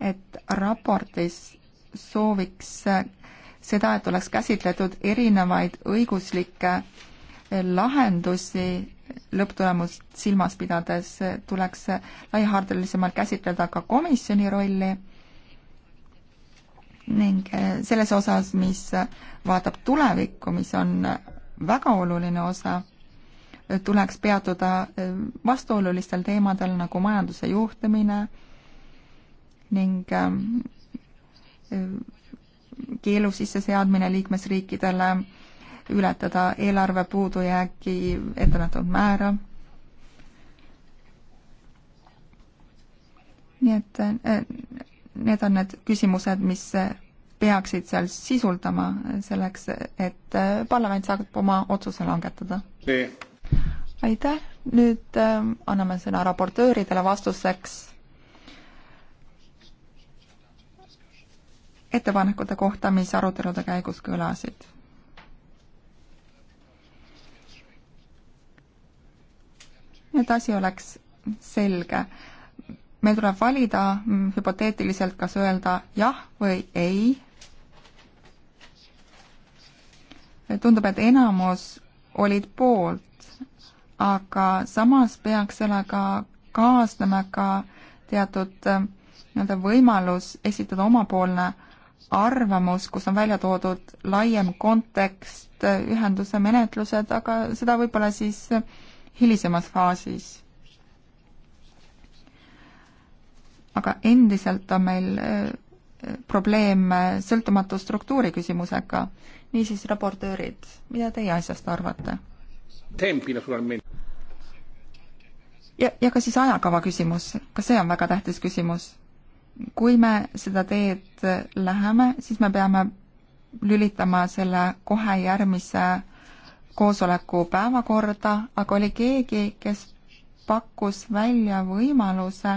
et raportis sooviks seda, et oleks käsitletud erinevaid õiguslikke lahendusi lõpptulemust silmas pidades tuleks laiahaardelisemalt käsitleda ka komisjoni rolli ning selles osas, mis vaatab tulevikku, mis on väga oluline osa, tuleks peatuda vastuolulistel teemadel nagu majanduse juhtimine ning keelu sisseseadmine liikmesriikidele ületada eelarve puudujääki ettenähtud määra. nii et äh, need on need küsimused, mis peaksid seal sisuldama selleks, et äh, parlament saab oma otsuse langetada. aitäh, nüüd äh, anname sõna raportööridele vastuseks ettepanekute kohta, mis arutelude käigus kõlasid. et asi oleks selge. meil tuleb valida mm, hüpoteetiliselt, kas öelda jah või ei. tundub, et enamus olid poolt, aga samas peaks sellega kaasnema ka teatud mm, nii-öelda võimalus esitada omapoolne arvamus, kus on välja toodud laiem kontekst, ühenduse menetlused, aga seda võib-olla siis hilisemas faasis. aga endiselt on meil eh, probleem sõltumatu struktuuri küsimusega. niisiis, raportöörid, mida teie asjast arvate? ja, ja ka siis ajakava küsimus, ka see on väga tähtis küsimus kui me seda teed läheme, siis me peame lülitama selle kohe järgmise koosoleku päevakorda, aga oli keegi, kes pakkus välja võimaluse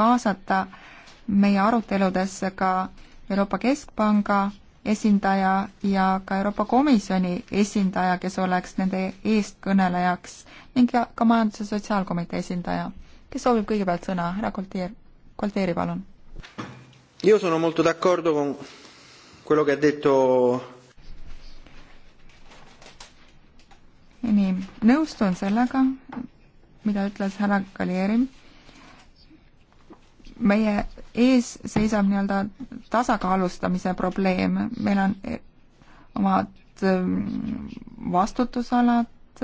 kaasata meie aruteludesse ka Euroopa Keskpanga esindaja ja ka Euroopa Komisjoni esindaja, kes oleks nende eestkõnelejaks ning ka Majandus- ja Sotsiaalkomitee esindaja. kes soovib kõigepealt sõna, härra Koltier, Koltieri, palun Io sono molto d'accordo con quello che ha detto nii, nõustun sellega, mida ütles härra Kaleeri. meie ees seisab nii-öelda tasakaalustamise probleem, meil on e- omad ähm, vastutusalad,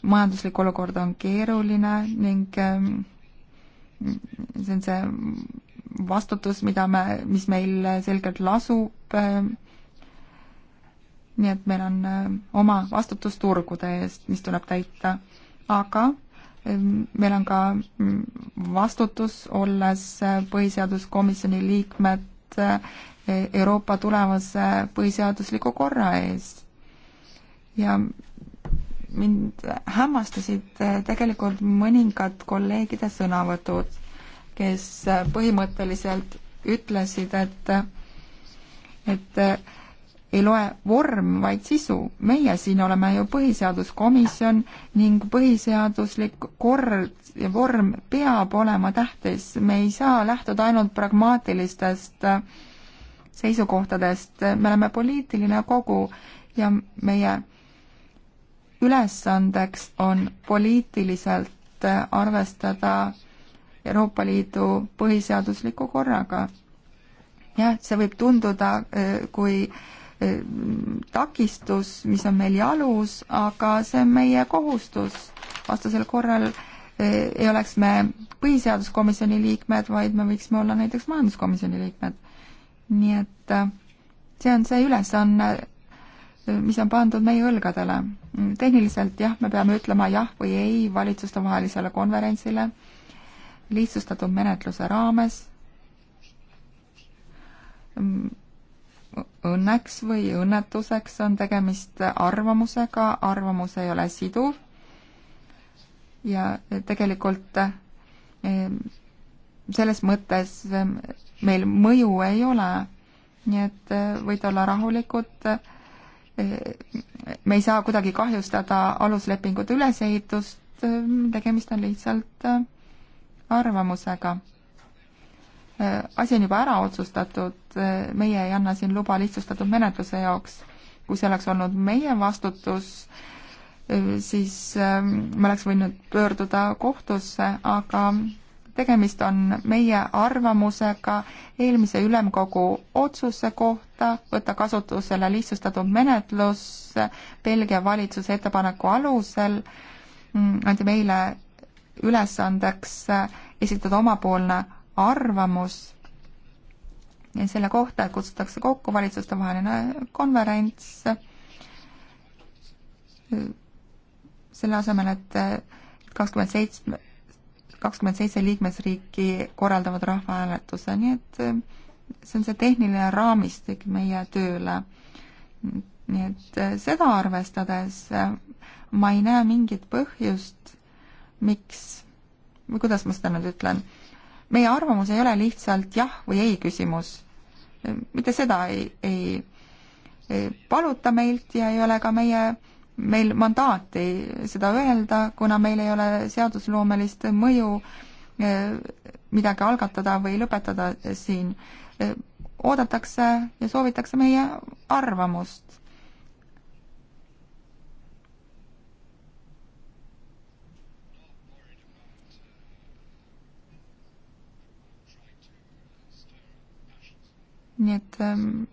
majanduslik olukord on keeruline ning ähm, see on see vastutus, mida me, mis meil selgelt lasub, nii et meil on äh, oma vastutus turgude eest, mis tuleb täita, aga äh, meil on ka mm, vastutus, olles äh, põhiseaduskomisjoni liikmed Euroopa tulevase põhiseadusliku korra eest. ja mind hämmastasid tegelikult mõningad kolleegide sõnavõtud kes põhimõtteliselt ütlesid, et, et ei loe vorm, vaid sisu. meie siin oleme ju põhiseaduskomisjon ning põhiseaduslik kord ja vorm peab olema tähtis. me ei saa lähtuda ainult pragmaatilistest seisukohtadest, me oleme poliitiline kogu ja meie ülesandeks on poliitiliselt arvestada Euroopa Liidu põhiseadusliku korraga. jah, see võib tunduda e, kui e, takistus, mis on meil jalus, aga see on meie kohustus. vastasel korral e, ei oleks me põhiseaduskomisjoni liikmed, vaid me võiksime olla näiteks majanduskomisjoni liikmed. nii et see on see ülesanne, mis on pandud meie õlgadele. tehniliselt jah, me peame ütlema jah või ei valitsustevahelisele konverentsile lihtsustatud menetluse raames mm, õnneks või õnnetuseks on tegemist arvamusega, arvamus ei ole siduv ja tegelikult mm, selles mõttes mm, meil mõju ei ole, nii et võid olla rahulikud, me ei saa kuidagi kahjustada aluslepingute ülesehitust, tegemist on lihtsalt arvamusega. Äh, asi on juba ära otsustatud, äh, meie ei anna siin luba lihtsustatud menetluse jaoks. kui see oleks olnud meie vastutus, äh, siis ähm, me oleks võinud pöörduda kohtusse, aga tegemist on meie arvamusega eelmise ülemkogu otsuse kohta võtta kasutusele lihtsustatud menetlus Belgia valitsuse ettepaneku alusel. Mm, anti meile ülesandeks äh, esitada omapoolne arvamus ja selle kohta, et kutsutakse kokku valitsustevaheline konverents, selle asemel, et kakskümmend seitsme, kakskümmend seitse liikmesriiki korraldavad rahvahääletuse, nii et äh, see on see tehniline raamistik meie tööle. nii et äh, seda arvestades ma ei näe mingit põhjust miks või kuidas ma seda nüüd ütlen, meie arvamus ei ole lihtsalt jah või ei küsimus. mitte seda ei, ei, ei paluta meilt ja ei ole ka meie, meil mandaati seda öelda, kuna meil ei ole seadusloomelist mõju eh, midagi algatada või lõpetada siin eh, oodatakse ja soovitakse meie arvamust. nii et ähm,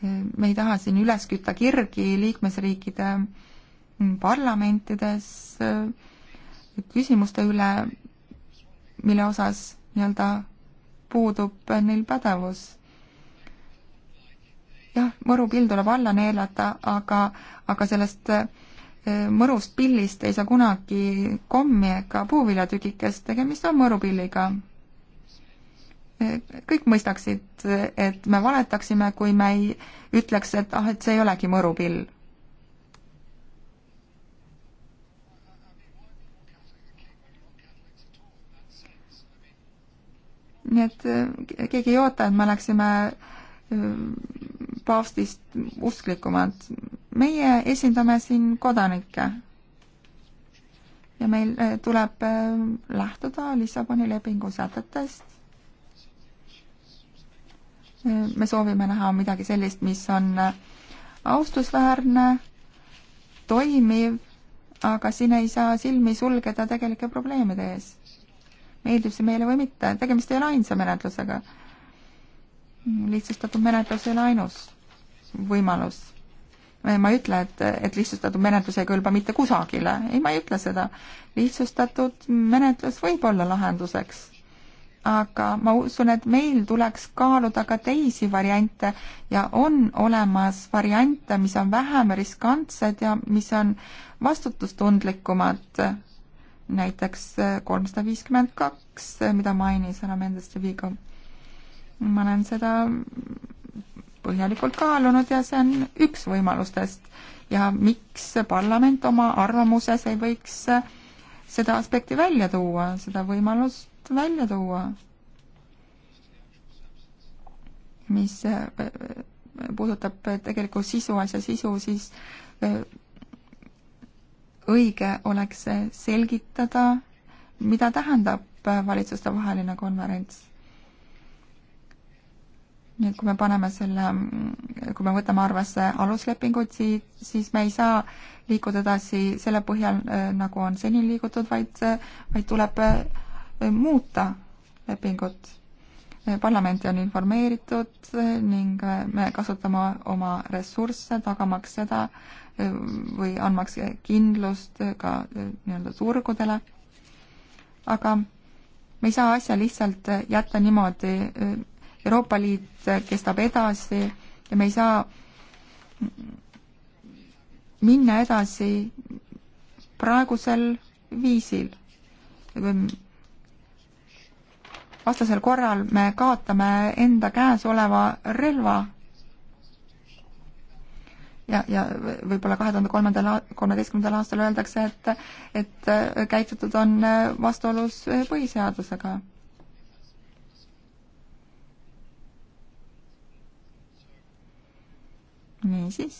äh, me ei taha siin üles kütta kirgi liikmesriikide mm, parlamentides äh, küsimuste üle, mille osas nii-öelda puudub neil pädevus. jah, mõrupill tuleb alla neelata, aga, aga sellest äh, mõrust pillist ei saa kunagi kommi ega puuviljatükikest, tegemist on mõrupilliga kõik mõistaksid, et me valetaksime, kui me ei ütleks, et ah, et see ei olegi mõrupill. nii et eh, keegi ei oota, et me oleksime eh, paavstist usklikumad. meie esindame siin kodanikke. ja meil eh, tuleb lähtuda Lissaboni lepingu sätetest me soovime näha midagi sellist, mis on austusväärne, toimiv, aga siin ei saa silmi sulgeda tegelike probleemide ees. meeldib see meile või mitte, tegemist ei ole ainsa menetlusega. lihtsustatud menetlus ei ole ainus võimalus. ma ei ütle, et, et lihtsustatud menetlus ei kõlba mitte kusagile, ei, ma ei ütle seda. lihtsustatud menetlus võib olla lahenduseks aga ma usun, et meil tuleks kaaluda ka teisi variante ja on olemas variante, mis on vähem riskantsed ja mis on vastutustundlikumad. näiteks äh, kolmsada viiskümmend kaks, äh, mida mainis härra Mendes de Vigo. ma olen seda põhjalikult kaalunud ja see on üks võimalustest ja miks parlament oma arvamuses ei võiks äh, seda aspekti välja tuua, seda võimalust välja tuua, mis äh, äh, puudutab tegelikku sisu, asja sisu, siis äh, õige oleks selgitada, mida tähendab valitsustevaheline konverents. nii et kui me paneme selle, mm, kui me võtame arvesse aluslepingud, siis, siis me ei saa liikuda edasi selle põhjal, nagu on seni liigutud, vaid, vaid tuleb muuta lepingut. parlamenti on informeeritud ning me kasutame oma ressursse, tagamaks seda eh, või andmaks kindlust ka eh, nii-öelda turgudele. aga me ei saa asja lihtsalt jätta niimoodi, eh, Euroopa Liit kestab edasi ja me ei saa minna edasi praegusel viisil vastasel korral me kaotame enda käes oleva relva ja, ja võib-olla kahe tuhande kolmandal, kolmeteistkümnendal aastal öeldakse, et, et äh, käitutud on äh, vastuolus äh, põhiseadusega. niisiis.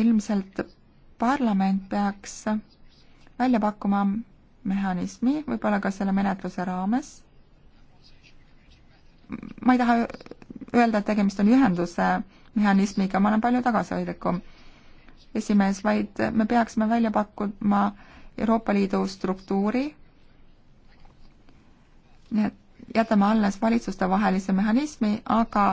ilmselt parlament peaks välja pakkuma mehhanismi, võib-olla ka selle menetluse raames. ma ei taha öelda, et tegemist on ühenduse mehhanismiga, ma olen palju tagasihoidlikum esimees, vaid me peaksime välja pakkuma Euroopa Liidu struktuuri, nii et jätame alles valitsustevahelise mehhanismi, aga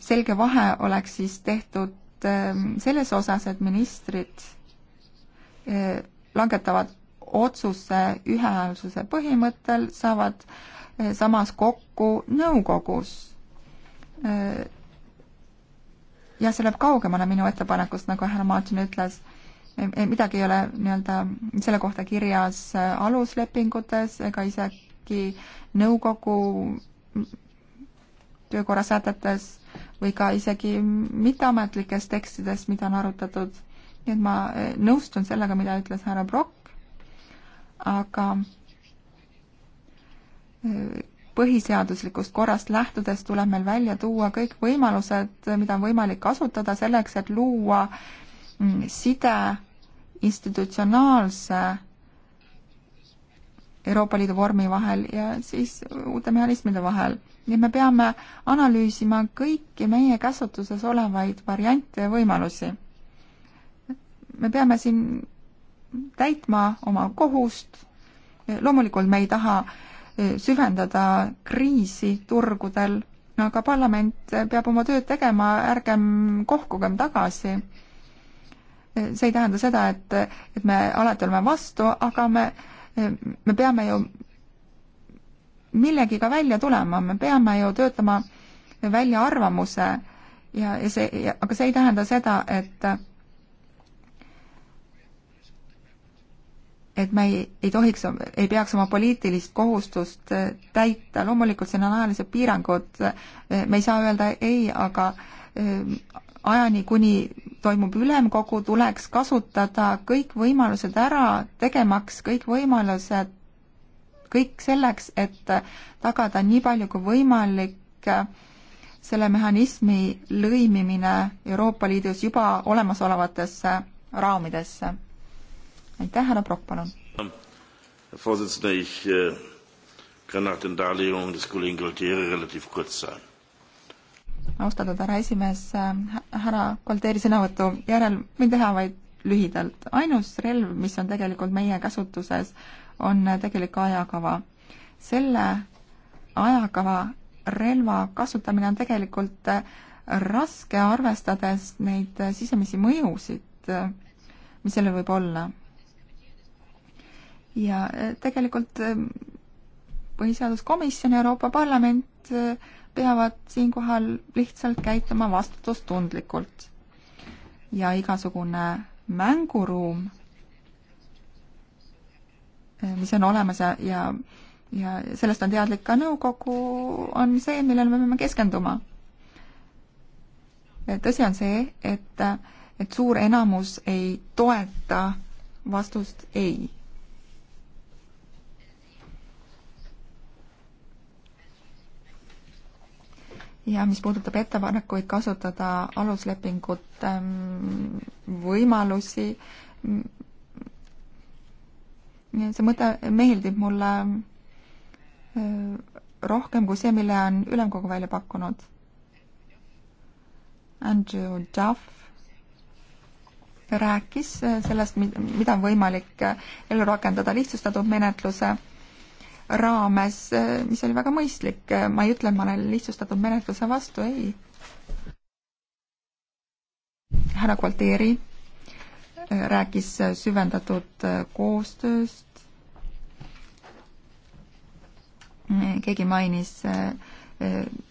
selge vahe oleks siis tehtud ehm, selles osas, et ministrid eh, langetavad otsuse ühehäälsuse põhimõttel, saavad eh, samas kokku nõukogus. Eh, ja see läheb kaugemale minu ettepanekust, nagu härra Martin ütles, eh, midagi ei ole nii-öelda selle kohta kirjas aluslepingutes ega isegi nõukogu töökorrasätetes või ka isegi mitteametlikes tekstides, mida on arutatud nii et ma eh, nõustun sellega, mida ütles härra Brock, aga eh, põhiseaduslikust korrast lähtudes tuleb meil välja tuua kõik võimalused, mida on võimalik kasutada selleks, et luua mm, side institutsionaalse Euroopa Liidu vormi vahel ja siis uute mehhanismide vahel. nii et me peame analüüsima kõiki meie käsutuses olevaid variante ja võimalusi me peame siin täitma oma kohust. loomulikult me ei taha eh, süvendada kriisi turgudel, aga parlament peab oma tööd tegema, ärgem kohkugem tagasi. Eh, see ei tähenda seda, et, et me alati oleme vastu, aga me, eh, me peame ju millegiga välja tulema, me peame ju töötama välja arvamuse ja, ja see, aga see ei tähenda seda, et et me ei, ei tohiks, ei peaks oma poliitilist kohustust äh, täita, loomulikult siin on ajalised piirangud, äh, me ei saa öelda ei, aga äh, ajani, kuni toimub ülemkogu, tuleks kasutada kõik võimalused ära, tegemaks kõik võimalused, kõik selleks, et tagada nii palju kui võimalik selle mehhanismi lõimimine Euroopa Liidus juba olemasolevatesse raamidesse aitäh, härra Prokk, palun. Äh, austatud härra esimees, äh, härra Kolteeri sõnavõtu järel võin teha vaid lühidalt. ainus relv, mis on tegelikult meie käsutuses, on tegelik ajakava. selle ajakava relva kasutamine on tegelikult äh, raske, arvestades neid sisemisi mõjusid, mis sellel võib olla ja eh, tegelikult eh, põhiseaduskomisjon ja Euroopa Parlament eh, peavad siinkohal lihtsalt käituma vastutustundlikult. ja igasugune mänguruum, mis on olemas ja, ja, ja sellest on teadlik ka nõukogu, on see, millele me peame keskenduma. tõsi on see, et, et suur enamus ei toeta vastust ei ja mis puudutab ettepanekuid kasutada aluslepingute ähm, võimalusi, mm, see mõte meeldib mulle äh, rohkem kui see, mille on ülemkogu välja pakkunud. Andrew Duff rääkis äh, sellest, mida on võimalik äh, ellu rakendada lihtsustatud menetluse raames, eh, mis oli väga mõistlik, eh, ma ei ütle, et ma olen lihtsustatud menetluse vastu, ei. härra Gualtieri eh, rääkis süvendatud koostööst, keegi mainis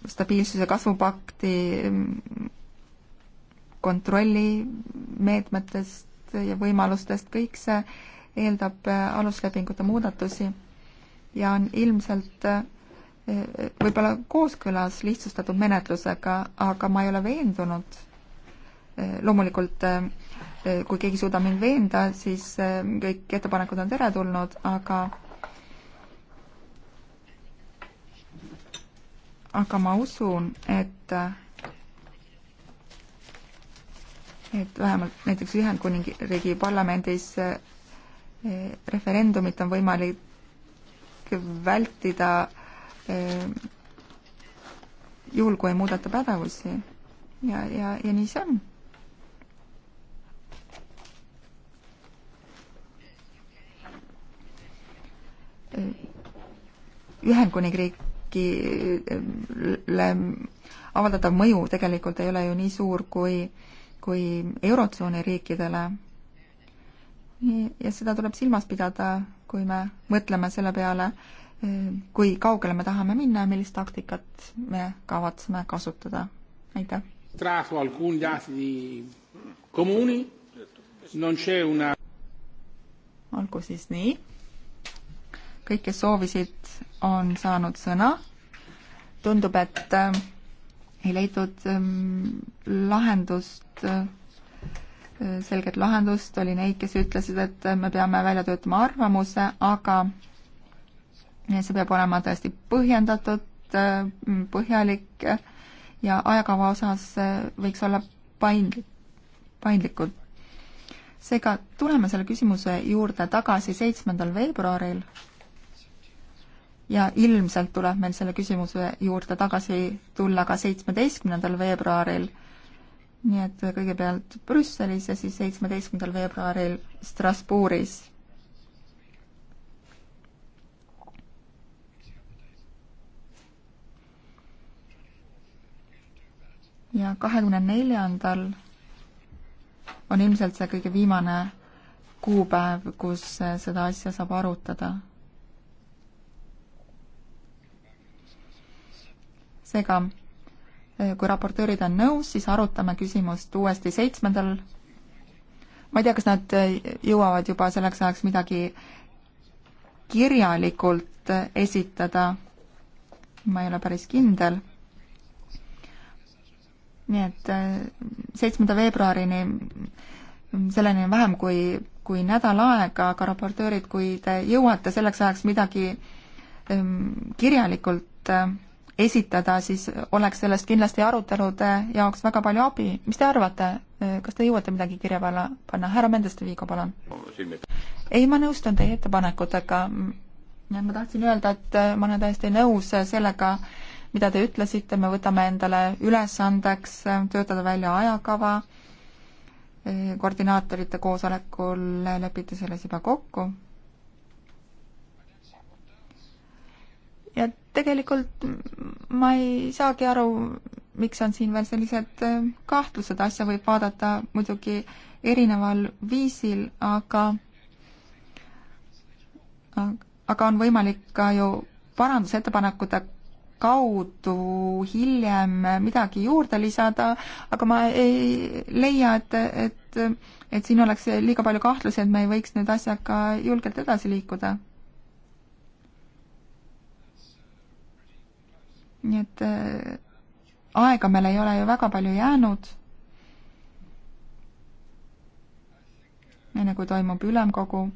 stabiilsuse kasvupakti mm, kontrollimeetmetest ja võimalustest, kõik see eeldab aluslepingute muudatusi ja on ilmselt eh, võib-olla kooskõlas lihtsustatud menetlusega, aga ma ei ole veendunud. Eh, loomulikult, eh, kui keegi suudab mind veenda, siis kõik ettepanekud on teretulnud, aga aga ma usun, et et vähemalt näiteks Ühendkuningriigi parlamendis referendumit on võimalik vältida juhul, kui ei muudeta pädevusi. ja, ja, ja nii see on. Ühendkuningriigile avaldatav mõju tegelikult ei ole ju nii suur kui, kui Eurotsooni riikidele ja seda tuleb silmas pidada, kui me mõtleme selle peale, kui kaugele me tahame minna ja millist taktikat me kavatseme kasutada. aitäh! olgu siis nii. kõik, kes soovisid, on saanud sõna. tundub, et äh, ei leitud ähm, lahendust äh, selget lahendust, oli neid, kes ütlesid, et me peame välja töötama arvamuse, aga see peab olema tõesti põhjendatud, põhjalik ja ajakava osas võiks olla paindlik, paindlikud. seega tuleme selle küsimuse juurde tagasi seitsmendal veebruaril ja ilmselt tuleb meil selle küsimuse juurde tagasi tulla ka seitsmeteistkümnendal veebruaril nii et kõigepealt Brüsselis ja siis seitsmeteistkümnendal veebruaril Strasbourgis. ja kahekümne neljandal on ilmselt see kõige viimane kuupäev, kus seda asja saab arutada seega kui raportöörid on nõus, siis arutame küsimust uuesti seitsmendal. ma ei tea, kas nad jõuavad juba selleks ajaks midagi kirjalikult esitada. ma ei ole päris kindel. nii et äh, seitsmenda veebruarini, selleni on vähem kui, kui nädal aega, aga raportöörid, kui te jõuate selleks ajaks midagi ähm, kirjalikult äh, esitada, siis oleks sellest kindlasti arutelude jaoks väga palju abi. mis te arvate, kas te jõuate midagi kirja peale panna? härra Mendeste Viigo, palun. ei, ma nõustun teie ettepanekutega. ma tahtsin öelda, et ma olen täiesti nõus sellega, mida te ütlesite, me võtame endale ülesandeks töötada välja ajakava, koordinaatorite koosolekul lepiti selles juba kokku. ja tegelikult ma ei saagi aru, miks on siin veel sellised äh, kahtlused, asja võib vaadata muidugi erineval viisil, aga aga on võimalik ka ju parandusettepanekute kaudu hiljem midagi juurde lisada, aga ma ei leia, et, et et siin oleks liiga palju kahtlusi, et me ei võiks nüüd asjaga julgelt edasi liikuda nii et äh, aega meil ei ole ju väga palju jäänud. enne kui toimub ülemkogu.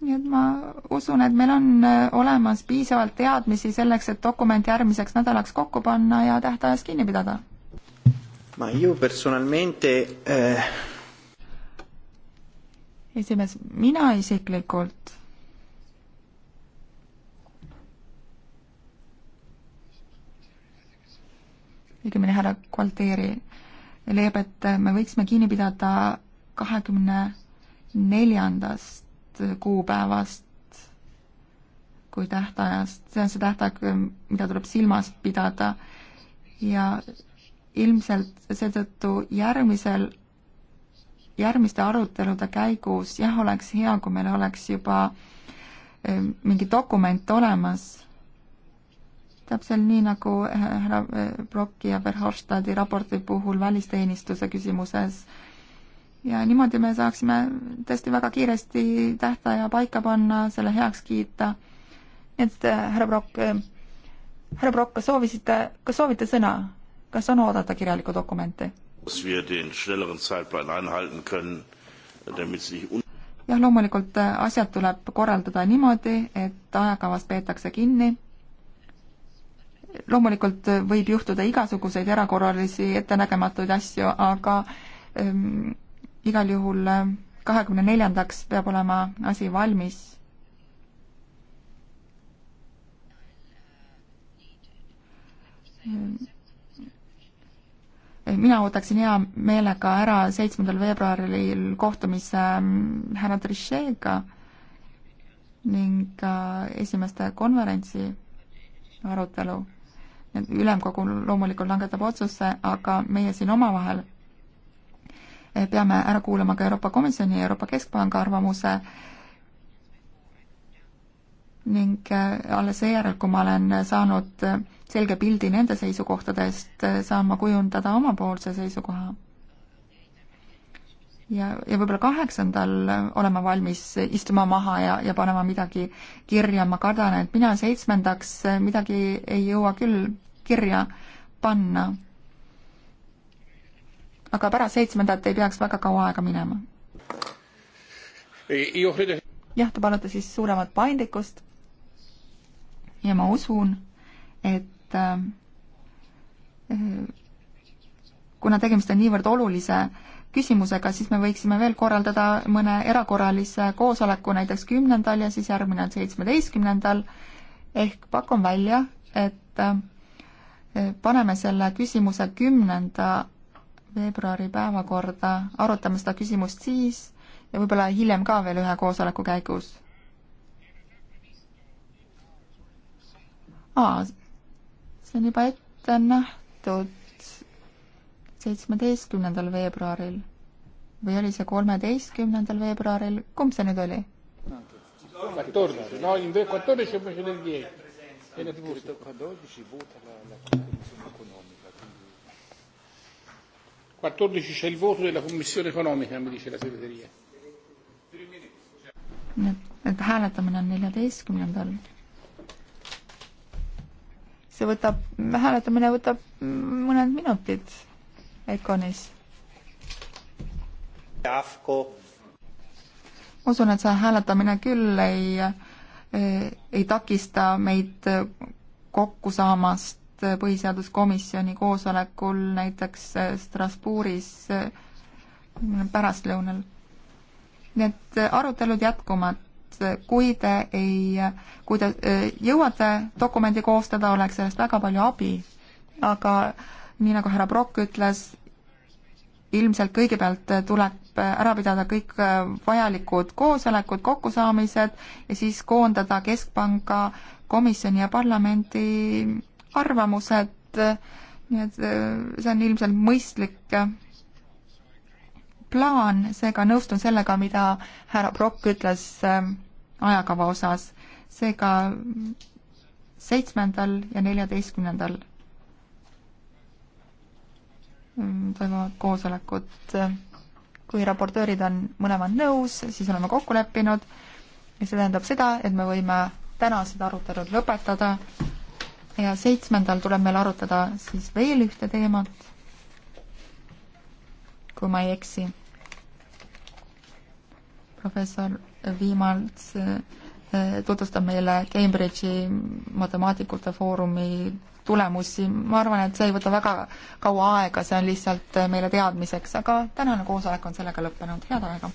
nii et ma usun, et meil on äh, olemas piisavalt teadmisi selleks, et dokument järgmiseks nädalaks kokku panna ja tähtajast kinni pidada. ma ju personalmente äh... esimees, mina isiklikult õigemini härra Gualteri leiab, et me võiksime kinni pidada kahekümne neljandast kuupäevast kui tähtajast, see on see tähtaeg, mida tuleb silmas pidada ja ilmselt seetõttu järgmisel, järgmiste arutelude käigus jah, oleks hea, kui meil oleks juba eh, mingi dokument olemas täpselt nii, nagu eh, härra eh, Brocki ja Verhofstadti raporti puhul välisteenistuse küsimuses. ja niimoodi me saaksime tõesti väga kiiresti tähtaja paika panna, selle heaks kiita. et eh, härra Brock, härra Brock, kas soovisite, kas soovite sõna? kas on oodata kirjalikku dokumenti? jah, loomulikult asjad tuleb korraldada niimoodi, et ajakavast peetakse kinni loomulikult võib juhtuda igasuguseid erakorralisi ettenägematuid asju, aga ähm, igal juhul äh, kahekümne neljandaks peab olema asi valmis. Äh, mina ootaksin hea meelega ära seitsmendal veebruaril kohtumise ähm, härra Trichet'ga ning esimeste konverentsi arutelu ülemkogu loomulikult langetab otsuse, aga meie siin omavahel eh, peame ära kuulama ka Euroopa Komisjoni ja Euroopa Keskpanga arvamuse ning eh, alles seejärel, kui ma olen saanud eh, selge pildi nende seisukohtadest, saan ma kujundada omapoolse seisukoha ja, ja võib-olla kaheksandal olema valmis istuma maha ja, ja panema midagi kirja, ma kardan, et mina seitsmendaks midagi ei jõua küll kirja panna. aga pärast seitsmendat ei peaks väga kaua aega minema. jah, te palute siis suuremat paindlikkust ja ma usun, et äh, kuna tegemist on niivõrd olulise äh, küsimusega, siis me võiksime veel korraldada mõne erakorralise koosoleku näiteks kümnendal ja siis järgmine on seitsmeteistkümnendal, ehk pakun välja, et eh, paneme selle küsimuse kümnenda veebruari päevakorda, arutame seda küsimust siis ja võib-olla hiljem ka veel ühe koosoleku käigus. aa, see on juba ette nähtud seitsmeteistkümnendal veebruaril või oli see kolmeteistkümnendal veebruaril, kumb see nüüd oli? E nii et, et hääletamine on neljateistkümnendal see võtab, hääletamine võtab mõned minutid. Econis. ma usun, et see hääletamine küll ei, ei takista meid kokku saamast põhiseaduskomisjoni koosolekul näiteks Strasbourgis pärastlõunal. Need arutelud jätkuvad, kui te ei, kui te jõuate dokumendi koostada, oleks sellest väga palju abi, aga nii nagu härra Brock ütles, ilmselt kõigepealt äh, tuleb äh, ära pidada kõik äh, vajalikud koosolekud, kokkusaamised ja siis koondada Keskpanga komisjoni ja parlamendi arvamused, nii et see on ilmselt mõistlik plaan, seega nõustun sellega, mida härra Brock ütles ajakava osas. seega seitsmendal ja neljateistkümnendal Mm, toimuvad koosolekud. kui raportöörid on mõlemad nõus, siis oleme kokku leppinud ja see tähendab seda, et me võime tänased arutelud lõpetada ja seitsmendal tuleb meil arutada siis veel ühte teemat, kui ma ei eksi. professor Viimalt eh, tutvustab meile Cambridge'i matemaatikute foorumi tulemusi, ma arvan, et see ei võta väga kaua aega, see on lihtsalt meile teadmiseks, aga tänane koosolek on sellega lõppenud, head aega!